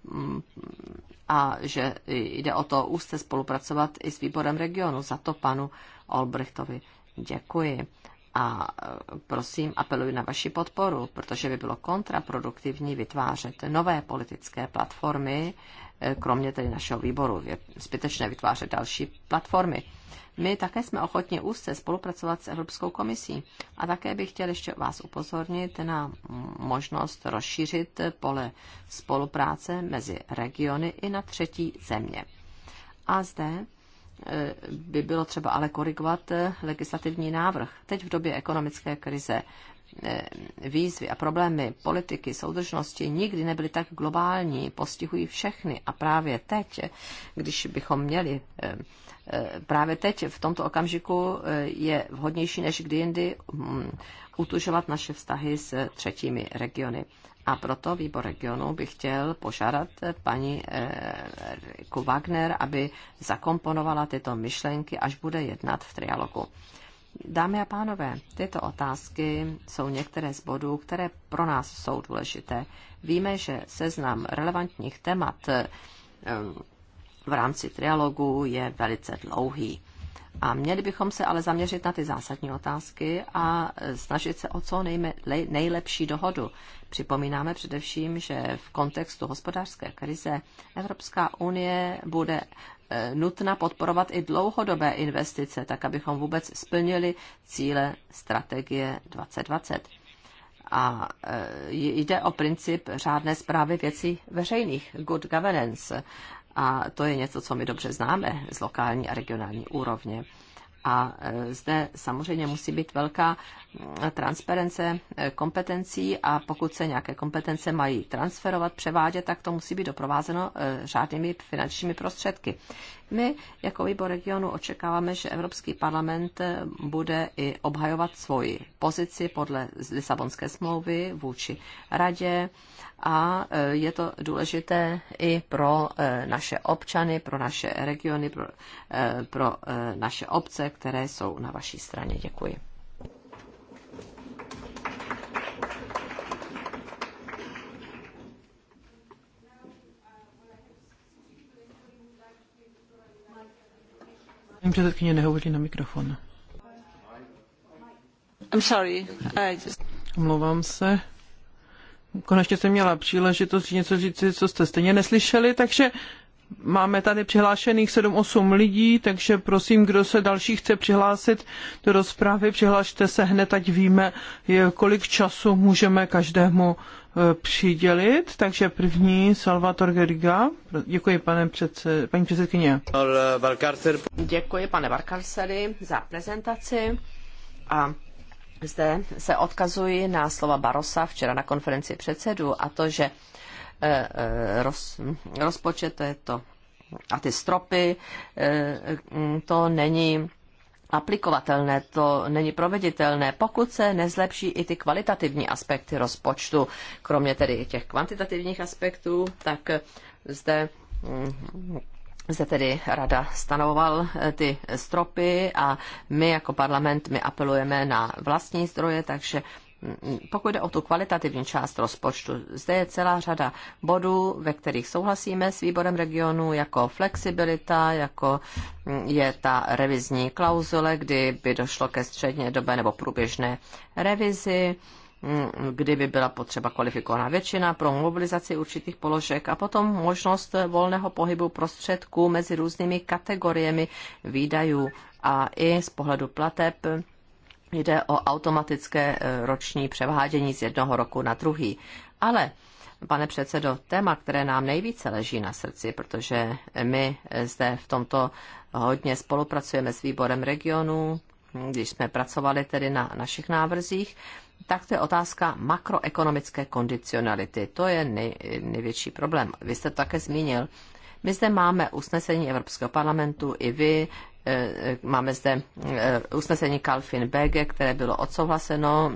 a že jde o to úzce spolupracovat i s výborem regionu. Za to panu Olbrichtovi děkuji. A eh, prosím, apeluji na vaši podporu, protože by bylo kontraproduktivní vytvářet nové politické platformy, eh, kromě tedy našeho výboru. Je zbytečné vytvářet další platformy. My také jsme ochotně úzce spolupracovat s Evropskou komisí. A také bych chtěl ještě vás upozornit na možnost rozšířit pole spolupráce mezi regiony i na třetí země. A zde e, by bylo třeba ale korigovat e, legislativní návrh. Teď v době ekonomické krize e, výzvy a problémy politiky soudržnosti nikdy nebyly tak globální, postihují všechny. A právě teď, když bychom měli Eh, právě teď, v tomto okamžiku, eh, je vhodnější než kdy jindy hm, utužovat naše vztahy s třetími regiony. A proto výbor regionu bych chtěl požádat eh, paní Riku Wagner, aby zakomponovala tyto myšlenky, až bude jednat v trialogu. Dámy a pánové, tyto otázky jsou některé z bodů, které pro nás jsou důležité. Víme, že seznam relevantních témat v rámci trialogu je velice dlouhý. A měli bychom se ale zaměřit na ty zásadní otázky a snažit se o co nejme, nejlepší dohodu. Připomínáme především, že v kontextu hospodářské krize Evropská unie bude e, nutna podporovat i dlouhodobé investice, tak abychom vůbec splnili cíle strategie 2020. A e, jde o princip řádné zprávy věcí veřejných, good governance. A to je něco, co my dobře známe z lokální a regionální úrovně. A e, zde samozřejmě musí být velká transparence e, kompetencí a pokud se nějaké kompetence mají transferovat, převádět, tak to musí být doprovázeno e, řádnými finančními prostředky. My jako výbor regionu očekáváme, že Evropský parlament bude i obhajovat svoji pozici podle Lisabonské smlouvy vůči radě a e, je to důležité i pro e, naše občany, pro naše regiony, pro, e, pro naše obce, které jsou na vaší straně. Děkuji. Paní předsedkyně nehovoří na mikrofon. I'm sorry. I just... Omlouvám se. Konečně jsem měla příležitost něco říct, co jste stejně neslyšeli, takže Máme tady přihlášených 7-8 lidí, takže prosím, kdo se další chce přihlásit do rozpravy, přihlašte se hned, ať víme, kolik času můžeme každému e, přidělit. Takže první, Salvator Geriga. Děkuji, pane předse, paní předsedkyně. Děkuji, pane Varkarseri, za prezentaci. A zde se odkazuji na slova Barosa včera na konferenci předsedů a to, že Eh, eh, roz, rozpočet, to je to. A ty stropy, eh, mm, to není aplikovatelné, to není proveditelné, pokud se nezlepší i ty kvalitativní aspekty rozpočtu, kromě tedy těch kvantitativních aspektů, tak zde mm, zde tedy rada stanovoval ty stropy a my jako parlament my apelujeme na vlastní zdroje, takže pokud jde o tu kvalitativní část rozpočtu, zde je celá řada bodů, ve kterých souhlasíme s výborem regionu, jako flexibilita, jako mm, je ta revizní klauzule, kdy by došlo ke středně době nebo průběžné revizi, mm, kdyby byla potřeba kvalifikovaná většina pro mobilizaci určitých položek a potom možnost volného pohybu prostředků mezi různými kategoriemi výdajů a i z pohledu plateb jde o automatické e, roční převádění z jednoho roku na druhý. Ale Pane předsedo, téma, které nám nejvíce leží na srdci, protože my e, zde v tomto hodně spolupracujeme s výborem regionu, když jsme pracovali tedy na našich návrzích, tak to je otázka makroekonomické kondicionality. To je nej, největší problém. Vy jste to také zmínil. My zde máme usnesení Evropského parlamentu, i vy, Eh, máme zde eh, usnesení Kalfin BG, které bylo odsouhlaseno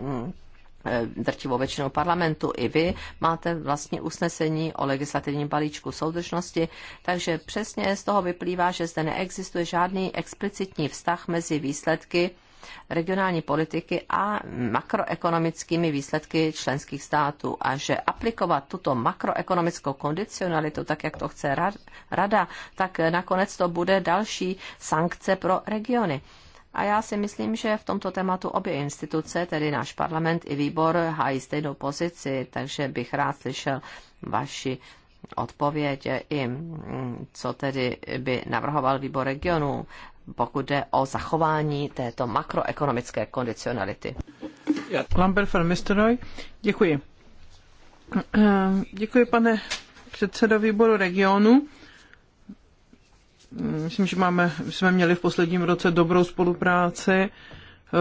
eh, drtivou většinou parlamentu i vy máte vlastně usnesení o legislativním balíčku soudržnosti, takže přesně z toho vyplývá, že zde neexistuje žádný explicitní vztah mezi výsledky regionální politiky a makroekonomickými výsledky členských států a že aplikovat tuto makroekonomickou kondicionalitu, tak jak to chce rada, tak nakonec to bude další sankce pro regiony. A já si myslím, že v tomto tématu obě instituce, tedy náš parlament i výbor, hájí stejnou pozici, takže bych rád slyšel vaši odpověď i co tedy by navrhoval výbor regionů pokud jde o zachování této makroekonomické kondicionality. Lambert van Mistelrooy, děkuji. Děkuji, pane předsedo výboru regionu. Myslím, že máme, jsme měli v posledním roce dobrou spolupráci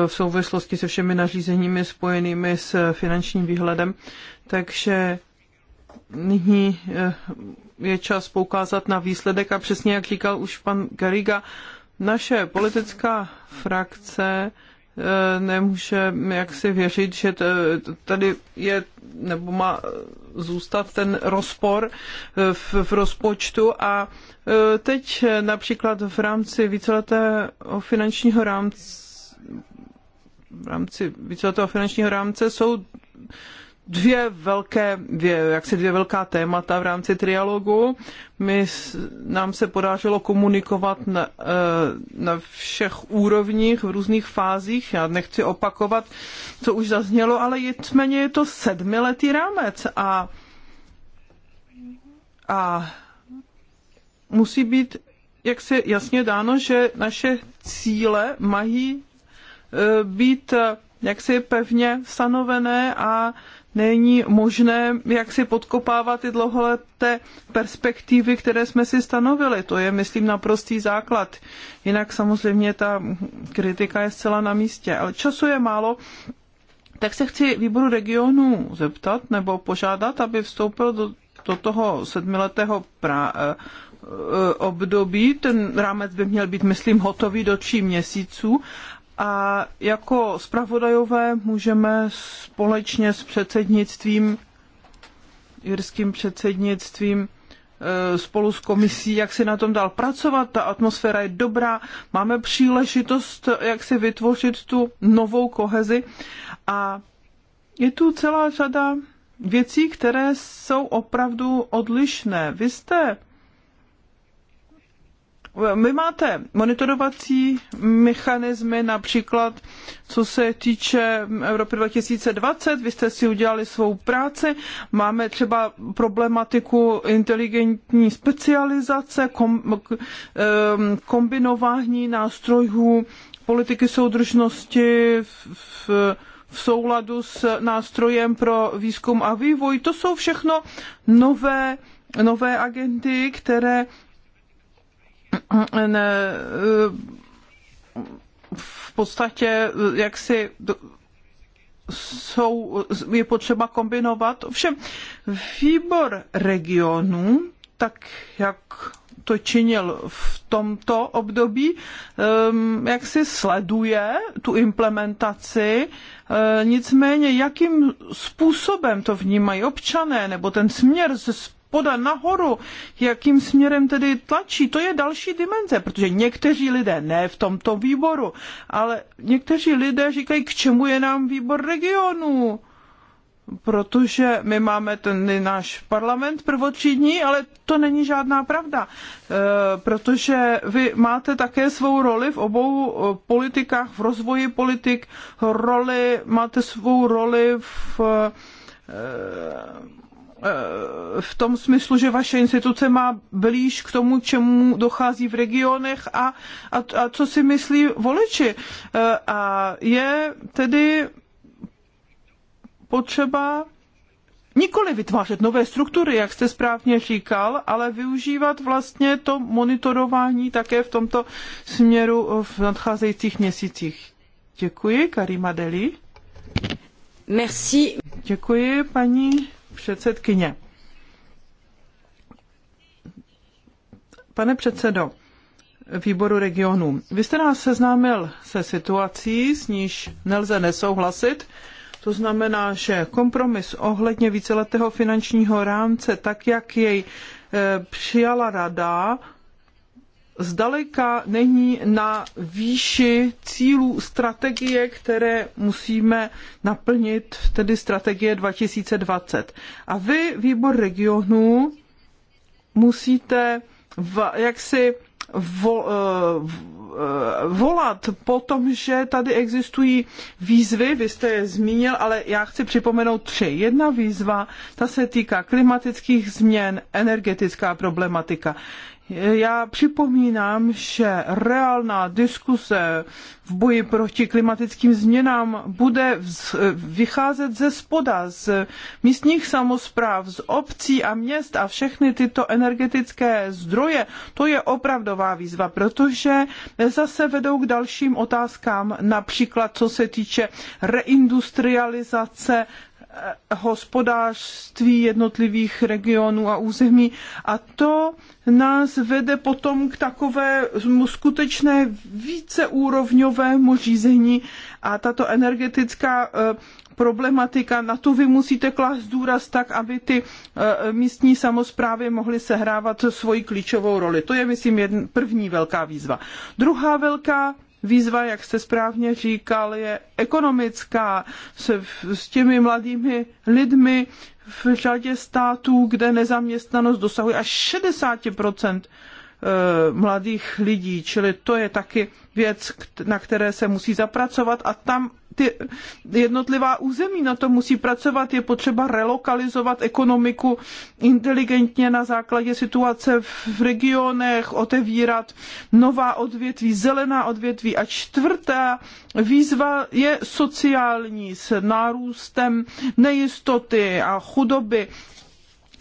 v souvislosti se všemi nařízeními spojenými s finančním výhledem. Takže nyní eh, je čas poukázat na výsledek a přesně jak říkal už pan Gariga, naše politická frakce eh, nemůže jaksi věřit, že tady je nebo má eh, zůstat ten rozpor eh, v, v rozpočtu a teď například v rámci víceletého finančního rámce v rámci víceletého finančního rámce jsou dvě velké, dvě, jaksi dvě velká témata v rámci trialogu. My, nám se podařilo komunikovat na, eh, na všech úrovních, v různých fázích. Já nechci opakovat, co už zaznělo, ale nicméně je to sedmiletý rámec a, a musí být jak se jasně dáno, že naše cíle mají eh, být eh, jaksi pevně stanovené a není možné jak si podkopávat ty dlouholeté perspektivy, které jsme si stanovili. To je, myslím, naprostý základ. Jinak samozřejmě ta kritika je zcela na místě. Ale času je málo, tak se chci výboru regionu zeptat nebo požádat, aby vstoupil do, do toho sedmiletého pra, eh, eh, období. Ten rámec by měl být, myslím, hotový do tří měsíců a jako zpravodajové můžeme společně s předsednictvím, jirským předsednictvím, eh, spolu s komisí, jak si na tom dál pracovat. Ta atmosféra je dobrá, máme příležitost, jak si vytvořit tu novou kohezi. A je tu celá řada věcí, které jsou opravdu odlišné. Vy jste vy máte monitorovací mechanismy, například co se týče Evropy 2020, vy jste si udělali svou práci, máme třeba problematiku inteligentní specializace, kombinování nástrojů politiky soudržnosti v, v souladu s nástrojem pro výzkum a vývoj. To jsou všechno nové, nové agendy, které Eh, v podstatě eh, si jsou, eh, je potřeba kombinovat. Ovšem, výbor regionů, tak jak to činil v tomto období, ehm, jak si sleduje tu implementaci, nicméně jakým způsobem to vnímají občané nebo ten směr ze spoda nahoru, jakým směrem tedy tlačí, to je další dimenze, protože někteří lidé, ne v tomto výboru, ale někteří lidé říkají, k čemu je nám výbor regionů protože my máme ten náš parlament prvotřídní, ale to není žádná pravda, eh, protože vy máte také svou roli v obou eh, politikách, v rozvoji politik, roli, máte svou roli v eh, Eh, v tom smyslu, že vaše instituce má blíž k tomu, čemu dochází v regionech a, a, a co si myslí voliči. Eh, a je tedy potřeba nikoli vytvářet nové struktury, jak jste správně říkal, ale využívat vlastně to monitorování také v tomto směru v nadcházejících měsících. Děkuji, Karima Deli. Merci. Děkuji, paní předsedkyně. Pane předsedo výboru regionů, vy jste nás seznámil se situací, s níž nelze nesouhlasit. To znamená, že kompromis ohledně víceletého finančního rámce, tak jak jej eh, přijala rada, zdaleka není na výši cílů strategie, které musíme naplnit, tedy strategie 2020. A vy, výbor regionů, musíte v, jaksi vo, eh, eh, volat po tom, že tady existují výzvy, vy jste je zmínil, ale já chci připomenout tři. Jedna výzva, ta se týká klimatických změn, energetická problematika. Já připomínám, že reálná diskuse v boji proti klimatickým změnám bude vycházet ze spoda, z místních samospráv, z obcí a měst a všechny tyto energetické zdroje. To je opravdová výzva, protože zase vedou k dalším otázkám, například co se týče reindustrializace hospodářství jednotlivých regionů a území. A to nás vede potom k takovému skutečné víceúrovňovému řízení a tato energetická e, problematika, na to vy musíte klást důraz tak, aby ty e, místní samosprávy mohly sehrávat svoji klíčovou roli. To je, myslím, první velká výzva. Druhá velká výzva, jak jste správně říkal, je ekonomická se, s těmi mladými lidmi v řadě států, kde nezaměstnanost dosahuje až 60% eh, mladých lidí, čili to je taky věc, na které se musí zapracovat a tam ty jednotlivá území na to musí pracovat, je potřeba relokalizovat ekonomiku inteligentně na základě situace v regionech, otevírat nová odvětví, zelená odvětví. A čtvrtá výzva je sociální s nárůstem nejistoty a chudoby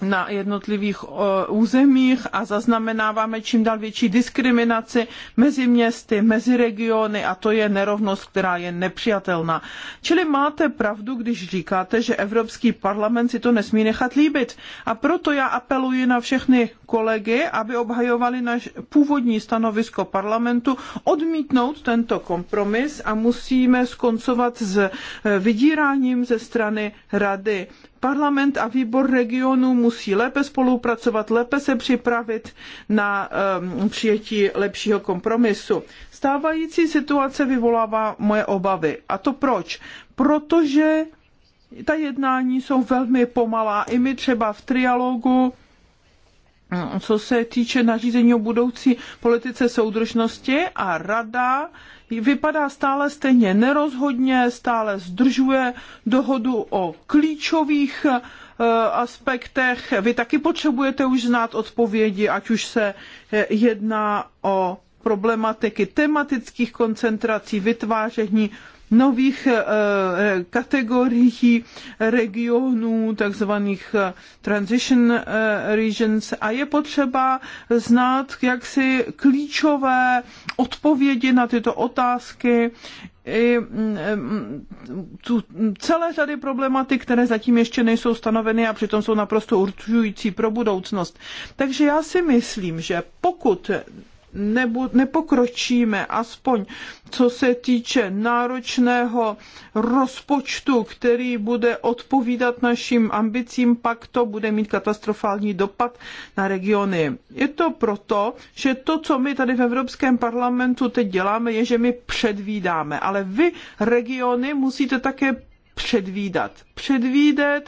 na jednotlivých eh, územích a zaznamenáváme čím dál větší diskriminaci mezi městy, mezi regiony a to je nerovnost, která je nepřijatelná. Čili máte pravdu, když říkáte, že Evropský parlament si to nesmí nechat líbit. A proto já apeluji na všechny kolegy, aby obhajovali naš původní stanovisko parlamentu, odmítnout tento kompromis a musíme skoncovat s eh, vydíráním ze strany rady. Parlament a výbor regionů musí lépe spolupracovat, lépe se připravit na um, přijetí lepšího kompromisu. Stávající situace vyvolává moje obavy. A to proč? Protože ta jednání jsou velmi pomalá. I my třeba v trialogu hm, co se týče nařízení o budoucí politice soudržnosti a rada vypadá stále stejně nerozhodně, stále zdržuje dohodu o klíčových eh, aspektech. Vy taky potřebujete už znát odpovědi, ať už se eh, jedná o problematiky tematických koncentrací, vytváření nových eh, eh, kategorií regionů, takzvaných eh, transition regions a je potřeba znát jaksi klíčové odpovědi na tyto otázky i mm, mm, tu celé řady problematy, které zatím ještě nejsou stanoveny a přitom jsou naprosto určující pro budoucnost. Takže já si myslím, že pokud nebu, nepokročíme, aspoň co se týče náročného rozpočtu, který bude odpovídat našim ambicím, pak to bude mít katastrofální dopad na regiony. Je to proto, že to, co my tady v Evropském parlamentu teď děláme, je, že my předvídáme, ale vy, regiony, musíte také předvídat. Předvídat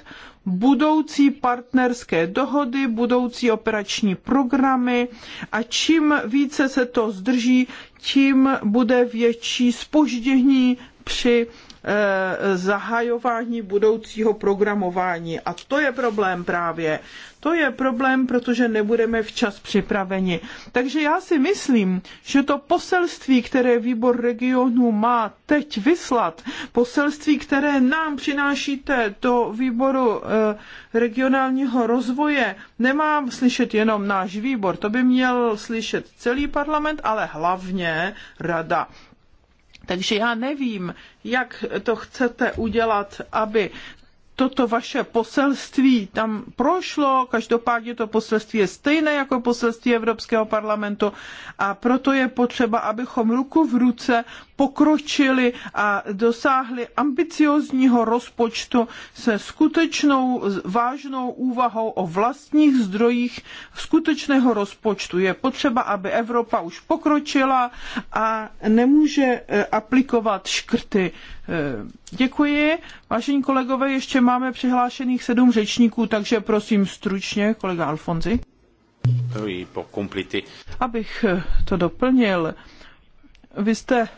budoucí partnerské dohody, budoucí operační programy a čím více se to zdrží, tím bude větší spoždění při Eh, zahajování budoucího programování. A to je problém právě. To je problém, protože nebudeme včas připraveni. Takže já si myslím, že to poselství, které výbor regionu má teď vyslat, poselství, které nám přinášíte do výboru eh, regionálního rozvoje, nemá slyšet jenom náš výbor. To by měl slyšet celý parlament, ale hlavně rada. Takže já nevím, jak to chcete udělat, aby toto vaše poselství tam prošlo, každopádně to poselství je stejné jako poselství Evropského parlamentu a proto je potřeba, abychom ruku v ruce pokročili a dosáhli ambiciozního rozpočtu se skutečnou vážnou úvahou o vlastních zdrojích skutečného rozpočtu. Je potřeba, aby Evropa už pokročila a nemůže eh, aplikovat škrty Eh, děkuji. Vážení kolegové, ještě máme přihlášených sedm řečníků, takže prosím stručně, kolega Alfonzi. Abych eh, to doplnil, vy jste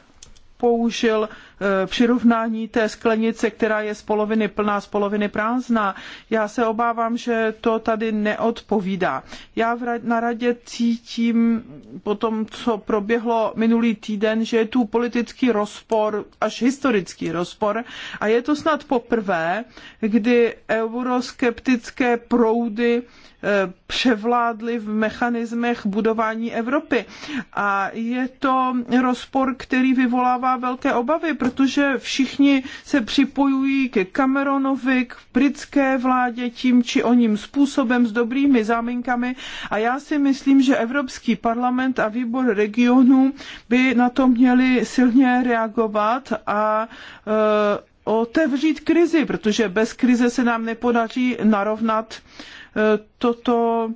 použil Eh, přirovnání té sklenice, která je z poloviny plná, z poloviny prázdná. Já se obávám, že to tady neodpovídá. Já na radě cítím po tom, co proběhlo minulý týden, že je tu politický rozpor, až historický rozpor a je to snad poprvé, kdy euroskeptické proudy eh, převládly v mechanismech budování Evropy. A je to rozpor, který vyvolává velké obavy, protože protože všichni se připojují ke Cameronovi, k britské vládě tím či oním způsobem s dobrými záminkami a já si myslím, že Evropský parlament a výbor regionů by na to měli silně reagovat a eh, otevřít krizi, protože bez krize se nám nepodaří narovnat eh, toto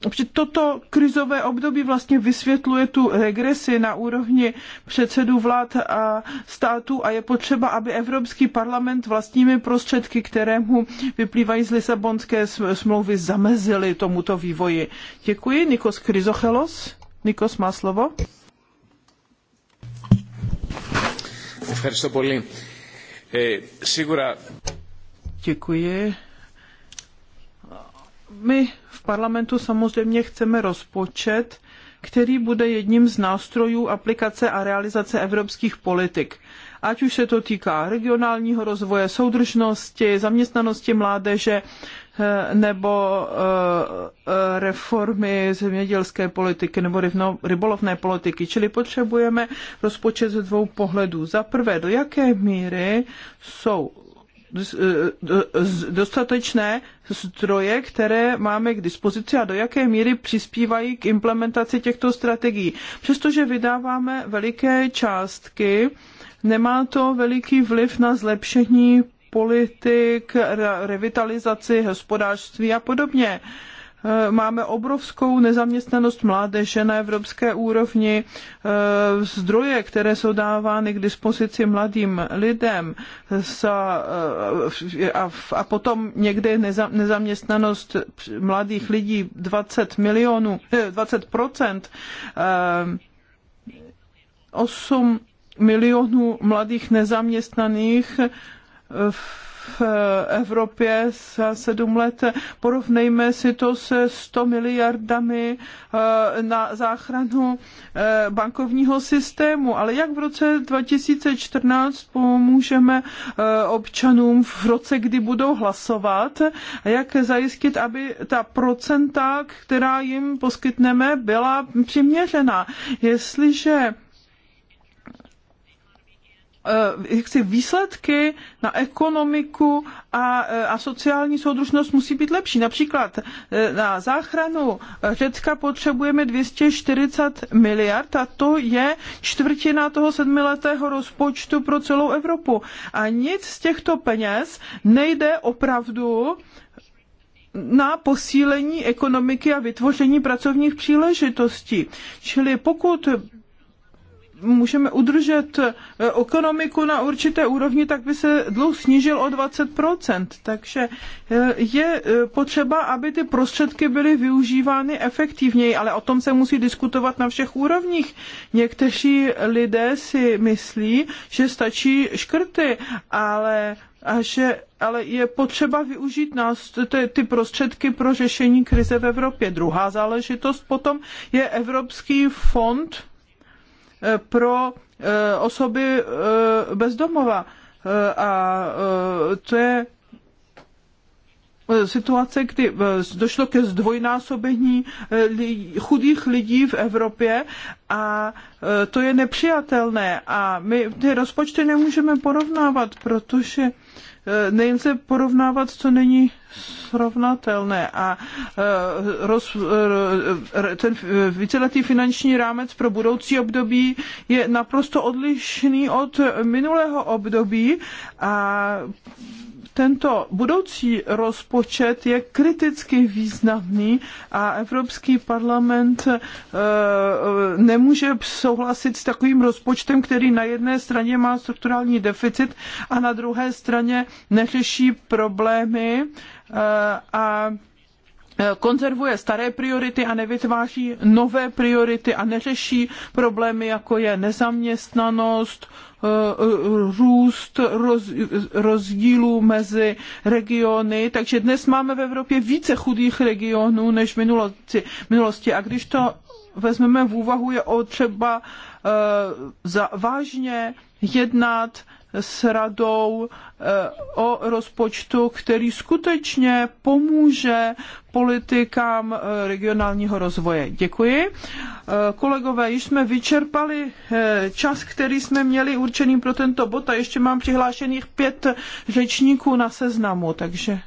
Protože toto krizové období vlastně vysvětluje tu regresi na úrovni předsedů vlád a států a je potřeba, aby Evropský parlament vlastními prostředky, které mu vyplývají z Lisabonské smlouvy, zamezili tomuto vývoji. Děkuji. Nikos Kryzochelos. Nikos má slovo. Děkuji. My parlamentu samozřejmě chceme rozpočet, který bude jedním z nástrojů aplikace a realizace evropských politik. Ať už se to týká regionálního rozvoje, soudržnosti, zaměstnanosti mládeže eh, nebo eh, eh, reformy zemědělské politiky nebo rybolovné politiky. Čili potřebujeme rozpočet ze dvou pohledů. Za prvé, do jaké míry jsou E, dostatečné zdroje, které máme k dispozici a do jaké míry přispívají k implementaci těchto strategií. Přestože vydáváme veliké částky, nemá to veliký vliv na zlepšení politik, revitalizaci hospodářství a podobně. Uh, Eh, máme obrovskou nezaměstnanost mládeže na evropské úrovni, eh, zdroje, které jsou dávány k dispozici mladým lidem eh, a potom někde nezaměstnanost mladých lidí 20 milionů, 20 8 milionů mladých nezaměstnaných v v Evropě za sedm let. Porovnejme si to se 100 miliardami eh, na záchranu eh, bankovního systému. Ale jak v roce 2014 pomůžeme eh, občanům v roce, kdy budou hlasovat a jak zajistit, aby ta procenta, která jim poskytneme, byla přiměřená. Jestliže Eh, jaksi výsledky na ekonomiku a, eh, a sociální soudržnost musí být lepší. Například eh, na záchranu Řecka potřebujeme 240 miliard a to je čtvrtina toho sedmiletého rozpočtu pro celou Evropu. A nic z těchto peněz nejde opravdu na posílení ekonomiky a vytvoření pracovních příležitostí. Čili pokud můžeme udržet eh, ekonomiku na určité úrovni, tak by se dluh snížil o 20%. Takže eh, je eh, potřeba, aby ty prostředky byly využívány efektivněji, ale o tom se musí diskutovat na všech úrovních. Někteří lidé si myslí, že stačí škrty, ale a že ale je potřeba využít nás ty, ty prostředky pro řešení krize v Evropě. Druhá záležitost potom je Evropský fond Eh, pro eh, osoby eh, bezdomova. A to je Eh, situace, kdy eh, došlo ke zdvojnásobení eh, chudých lidí v Evropě a to je nepřijatelné a my ty rozpočty nemůžeme porovnávat, protože nejde porovnávat, co není srovnatelné. A roz, ten víceletý finanční rámec pro budoucí období je naprosto odlišný od minulého období a tento budoucí rozpočet je kriticky významný a Evropský parlament eh, nemůže souhlasit s takovým rozpočtem, který na jedné straně má strukturální deficit a na druhé straně neřeší problémy eh, a eh, konzervuje staré priority a nevytváří nové priority a neřeší problémy, jako je nezaměstnanost, Eh, růst rozdílů mezi regiony. Takže dnes máme v Evropě více chudých regionů než v minulosti. A když to vezmeme v úvahu, je o třeba eh, vážně jednat s radou o rozpočtu, který skutečně pomůže politikám eh, regionálního rozvoje. Děkuji. Eh, kolegové, již jsme vyčerpali eh, čas, který jsme měli určený pro tento bod a ještě mám přihlášených pět řečníků na seznamu, takže...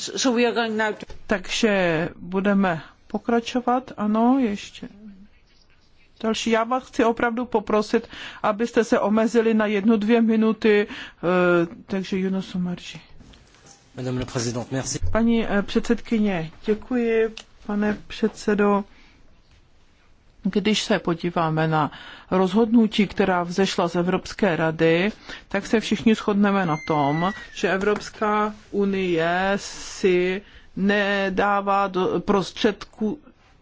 So we are going to... Takže budeme pokračovat, ano, ještě Další, já vás chci opravdu poprosit, abyste se omezili na jednu, dvě minuty, eh, takže Jonas Somarži. Madame Paní eh, předsedkyně, děkuji, pane předsedo. Když se podíváme na rozhodnutí, která vzešla z Evropské rady, tak se všichni shodneme na tom, že Evropská unie si nedává do prostředku,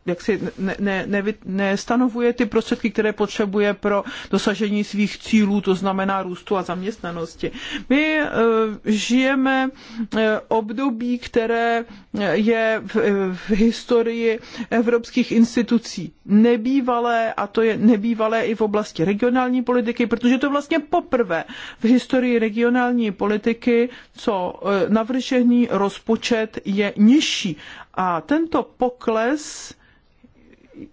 jak si ne, ne, ne, nestanovuje ty prostředky, které potřebuje pro dosažení svých cílů, to znamená růstu a zaměstnanosti. My eh, žijeme eh, období, které eh, je v, v historii evropských institucí nebývalé a to je nebývalé i v oblasti regionální politiky, protože to vlastně poprvé v historii regionální politiky, co navržený rozpočet je nižší. A tento pokles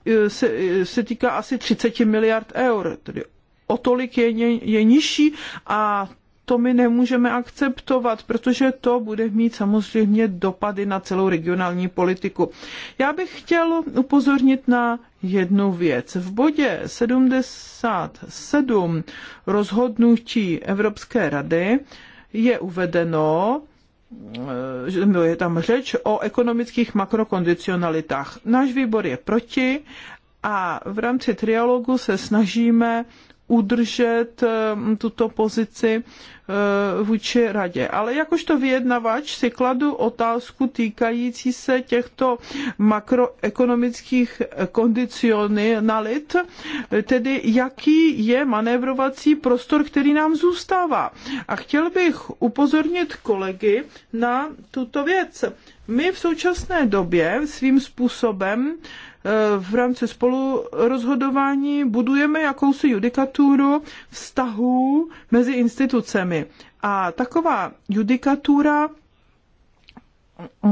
E, se, e, se týká asi 30 miliard eur, tedy o tolik je, je, nižší a to my nemůžeme akceptovat, protože to bude mít samozřejmě dopady na celou regionální politiku. Já bych chtěl upozornit na jednu věc. V bodě 77 rozhodnutí Evropské rady je uvedeno, No, je tam řeč o ekonomických makrokondicionalitách. Náš výbor je proti a v rámci trialogu se snažíme udržet eh, tuto pozici eh, vůči radě. Ale jakožto vyjednavač si kladu otázku týkající se těchto makroekonomických kondicionalit, tedy jaký je manévrovací prostor, který nám zůstává. A chtěl bych upozornit kolegy na tuto věc. My v současné době svým způsobem v rámci spolurozhodování budujeme jakousi judikaturu vztahů mezi institucemi. A taková judikatura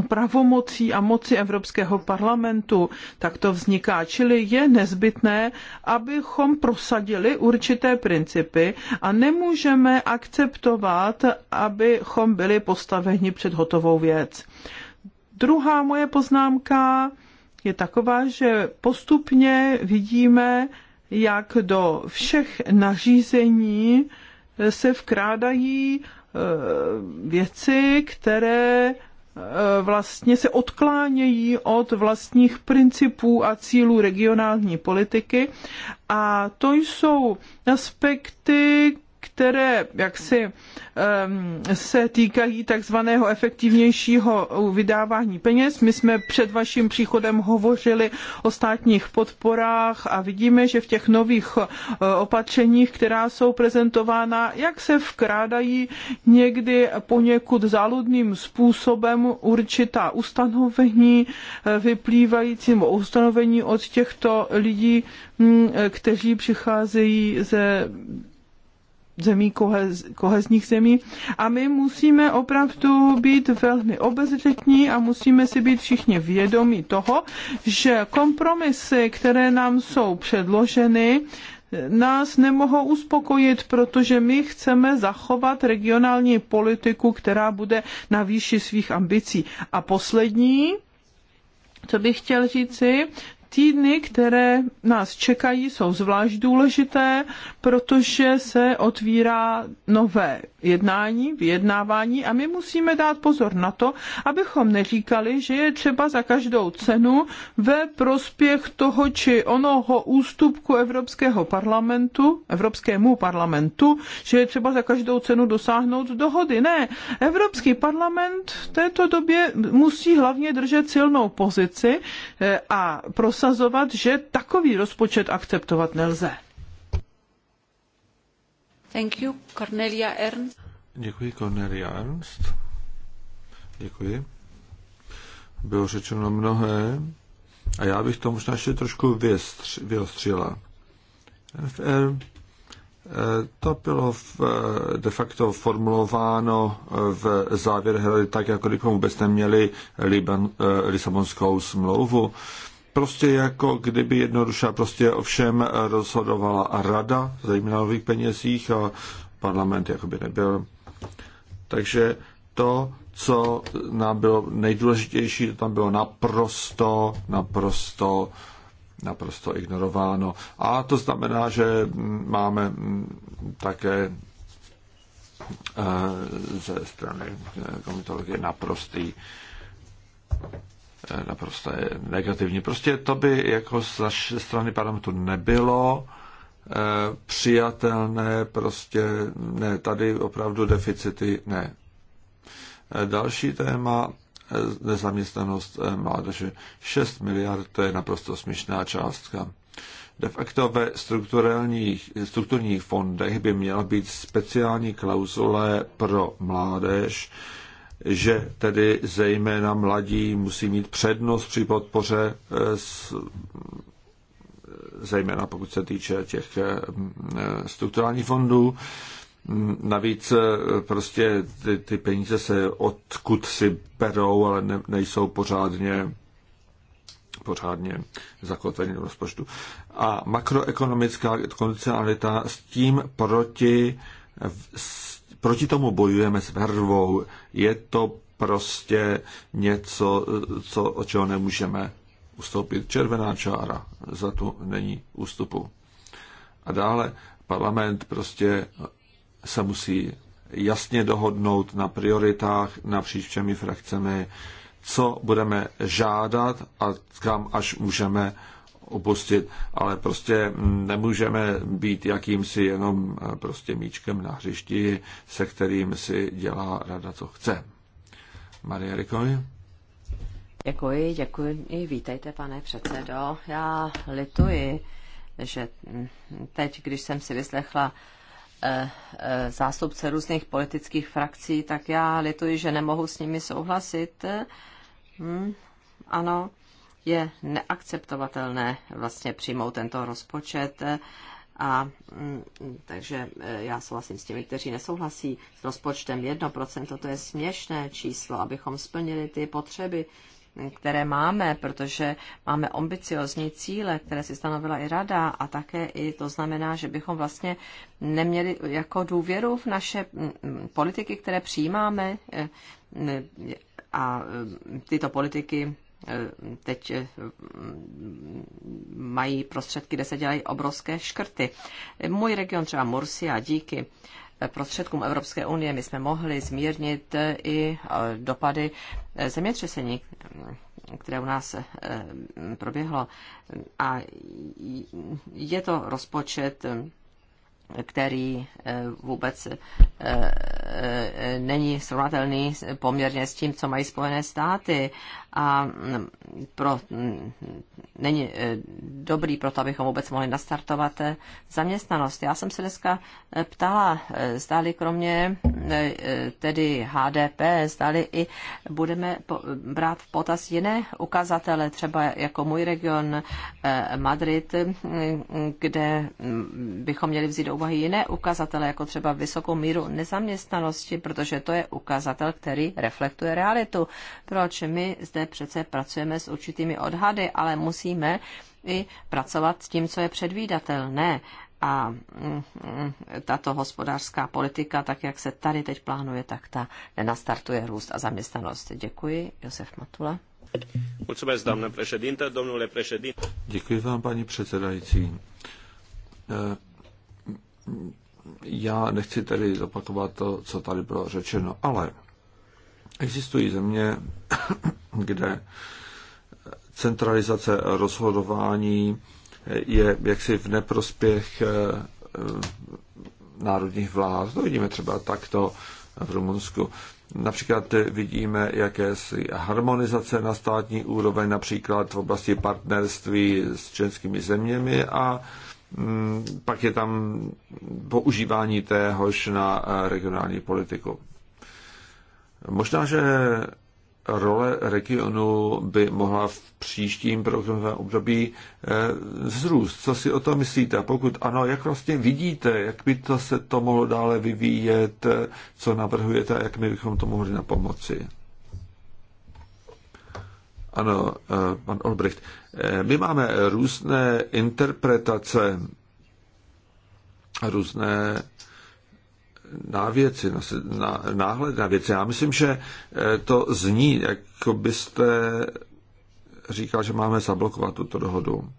pravomocí a moci Evropského parlamentu, tak to vzniká. Čili je nezbytné, abychom prosadili určité principy a nemůžeme akceptovat, abychom byli postaveni před hotovou věc. Druhá moje poznámka je taková, že postupně vidíme, jak do všech nařízení se vkrádají eh, věci, které eh, vlastně se odklánějí od vlastních principů a cílů regionální politiky. A to jsou aspekty, které jaksi ehm, se týkají takzvaného efektivnějšího vydávání peněz. My jsme před vaším příchodem hovořili o státních podporách a vidíme, že v těch nových eh, opatřeních, která jsou prezentována, jak se vkrádají někdy poněkud záludným způsobem určitá ustanovení eh, vyplývající nebo ustanovení od těchto lidí, hm, kteří přicházejí ze zemí, kohez, kohezních zemí. A my musíme opravdu být velmi obezřetní a musíme si být všichni vědomí toho, že kompromisy, které nám jsou předloženy, nás nemohou uspokojit, protože my chceme zachovat regionální politiku, která bude na výši svých ambicí. A poslední, co bych chtěl říci, Týdny, které nás čekají, jsou zvlášť důležité, protože se otvírá nové jednání, vyjednávání a my musíme dát pozor na to, abychom neříkali, že je třeba za každou cenu ve prospěch toho či onoho ústupku Evropského parlamentu, Evropskému parlamentu, že je třeba za každou cenu dosáhnout dohody. Ne, Evropský parlament v této době musí hlavně držet silnou pozici eh, a prosím prosazovat, že takový rozpočet akceptovat nelze. Thank you, Cornelia Ernst. Děkuji, Cornelia Ernst. Děkuji. Bylo řečeno mnohé a já bych to možná ještě trošku vyostřila. FR eh, to bylo v, eh, de facto formulováno eh, v závěr hry tak, jako kdybychom vůbec neměli Liban, Lisabonskou smlouvu. Prostě jako kdyby jednoduše prostě ovšem rozhodovala rada, zejména o nových penězích a parlament jakoby nebyl. Takže to, co nám bylo nejdůležitější, to tam bylo naprosto, naprosto, naprosto ignorováno. A to znamená, že máme také eh, ze strany eh, komitologie naprostý naprosto negativní. Prostě to by jako z naší strany parlamentu nebylo eh, přijatelné, prostě ne, tady opravdu deficity ne. Eh, další téma, eh, nezaměstnanost mládeže. 6 miliard, to je naprosto směšná částka. De facto ve strukturálních, strukturních fondech by měla být speciální klauzule pro mládež, že tedy zejména mladí musí mít přednost při podpoře, eh, eh, zejména pokud se týče těch eh, strukturálních fondů. Navíc prostě ty, ty peníze se odkud si berou, ale ne, nejsou pořádně pořádně zakotveny do rozpočtu. A makroekonomická kondicionalita s tím proti s proti tomu bojujeme s vervou. Je to prostě něco, co, o čeho nemůžeme ustoupit. Červená čára za to není ústupu. A dále parlament prostě se musí jasně dohodnout na prioritách napříč všemi frakcemi, co budeme žádat a kam až můžeme opustit, ale prostě nemůžeme být jakýmsi jenom eh, prostě míčkem na hřišti, se kterým si dělá rada, co chce. Marie Rikoj? Děkuji, děkuji. Vítejte, pane předsedo. Já lituji, že teď, když jsem si vyslechla eh, eh, zástupce různých politických frakcí, tak já lituji, že nemohu s nimi souhlasit. Hm, ano, je neakceptovatelné vlastně přijmout tento rozpočet. A mm, takže eh, já souhlasím s těmi, kteří nesouhlasí s rozpočtem 1%. To je směšné číslo, abychom splnili ty potřeby, které máme, protože máme ambiciozní cíle, které si stanovila i rada a také i to znamená, že bychom vlastně neměli jako důvěru v naše mm, politiky, které přijímáme eh, a mm, tyto politiky teď eh, mm, mají prostředky, kde se dělají obrovské škrty. Můj region, třeba Mursia, díky eh, prostředkům Evropské unie my jsme mohli zmírnit eh, i dopady zemětřesení, mm, které u nás mm, proběhlo. A je to rozpočet který eh, vůbec eh, eh, není srovnatelný poměrně s tím, co mají Spojené státy a mm, pro, mm, není dobrý pro to, abychom vůbec mohli nastartovat zaměstnanost. Já jsem se dneska ptala, zdali kromě tedy HDP, zdali i budeme brát v potaz jiné ukazatele, třeba jako můj region Madrid, kde mm, bychom měli vzít do úvahy jiné ukazatele, jako třeba vysokou míru nezaměstnanosti, protože to je ukazatel, který reflektuje realitu. Proč my zde přece pracujeme s určitými odhady, ale musíme i pracovat s tím, co je předvídatelné. A mm, mm, tato hospodářská politika, tak jak se tady teď plánuje, tak ta nenastartuje růst a zaměstnanost. Děkuji, Josef Matula. Děkuji vám, paní předsedající. Eh, já nechci tedy zopakovat to, co tady bylo řečeno, ale existují země, kde centralizace rozhodování je jaksi v neprospěch eh, národních vlád. To vidíme třeba takto v Rumunsku. Například vidíme jakési harmonizace na státní úroveň, například v oblasti partnerství s českými zeměmi a Mm, pak je tam používání téhož na eh, regionální politiku. Možná, že role regionu by mohla v příštím programovém období eh, vzrůst. Co si o to myslíte? A pokud ano, jak vlastně vidíte, jak by to se to mohlo dále vyvíjet, co navrhujete a jak my bychom to mohli na pomoci? Ano, eh, pan Olbricht. Eh, my máme různé interpretace, různé návěci, náhled na věci. Já myslím, že eh, to zní, jako byste říkal, že máme zablokovat tuto dohodu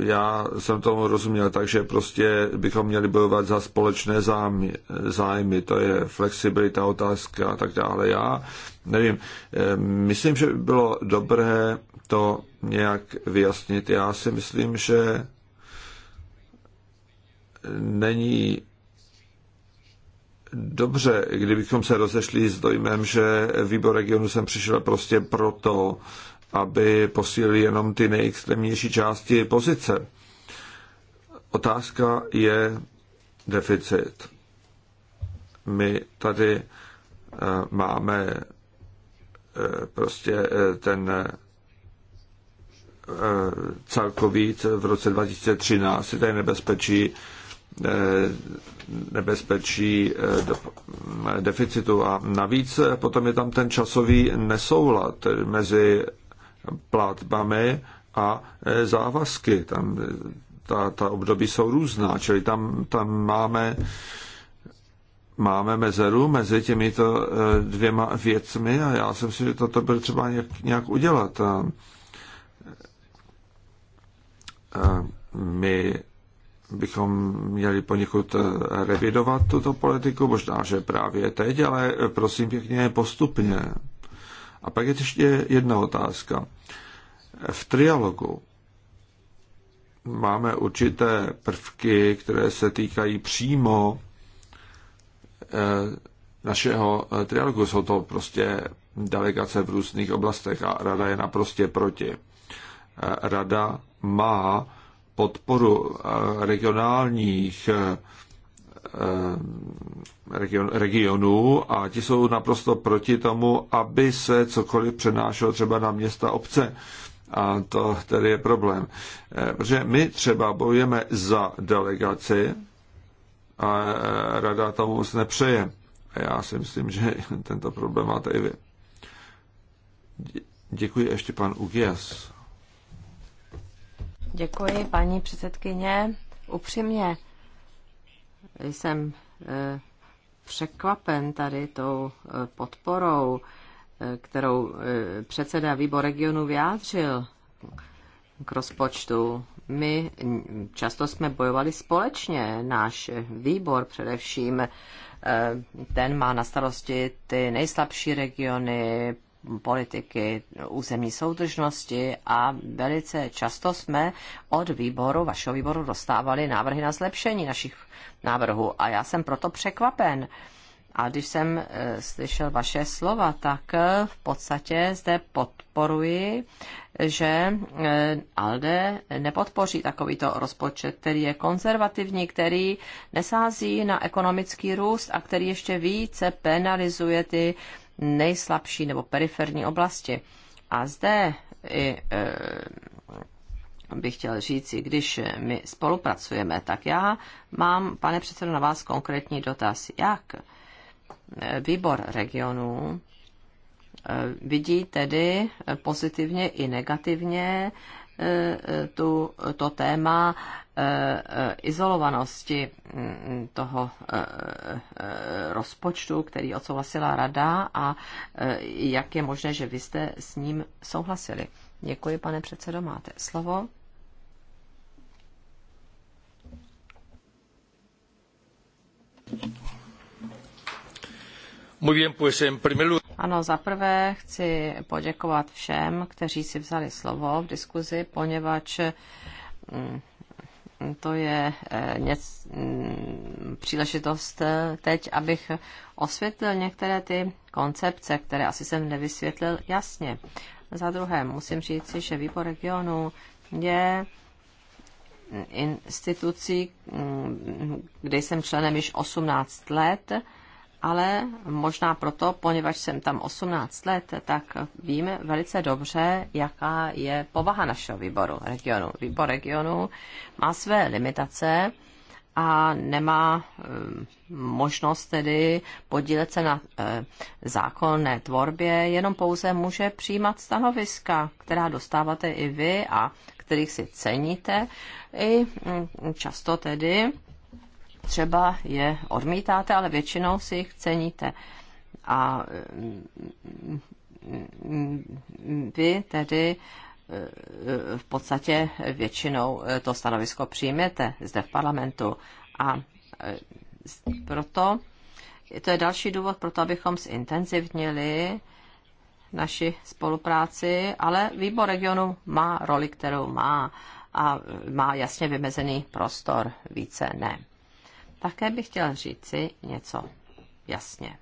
já jsem tomu rozuměl, takže prostě bychom měli bojovat za společné zájmy, zájmy to je flexibilita, otázka a tak dále. Já nevím, eh, myslím, že by bylo dobré to nějak vyjasnit. Já si myslím, že není dobře, kdybychom se rozešli s dojmem, že výbor regionu jsem přišel prostě proto, aby posílili jenom ty nejextrémnější části pozice. Otázka je deficit. My tady eh, máme eh, prostě eh, ten celkový v roce 2013 je tady nebezpečí nebezpečí deficitu. A navíc potom je tam ten časový nesoulad mezi platbami a e, závazky. Tam e, ta, ta období jsou různá, čili tam, tam máme, máme mezeru mezi těmito e, dvěma věcmi a já si myslím, že toto byl třeba nějak, nějak udělat. A, a my bychom měli poněkud revidovat tuto politiku, možná, že právě teď, ale prosím pěkně postupně. A pak je ještě jedna otázka. V trialogu máme určité prvky, které se týkají přímo eh, našeho eh, trialogu. Jsou to prostě delegace v různých oblastech a rada je naprostě proti. Eh, rada má podporu regionálních region, regionů a ti jsou naprosto proti tomu, aby se cokoliv přenášelo třeba na města obce. A to tedy je problém. Eh, protože my třeba bojujeme za delegaci a eh, rada tomu moc nepřeje. A já si myslím, že tento problém máte i vy. Děkuji ještě pan Ugias. Děkuji, paní předsedkyně. Upřímně jsem e, překvapen tady tou eh, podporou, eh, kterou eh, předseda výbor regionu vyjádřil k rozpočtu. My často jsme bojovali společně, náš výbor především, ten má na starosti ty nejslabší regiony, politiky územní soudržnosti a velice často jsme od výboru, vašeho výboru, dostávali návrhy na zlepšení našich návrhů a já jsem proto překvapen. A když jsem eh, slyšel vaše slova, tak eh, v podstatě zde podporuji, že eh, ALDE nepodpoří takovýto rozpočet, který je konzervativní, který nesází na ekonomický růst a který ještě více penalizuje ty nejslabší nebo periferní oblasti. A zde i, e, bych chtěl říct, když my spolupracujeme, tak já mám, pane předsedo, na vás konkrétní dotaz. Jak e, výbor regionů e, vidí tedy pozitivně i negativně tu, to téma eh, eh, izolovanosti mm, toho eh, rozpočtu, který odsouhlasila rada a jak je možné, že vy jste s ním souhlasili. Děkuji, pane předsedo, máte slovo. Muy bien, pues en primer lugar ano, zaprvé chci poděkovat všem, kteří si vzali slovo v diskuzi, poněvadž mm, to je eh, něc, mm, příležitost eh, teď, abych osvětlil některé ty koncepce, které asi jsem nevysvětlil jasně. Za druhé, musím říci, že výbor regionu je institucí, mm, kde jsem členem již 18 let ale možná proto, poněvadž jsem tam 18 let, tak vím velice dobře, jaká je povaha našeho výboru regionu. Výbor regionu má své limitace a nemá eh, možnost tedy podílet se na eh, zákonné tvorbě, jenom pouze může přijímat stanoviska, která dostáváte i vy a kterých si ceníte. I mm, často tedy třeba je odmítáte, ale většinou si jich ceníte. A mm, mm, vy tedy eh, v podstatě většinou eh, to stanovisko přijmete zde v parlamentu. A eh, proto to je další důvod pro to, abychom zintenzivnili naši spolupráci, ale výbor regionu má roli, kterou má a má jasně vymezený prostor, více ne také bych chtěl říci něco jasně.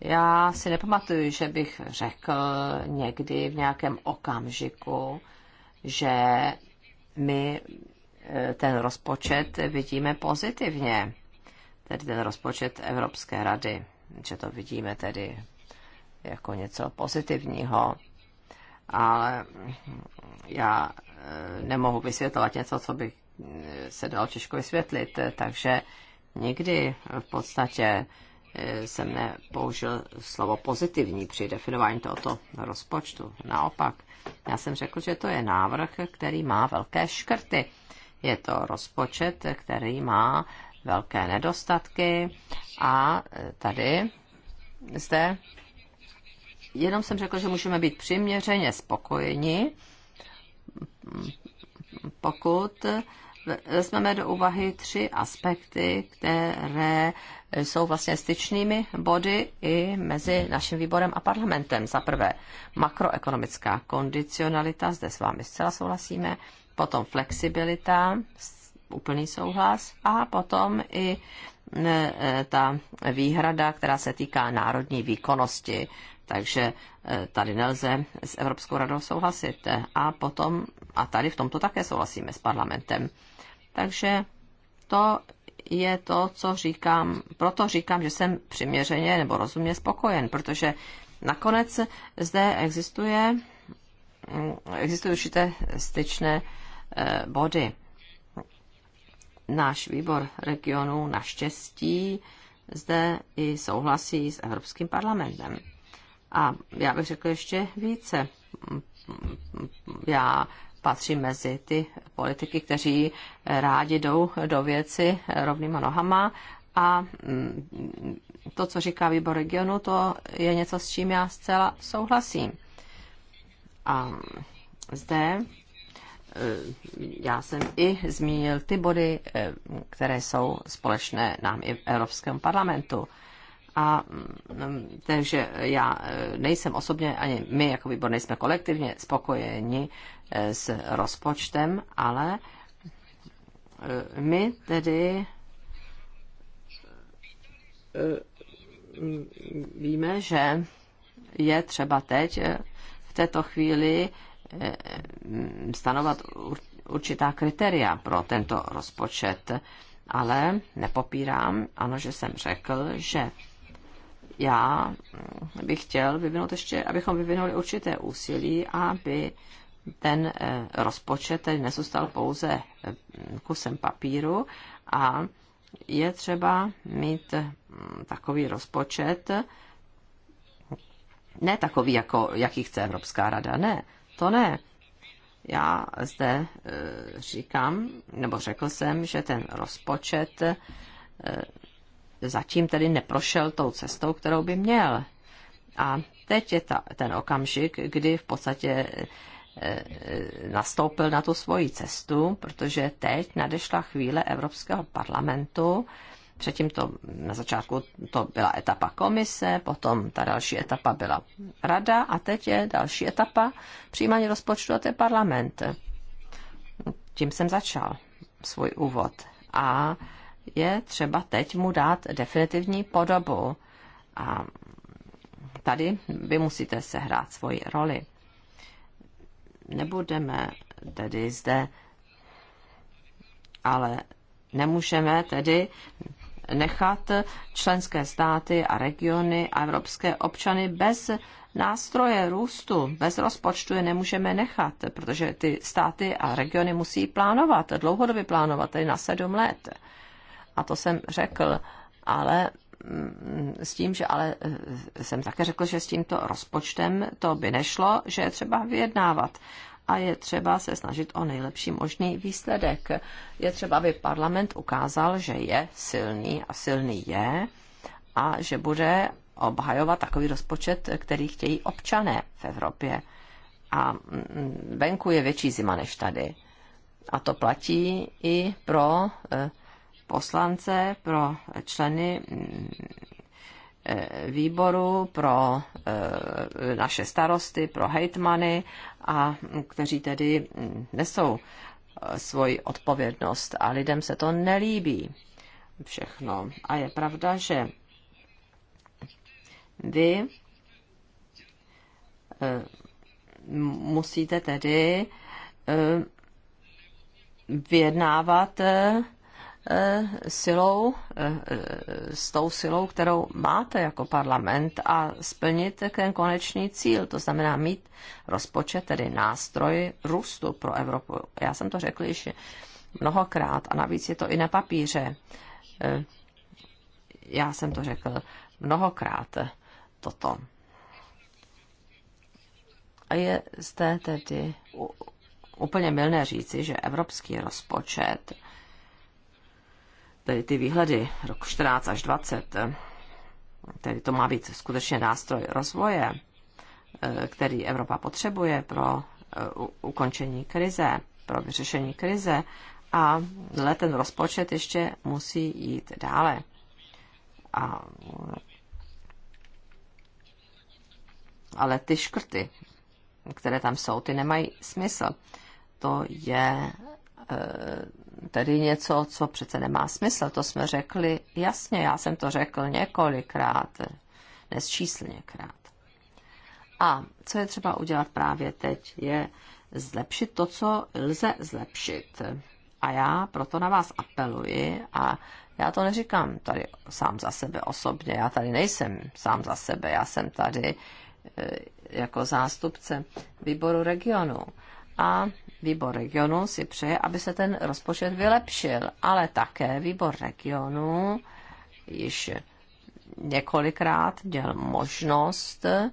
Já si nepamatuju, že bych řekl někdy v nějakém okamžiku, že my e, ten rozpočet vidíme pozitivně, tedy ten rozpočet Evropské rady, že to vidíme tedy jako něco pozitivního, ale já e, nemohu vysvětlovat něco, co bych se dalo těžko vysvětlit, takže někdy v podstatě eh, jsem nepoužil slovo pozitivní při definování tohoto rozpočtu. Naopak, já jsem řekl, že to je návrh, který má velké škrty. Je to rozpočet, který má velké nedostatky a eh, tady zde jenom jsem řekl, že můžeme být přiměřeně spokojeni, pokud vezmeme do úvahy tři aspekty, které jsou vlastně styčnými body i mezi naším výborem a parlamentem. Za prvé makroekonomická kondicionalita, zde s vámi zcela souhlasíme, potom flexibilita, úplný souhlas a potom i e, ta výhrada, která se týká národní výkonnosti. Takže e, tady nelze s Evropskou radou souhlasit. A potom, a tady v tomto také souhlasíme s parlamentem. Takže to je to, co říkám. Proto říkám, že jsem přiměřeně nebo rozumně spokojen, protože nakonec zde existuje, existují určité styčné eh, body. Náš výbor regionu naštěstí zde i souhlasí s Evropským parlamentem. A já bych řekl ještě více. Já patří mezi ty politiky, kteří rádi jdou do věci rovnýma nohama a mm, to, co říká výbor regionu, to je něco, s čím já zcela souhlasím. A zde e, já jsem i zmínil ty body, e, které jsou společné nám i v Evropském parlamentu. A mm, takže já e, nejsem osobně, ani my jako výbor nejsme kolektivně spokojeni s rozpočtem, ale e, my tedy e, víme, že je třeba teď e, v této chvíli stanovat určitá kritéria pro tento rozpočet, ale nepopírám, ano, že jsem řekl, že já bych chtěl vyvinout ještě, abychom vyvinuli určité úsilí, aby ten eh, rozpočet tedy nezůstal pouze eh, kusem papíru a je třeba mít eh, takový rozpočet, ne takový, jako, jaký chce Evropská rada, ne, to ne. Já zde říkám, nebo řekl jsem, že ten rozpočet zatím tedy neprošel tou cestou, kterou by měl. A teď je ta, ten okamžik, kdy v podstatě nastoupil na tu svoji cestu, protože teď nadešla chvíle Evropského parlamentu. Předtím to na začátku to byla etapa komise, potom ta další etapa byla rada a teď je další etapa přijímání rozpočtu a to je parlament. Tím jsem začal svůj úvod. A je třeba teď mu dát definitivní podobu. A tady vy musíte sehrát svoji roli nebudeme tedy zde, ale nemůžeme tedy nechat členské státy a regiony a evropské občany bez nástroje růstu, bez rozpočtu je nemůžeme nechat, protože ty státy a regiony musí plánovat, dlouhodobě plánovat, tedy na sedm let. A to jsem řekl, ale s tím, že ale eh, jsem také řekl, že s tímto rozpočtem to by nešlo, že je třeba vyjednávat a je třeba se snažit o nejlepší možný výsledek. Je třeba, aby parlament ukázal, že je silný a silný je a že bude obhajovat takový rozpočet, který chtějí občané v Evropě. A mm, venku je větší zima než tady. A to platí i pro eh, poslance, pro členy eh, výboru, pro eh, naše starosty, pro hejtmany, a kteří tedy nesou eh, svoji odpovědnost a lidem se to nelíbí všechno. A je pravda, že vy musíte tedy vyjednávat Eh, silou, eh, eh, s tou silou, kterou máte jako parlament a splnit ten konečný cíl, to znamená mít rozpočet, tedy nástroj růstu pro Evropu. Já jsem to řekl již mnohokrát a navíc je to i na papíře. Já jsem to řekl mnohokrát toto. A je zde tedy úplně milné říci, že evropský rozpočet tedy ty výhledy rok 14 až 20, tedy to má být skutečně nástroj rozvoje, eh, který Evropa potřebuje pro eh, ukončení krize, pro vyřešení krize, a ten rozpočet ještě musí jít dále. A, ale ty škrty, které tam jsou, ty nemají smysl. To je eh, tedy něco, co přece nemá smysl. To jsme řekli jasně, já jsem to řekl několikrát, nesčíslněkrát. A co je třeba udělat právě teď, je zlepšit to, co lze zlepšit. A já proto na vás apeluji a já to neříkám tady sám za sebe osobně, já tady nejsem sám za sebe, já jsem tady eh, jako zástupce výboru regionu a výbor regionu si přeje, aby se ten rozpočet vylepšil, ale také výbor regionu již několikrát měl možnost eh,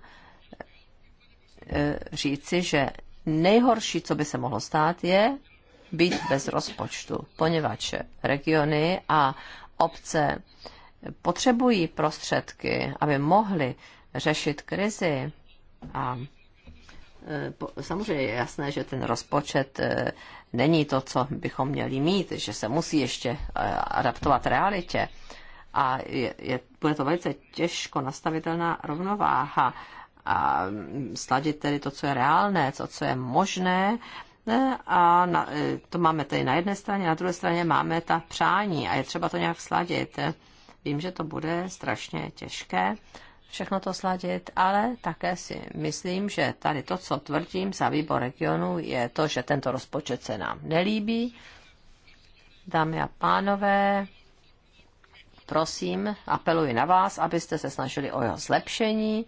říci, že nejhorší, co by se mohlo stát, je být bez rozpočtu, poněvadž regiony a obce potřebují prostředky, aby mohly řešit krizi a Eh, samozřejmě je jasné, že ten rozpočet eh, není to, co bychom měli mít, že se musí ještě eh, adaptovat realitě. A je, je, bude to velice těžko nastavitelná rovnováha a mm, sladit tedy to, co je reálné, to, co je možné. A na, to máme tedy na jedné straně, na druhé straně máme ta přání a je třeba to nějak sladit. Vím, že to bude strašně těžké, všechno to sladit, ale také si myslím, že tady to, co tvrdím za výbor regionu, je to, že tento rozpočet se nám nelíbí. Dámy a pánové, prosím, apeluji na vás, abyste se snažili o jeho zlepšení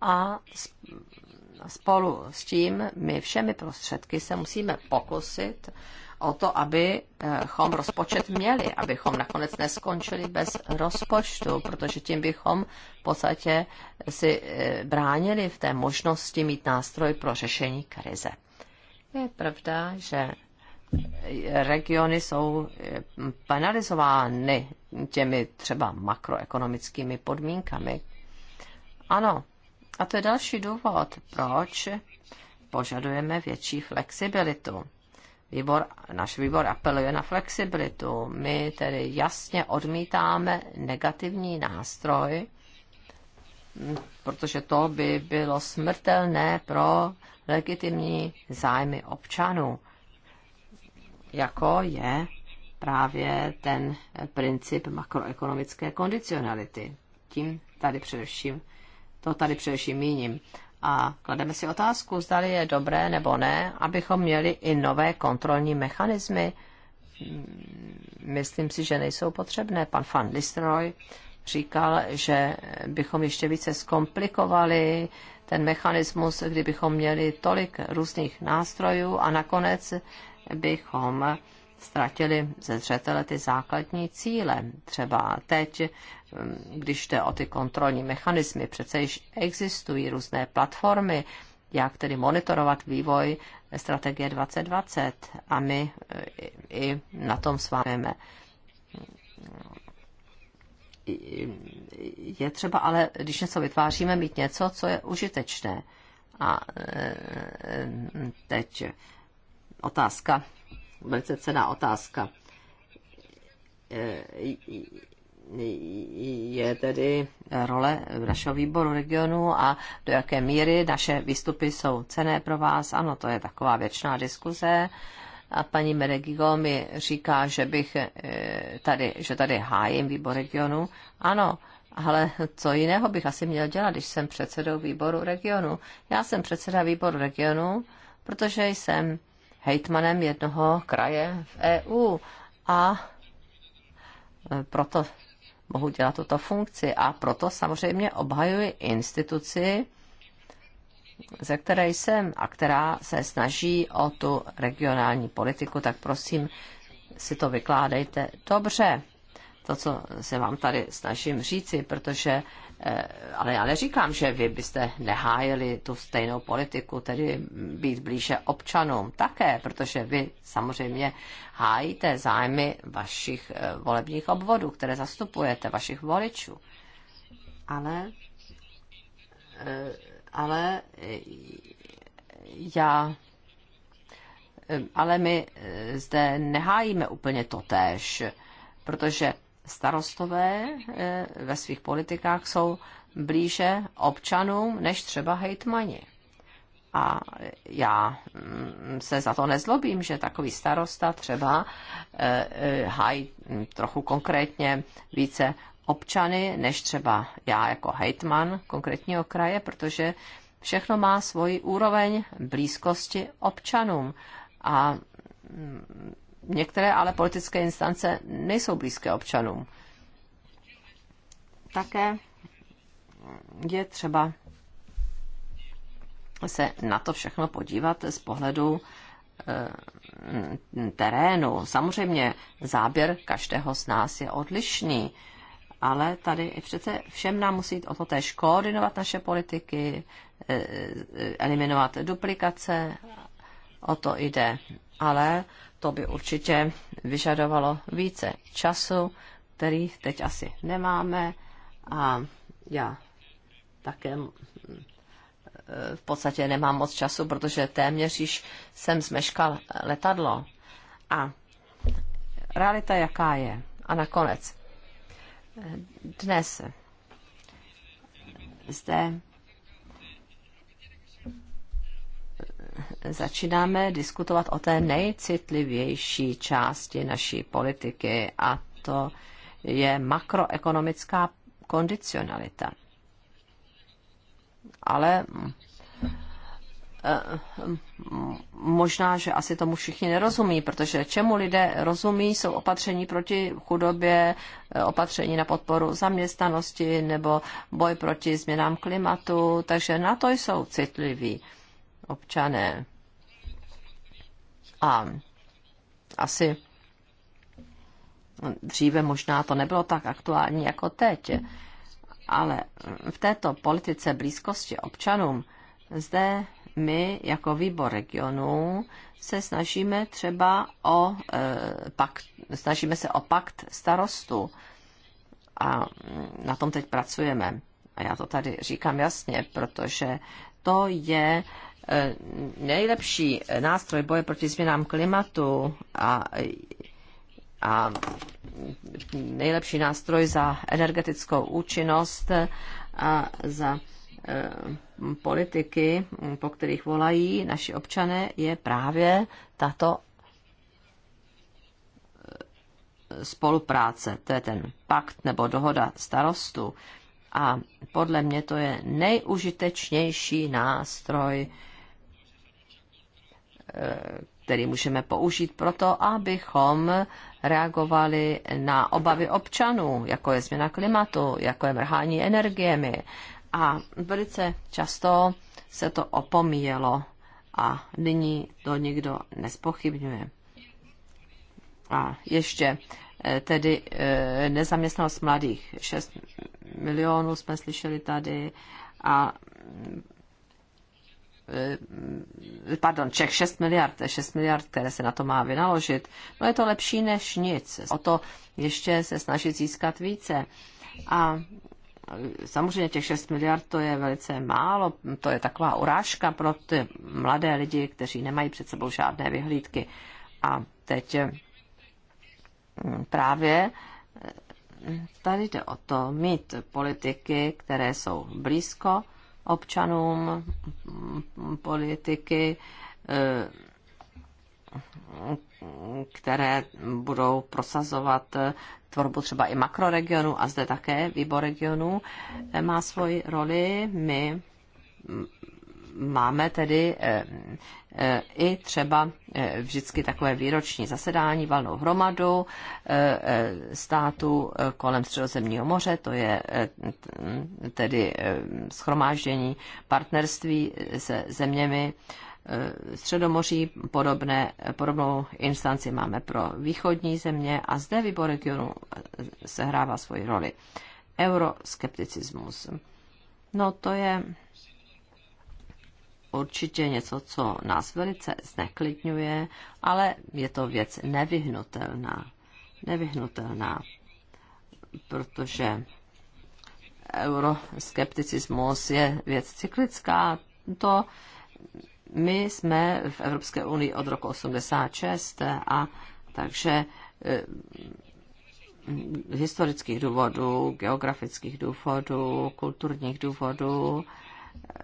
a spolu s tím my všemi prostředky se musíme pokusit o to, abychom rozpočet měli, abychom nakonec neskončili bez rozpočtu, protože tím bychom v podstatě si eh, bránili v té možnosti mít nástroj pro řešení krize. Je pravda, že eh, regiony jsou eh, penalizovány těmi třeba makroekonomickými podmínkami. Ano, a to je další důvod, proč požadujeme větší flexibilitu výbor, náš výbor apeluje na flexibilitu. My tedy jasně odmítáme negativní nástroj, protože to by bylo smrtelné pro legitimní zájmy občanů, jako je právě ten princip makroekonomické kondicionality. Tím tady především, to tady především míním a klademe si otázku, zda je dobré nebo ne, abychom měli i nové kontrolní mechanismy. Myslím si, že nejsou potřebné. Pan Van Listroy říkal, že bychom ještě více zkomplikovali ten mechanismus, kdybychom měli tolik různých nástrojů a nakonec bychom ztratili ze zřetele ty základní cíle. Třeba teď, mm, když jde o ty kontrolní mechanismy, přece již existují různé platformy, jak tedy monitorovat vývoj strategie 2020 a my eh, i na tom s vámi je třeba ale, když něco vytváříme, mít něco, co je užitečné. A eh, eh, teď otázka velice cená otázka. E, je tedy role našeho výboru regionu a do jaké míry naše výstupy jsou cené pro vás. Ano, to je taková věčná diskuze. A paní Meregigo mi říká, že bych e, tady, že tady hájím výbor regionu. Ano, ale co jiného bych asi měl dělat, když jsem předsedou výboru regionu? Já jsem předseda výboru regionu, protože jsem hejtmanem jednoho kraje v EU a e, proto mohu dělat tuto funkci a proto samozřejmě obhajuji instituci, ze které jsem a která se snaží o tu regionální politiku, tak prosím si to vykládejte dobře, to, co se vám tady snažím říci, protože Eh, ale já neříkám, že vy byste nehájili tu stejnou politiku, tedy být blíže občanům také, protože vy samozřejmě hájíte zájmy vašich eh, volebních obvodů, které zastupujete, vašich voličů. Ale, eh, ale já ale my zde nehájíme úplně totéž, protože starostové eh, ve svých politikách jsou blíže občanům než třeba hejtmani. A já mm, se za to nezlobím, že takový starosta třeba eh, eh, hájí mm, trochu konkrétně více občany, než třeba já jako hejtman konkrétního kraje, protože všechno má svoji úroveň blízkosti občanům. A mm, Některé ale politické instance nejsou blízké občanům. Také je třeba se na to všechno podívat z pohledu eh, terénu. Samozřejmě záběr každého z nás je odlišný, ale tady přece všem nám musí o to též koordinovat naše politiky, eh, eh, eliminovat duplikace, o to jde. Ale to by určitě vyžadovalo více času, který teď asi nemáme a já také mm, eh, v podstatě nemám moc času, protože téměř již jsem zmeškal letadlo. A realita jaká je? A nakonec, dnes zde začínáme diskutovat o té nejcitlivější části naší politiky a to je makroekonomická kondicionalita. Ale eh, možná, že asi tomu všichni nerozumí, protože čemu lidé rozumí, jsou opatření proti chudobě, eh, opatření na podporu zaměstnanosti nebo boj proti změnám klimatu, takže na to jsou citliví občané. A asi dříve možná to nebylo tak aktuální jako teď, ale v této politice blízkosti občanům zde my jako výbor regionů se snažíme třeba o e, pakt, snažíme se o pakt starostu a na tom teď pracujeme. A já to tady říkám jasně, protože to je Eh, nejlepší eh, nástroj boje proti změnám klimatu a, a nejlepší nástroj za energetickou účinnost a za eh, politiky, hm, po kterých volají naši občané, je právě tato spolupráce, to je ten pakt nebo dohoda starostů. A podle mě to je nejužitečnější nástroj který můžeme použít proto, abychom reagovali na obavy občanů, jako je změna klimatu, jako je mrhání energiemi. A velice často se to opomíjelo a nyní to nikdo nespochybňuje. A ještě eh, tedy eh, nezaměstnanost mladých. 6 milionů jsme slyšeli tady a Eh, pardon, Čech 6 miliard, 6 miliard, které se na to má vynaložit, no je to lepší než nic. O to ještě se snažit získat více. A eh, samozřejmě těch 6 miliard to je velice málo, to je taková urážka pro ty mladé lidi, kteří nemají před sebou žádné vyhlídky. A teď eh, právě tady jde o to mít politiky, které jsou blízko občanům, politiky, které budou prosazovat tvorbu třeba i makroregionu a zde také výbor regionu má svoji roli. My máme tedy eh, eh, i třeba eh, vždycky takové výroční zasedání valnou hromadu států kolem Středozemního moře, to je tedy schromáždění partnerství se zeměmi Středomoří podobné, podobnou instanci máme pro východní země a zde výbor regionu sehrává svoji roli. Euroskepticismus. No to je určitě něco, co nás velice zneklidňuje, ale je to věc nevyhnutelná. Nevyhnutelná, protože euroskepticismus je věc cyklická. To my jsme v Evropské unii od roku 86 a takže eh, historických důvodů, geografických důvodů, kulturních důvodů,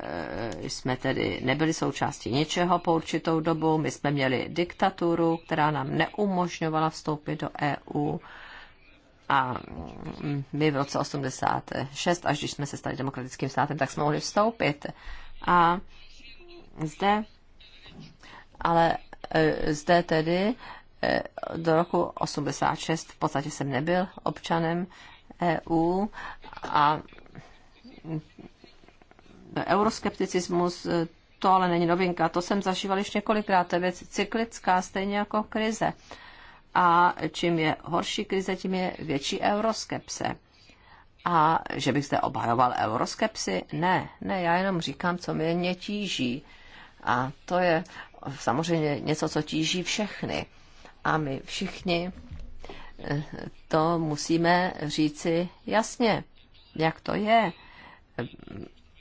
Eh, jsme tedy nebyli součástí ničeho po určitou dobu. My jsme měli diktaturu, která nám neumožňovala vstoupit do EU. A mm, my v roce 86, až když jsme se stali demokratickým státem, tak jsme mohli vstoupit. A zde, ale eh, zde tedy eh, do roku 86 v podstatě jsem nebyl občanem EU a euroskepticismus, eh, to ale není novinka, to jsem zažíval již několikrát, to je věc cyklická, stejně jako krize. A čím je horší krize, tím je větší euroskepse. A že bych zde obhajoval euroskepsy? Ne, ne, já jenom říkám, co mě tíží. A to je samozřejmě něco, co tíží všechny. A my všichni eh, to musíme říci jasně, jak to je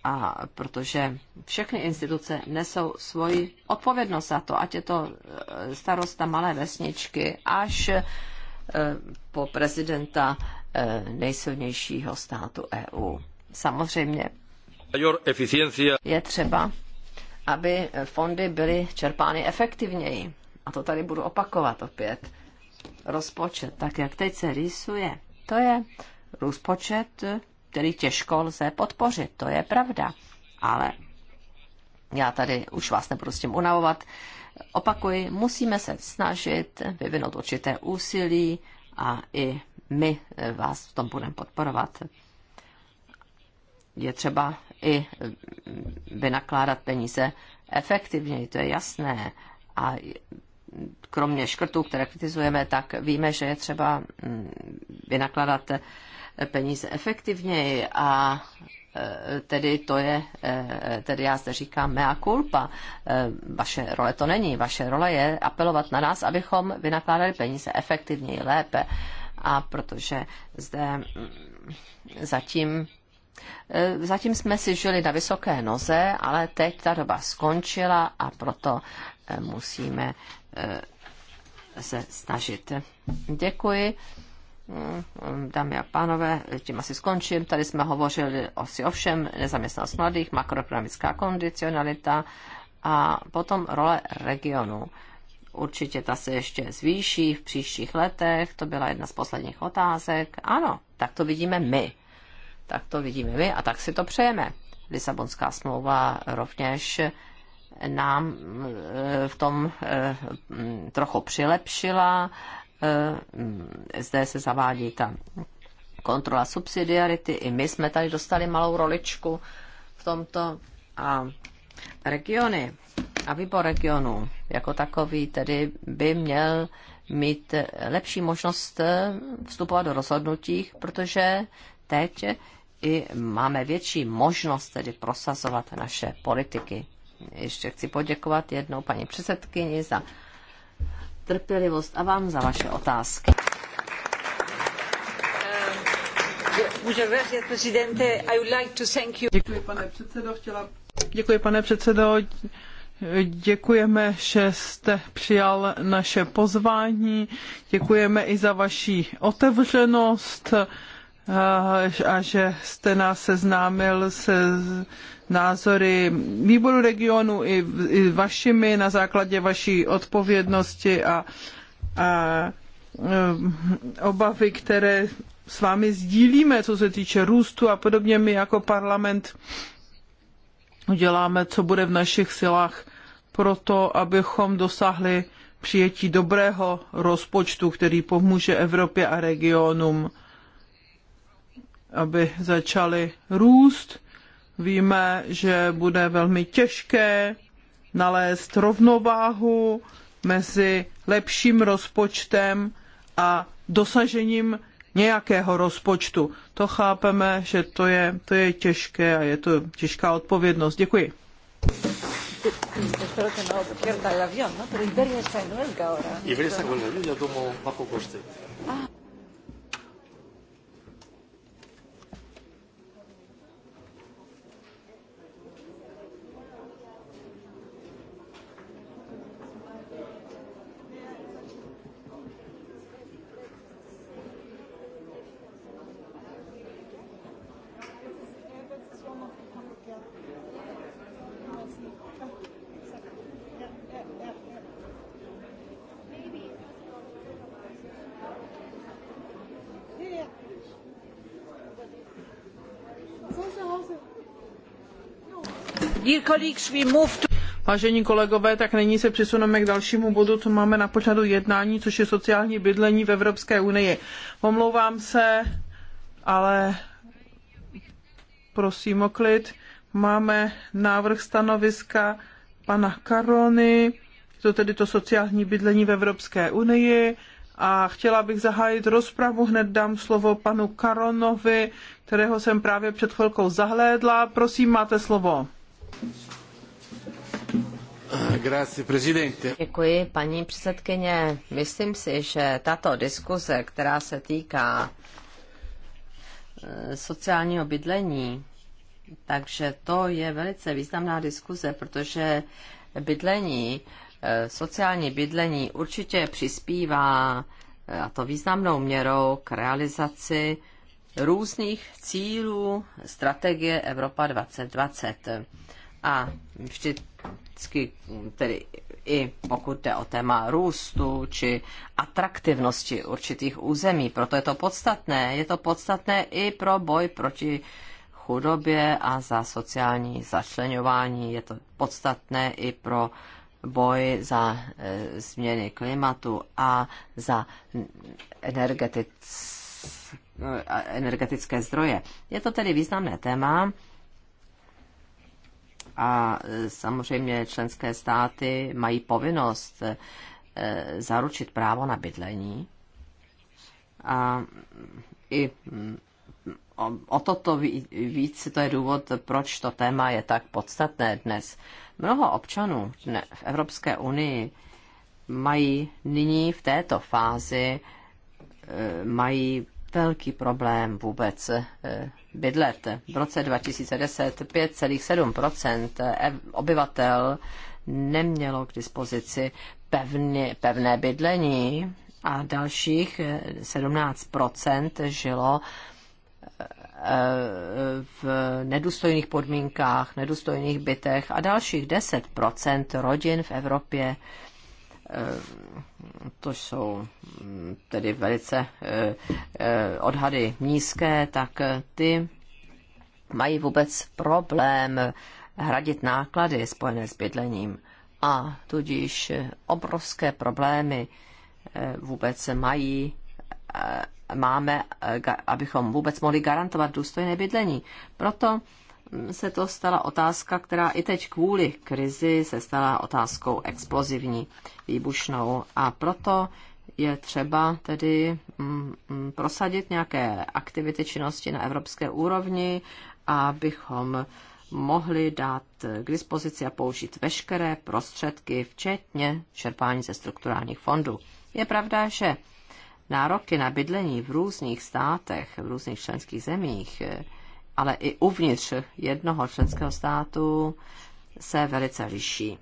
a protože všechny instituce nesou svoji odpovědnost za to, ať je to eh, starosta malé vesničky až eh, po prezidenta eh, nejsilnějšího státu EU. Samozřejmě je třeba, aby fondy byly čerpány efektivněji. A to tady budu opakovat opět. Rozpočet, tak jak teď se rýsuje, to je rozpočet který těžko lze podpořit, to je pravda. Ale já tady už vás nebudu s tím unavovat. Opakuji, musíme se snažit vyvinout určité úsilí a i my eh, vás v tom budeme podporovat. Je třeba i mm, vynakládat peníze efektivněji, to je jasné. A kromě škrtů, které kritizujeme, tak víme, že je třeba mm, vynakládat peníze efektivněji a e, tedy to je, e, tedy já zde říkám mea culpa. E, vaše role to není. Vaše role je apelovat na nás, abychom vynakládali peníze efektivněji, lépe. A protože zde zatím Zatím jsme si žili na vysoké noze, ale teď ta doba skončila a proto musíme se snažit. Děkuji. Dámy a pánové, tím asi skončím. Tady jsme hovořili o si všem, nezaměstnanost mladých, makroekonomická kondicionalita a potom role regionu. Určitě ta se ještě zvýší v příštích letech, to byla jedna z posledních otázek. Ano, tak to vidíme my. Tak to vidíme my a tak si to přejeme. Lisabonská smlouva rovněž nám eh, v tom eh, trochu přilepšila Eh, zde se zavádí ta kontrola subsidiarity. I my jsme tady dostali malou roličku v tomto a regiony a výbor regionu jako takový tedy by měl mít lepší možnost eh, vstupovat do rozhodnutích, protože teď i máme větší možnost tedy prosazovat naše politiky. Ještě chci poděkovat jednou paní předsedkyni za trpělivost a vám za vaše otázky. Děkuji, pane předsedo. Chtěla... Děkuji, pane předsedo. Děkujeme, že jste přijal naše pozvání. Děkujeme i za vaši otevřenost eh, a že jste nás seznámil se názory výboru regionu i, i vašimi na základě vaší odpovědnosti a, a eh, obavy, které s vámi sdílíme, co se týče růstu a podobně. My jako parlament uděláme, co bude v našich silách pro to, abychom dosáhli přijetí dobrého rozpočtu, který pomůže Evropě a regionům, aby začaly růst Víme, že bude velmi těžké nalézt rovnováhu mezi lepším rozpočtem a dosažením nějakého rozpočtu. To chápeme, že to je, to je těžké a je to těžká odpovědnost. Děkuji. Vážení kolegové, tak nyní se přesuneme k dalšímu bodu, co máme na pořadu jednání, což je sociální bydlení v Evropské unii. Omlouvám se, ale prosím o klid. Máme návrh stanoviska pana Karony, to tedy to sociální bydlení v Evropské unii a chtěla bych zahájit rozpravu. Hned dám slovo panu Karonovi, kterého jsem právě před chvilkou zahlédla. Prosím, máte slovo. Děkuji, paní předsedkyně. Myslím si, že tato diskuze, která se týká eh, sociálního bydlení, takže to je velice významná diskuze, protože bydlení, eh, sociální bydlení určitě přispívá eh, a to významnou měrou k realizaci různých cílů strategie Evropa 2020 a vždycky tedy i pokud jde o téma růstu či atraktivnosti určitých území. Proto je to podstatné. Je to podstatné i pro boj proti chudobě a za sociální začlenování. Je to podstatné i pro boj za e, změny klimatu a za energetic, e, energetické zdroje. Je to tedy významné téma a e, samozřejmě členské státy mají povinnost e, zaručit právo na bydlení. A i o, o toto víc to je důvod, proč to téma je tak podstatné dnes. Mnoho občanů v Evropské unii mají nyní v této fázi e, mají velký problém vůbec eh, bydlet. V roce 2010 5,7 eh, obyvatel nemělo k dispozici pevně, pevné bydlení a dalších 17 eh, žilo v nedůstojných podmínkách, nedůstojných bytech a dalších 10 rodin v Evropě Eh, to jsou mm, tedy velice eh, eh, odhady nízké, tak ty mají vůbec problém hradit náklady spojené s bydlením a tudíž obrovské problémy vůbec mají, máme, abychom vůbec mohli garantovat důstojné bydlení. Proto se to stala otázka, která i teď kvůli krizi se stala otázkou explozivní, výbušnou. A proto je třeba tedy mm, mm, prosadit nějaké aktivity činnosti na evropské úrovni, abychom mohli dát k dispozici a použít veškeré prostředky, včetně čerpání ze strukturálních fondů. Je pravda, že nároky na bydlení v různých státech, v různých členských zemích eh, ale i uvnitř jednoho členského státu se velice liší.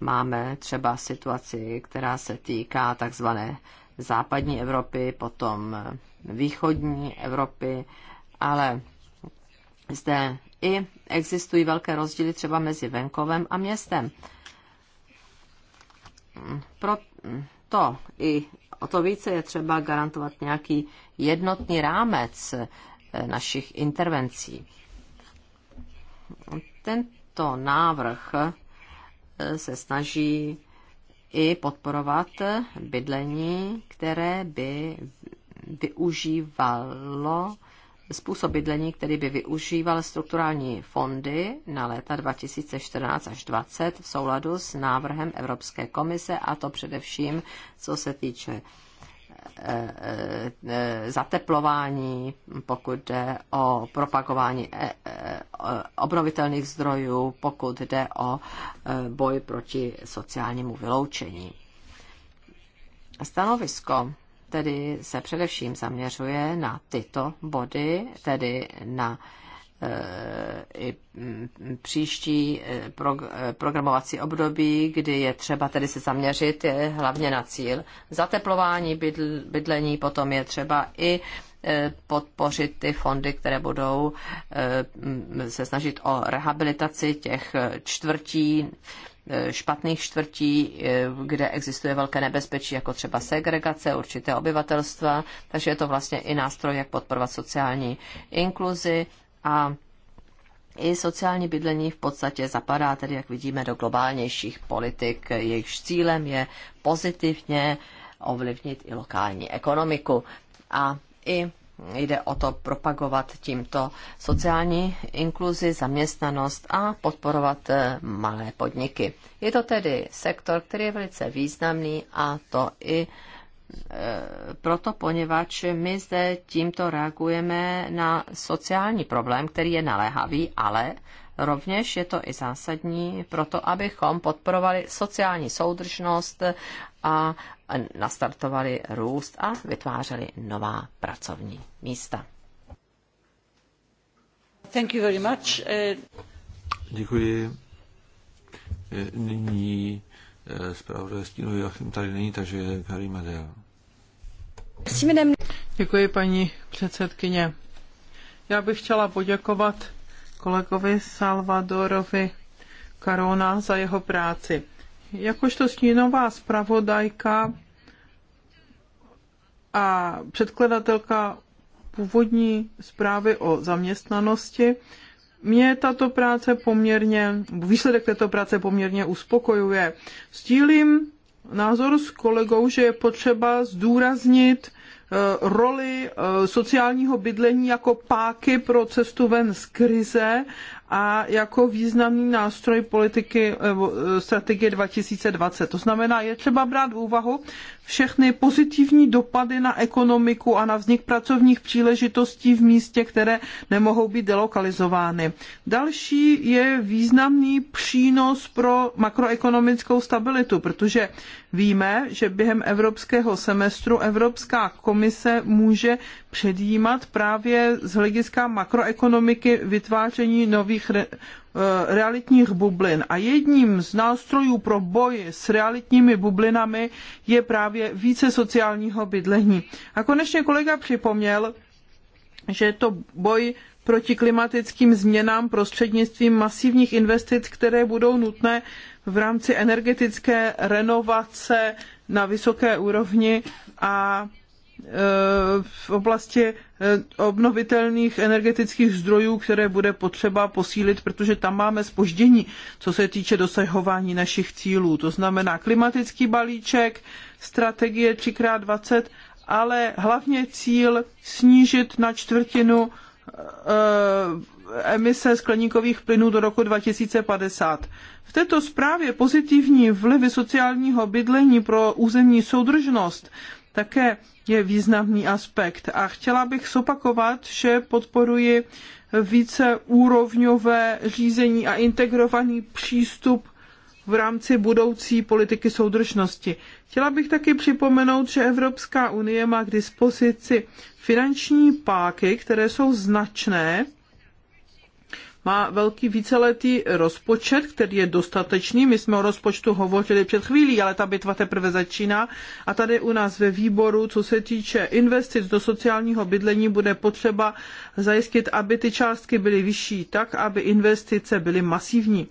Máme třeba situaci, která se týká takzvané západní Evropy, potom východní Evropy, ale zde i existují velké rozdíly třeba mezi venkovem a městem. To i o to více je třeba garantovat nějaký jednotný rámec Eh, našich intervencí. Tento návrh eh, se snaží i podporovat bydlení, které by využívalo způsob bydlení, který by využíval strukturální fondy na léta 2014 až 2020 v souladu s návrhem Evropské komise, a to především co se týče zateplování, pokud jde o propagování e, e, obnovitelných zdrojů, pokud jde o e, boj proti sociálnímu vyloučení. Stanovisko tedy se především zaměřuje na tyto body, tedy na i příští eh, eh, programovací období, kdy je třeba tedy se zaměřit je hlavně na cíl zateplování bydlení, potom je třeba i eh, podpořit ty fondy, které budou se snažit o rehabilitaci těch čtvrtí, špatných čtvrtí, kde existuje velké nebezpečí, jako třeba segregace určité obyvatelstva. Takže je to vlastně i nástroj, jak podporovat sociální inkluzi a i sociální bydlení v podstatě zapadá tedy, jak vidíme, do globálnějších politik. Jejichž cílem je pozitivně ovlivnit i lokální ekonomiku. A i jde o to propagovat tímto sociální inkluzi, zaměstnanost a podporovat eh, malé podniky. Je to tedy sektor, který je velice významný a to i proto, poněvadž my zde tímto reagujeme na sociální problém, který je naléhavý, ale rovněž je to i zásadní proto, abychom podporovali sociální soudržnost a nastartovali růst a vytvářeli nová pracovní místa. Thank you very much. Eh, Děkuji. Eh, nyní Zpravodaj stínu Joachim tady není, takže Karim Adel. Děkuji, paní předsedkyně. Já bych chtěla poděkovat kolegovi Salvadorovi Karona za jeho práci. Jakožto stínová zpravodajka a předkladatelka původní zprávy o zaměstnanosti, mě tato práce poměrně, výsledek této práce poměrně uspokojuje. Stílím názor s kolegou, že je potřeba zdůraznit eh, roli eh, sociálního bydlení jako páky pro cestu ven z krize a jako významný nástroj politiky eh, eh, strategie 2020. To znamená, je třeba brát v úvahu všechny pozitivní dopady na ekonomiku a na vznik pracovních příležitostí v místě, které nemohou být delokalizovány. Další je významný přínos pro makroekonomickou stabilitu, protože víme, že během evropského semestru Evropská komise může předjímat právě z hlediska makroekonomiky vytváření nových re, eh, realitních bublin. A jedním z nástrojů pro boj s realitními bublinami je právě více sociálního bydlení. A konečně kolega připomněl, že je to boj proti klimatickým změnám prostřednictvím masivních investic, které budou nutné v rámci energetické renovace na vysoké úrovni a v oblasti eh, obnovitelných energetických zdrojů, které bude potřeba posílit, protože tam máme spoždění, co se týče dosahování našich cílů. To znamená klimatický balíček, strategie 3x20, ale hlavně cíl snížit na čtvrtinu eh, emise skleníkových plynů do roku 2050. V této zprávě pozitivní vlivy sociálního bydlení pro územní soudržnost také je významný aspekt. A chtěla bych zopakovat, že podporuji víceúrovňové řízení a integrovaný přístup v rámci budoucí politiky soudržnosti. Chtěla bych taky připomenout, že Evropská unie má k dispozici finanční páky, které jsou značné má velký víceletý rozpočet, který je dostatečný. My jsme o rozpočtu hovořili před chvílí, ale ta bitva teprve začíná. A tady u nás ve výboru, co se týče investic do sociálního bydlení, bude potřeba zajistit, aby ty částky byly vyšší, tak, aby investice byly masivní.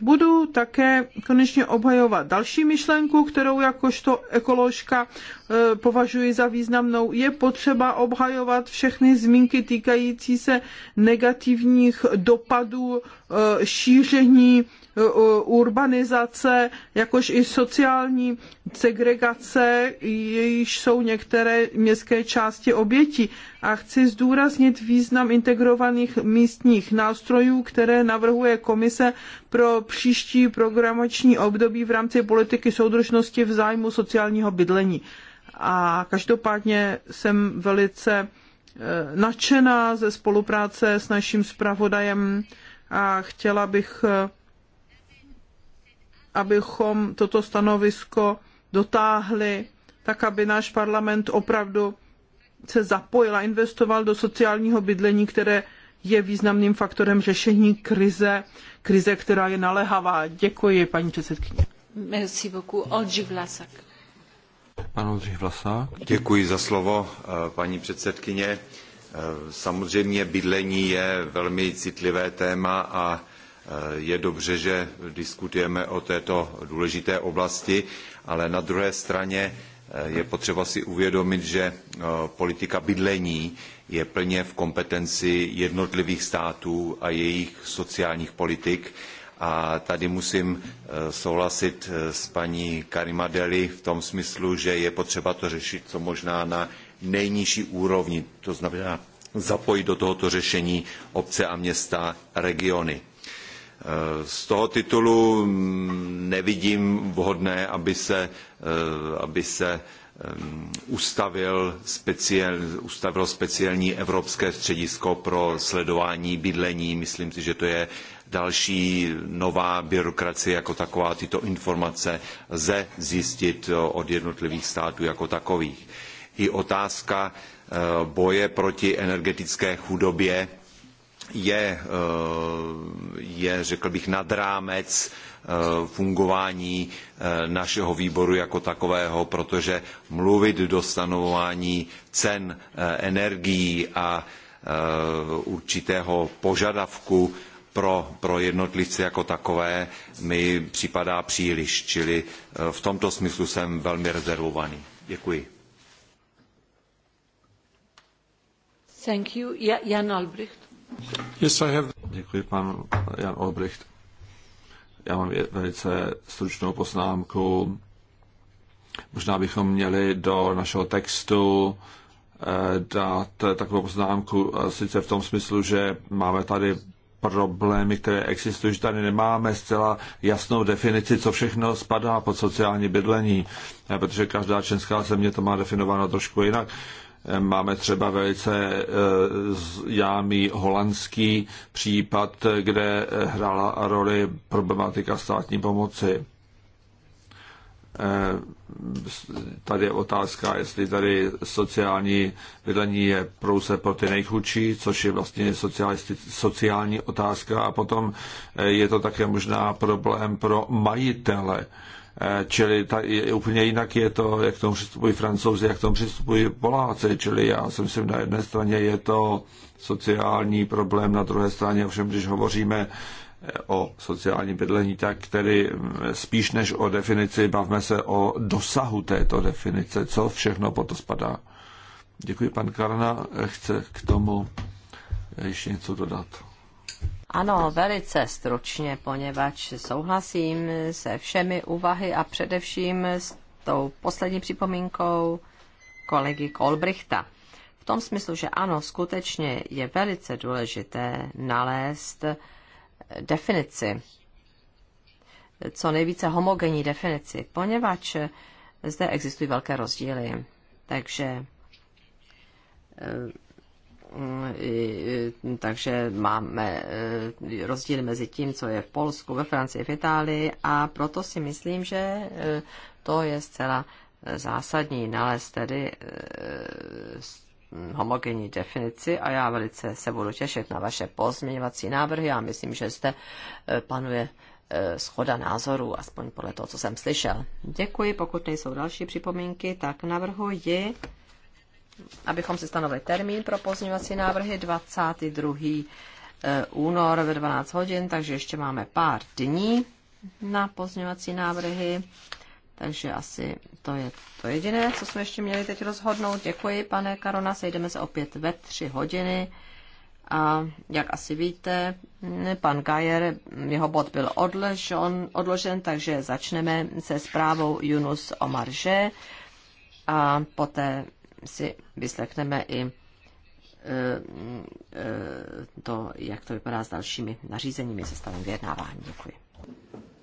Budu také konečně obhajovat další myšlenku, kterou jakožto ekoložka e, považuji za významnou. Je potřeba obhajovat všechny zmínky týkající se negativních dopadů dopadů eh, šíření eh, urbanizace, jakož i sociální segregace, jejíž jsou některé městské části obětí. A chci zdůraznit význam integrovaných místních nástrojů, které navrhuje Komise pro příští programační období v rámci politiky soudržnosti v zájmu sociálního bydlení. A každopádně jsem velice Eh, nadšená ze spolupráce s naším zpravodajem a chtěla bych, eh, abychom toto stanovisko dotáhli tak, aby náš parlament opravdu se zapojil a investoval do sociálního bydlení, které je významným faktorem řešení krize, krize, která je naléhavá. Děkuji, paní předsedkyně. Merci beaucoup. Olži Vlasak. Pan Vlasák. Děkuji za slovo, eh, paní předsedkyně. Eh, samozřejmě bydlení je velmi citlivé téma a eh, je dobře, že diskutujeme o této důležité oblasti, ale na druhé straně je potřeba si uvědomit, že politika bydlení je plně v kompetenci jednotlivých států a jejich sociálních politik a tady musím eh, souhlasit eh, s paní Karima Deli v tom smyslu, že je potřeba to řešit co možná na nejnižší úrovni, to znamená zapojit do tohoto řešení obce a města, regiony. Eh, z toho titulu mm, nevidím vhodné, aby se, aby se mm, ustavil speciál, ustavilo speciální Evropské středisko pro sledování bydlení. Myslím si, že to je další nová byrokracie jako taková. Tyto informace lze zjistit eh, od jednotlivých států jako takových. I otázka eh, boje proti energetické chudobě je, eh, je řekl bych, nad rámec fungování našeho výboru jako takového, protože mluvit do stanovování cen energií a určitého požadavku pro, pro jednotlivce jako takové mi připadá příliš, čili eh, v tomto smyslu jsem velmi rezervovaný. Děkuji. Thank you. Jan Albrecht. Yes, I have... Děkuji, pan Jan Albrecht. Já mám velice stručnou poznámku. Možná bychom měli do našeho textu eh, dát takovou poznámku, sice v tom smyslu, že máme tady problémy, které existují, že tady nemáme zcela jasnou definici, co všechno spadá pod sociální bydlení, eh, protože každá česká země to má definováno trošku jinak. Eh, máme třeba velice eh, jámý holandský případ, kde hrála roli problematika státní pomoci. Eh, tady je otázka, jestli tady sociální bydlení je prouze pro ty nejchudší, což je vlastně sociální otázka. A potom eh, je to také možná problém pro majitele. Eh, čili tady úplně jinak je to, jak tomu přistupují francouzi, jak tomu přistupují Poláci. Čili já si myslím, na jedné straně je to sociální problém, na druhé straně ovšem, když hovoříme o sociální bydlení, tak tedy spíš než o definici bavme se o dosahu této definice, co všechno po to spadá. Děkuji, pan Karna. Chce k tomu ještě něco dodat? Ano, velice stručně, poněvadž souhlasím se všemi úvahy a především s tou poslední připomínkou kolegy Kolbrichta. V tom smyslu, že ano, skutečně je velice důležité nalézt definici, co nejvíce homogenní definici, poněvadž zde existují velké rozdíly. Takže eh, mm, takže máme eh, rozdíl mezi tím, co je v Polsku, ve Francii, v Itálii a proto si myslím, že eh, to je zcela zásadní nalézt tedy homogenní definici a já velice se budu těšit na vaše pozměňovací návrhy. Já myslím, že zde eh, panuje eh, schoda názorů, aspoň podle toho, co jsem slyšel. Děkuji, pokud nejsou další připomínky, tak navrhuji, abychom si stanovili termín pro pozměňovací návrhy 22. Eh, únor ve 12 hodin, takže ještě máme pár dní na pozměňovací návrhy. Takže asi to je to jediné, co jsme ještě měli teď rozhodnout. Děkuji, pane Karona, sejdeme se opět ve tři hodiny. A jak asi víte, pan Gajer, jeho bod byl odložen, odložen takže začneme se zprávou Yunus o marže a poté si vyslechneme i e, e, to, jak to vypadá s dalšími nařízeními se stavem vyjednávání. Děkuji.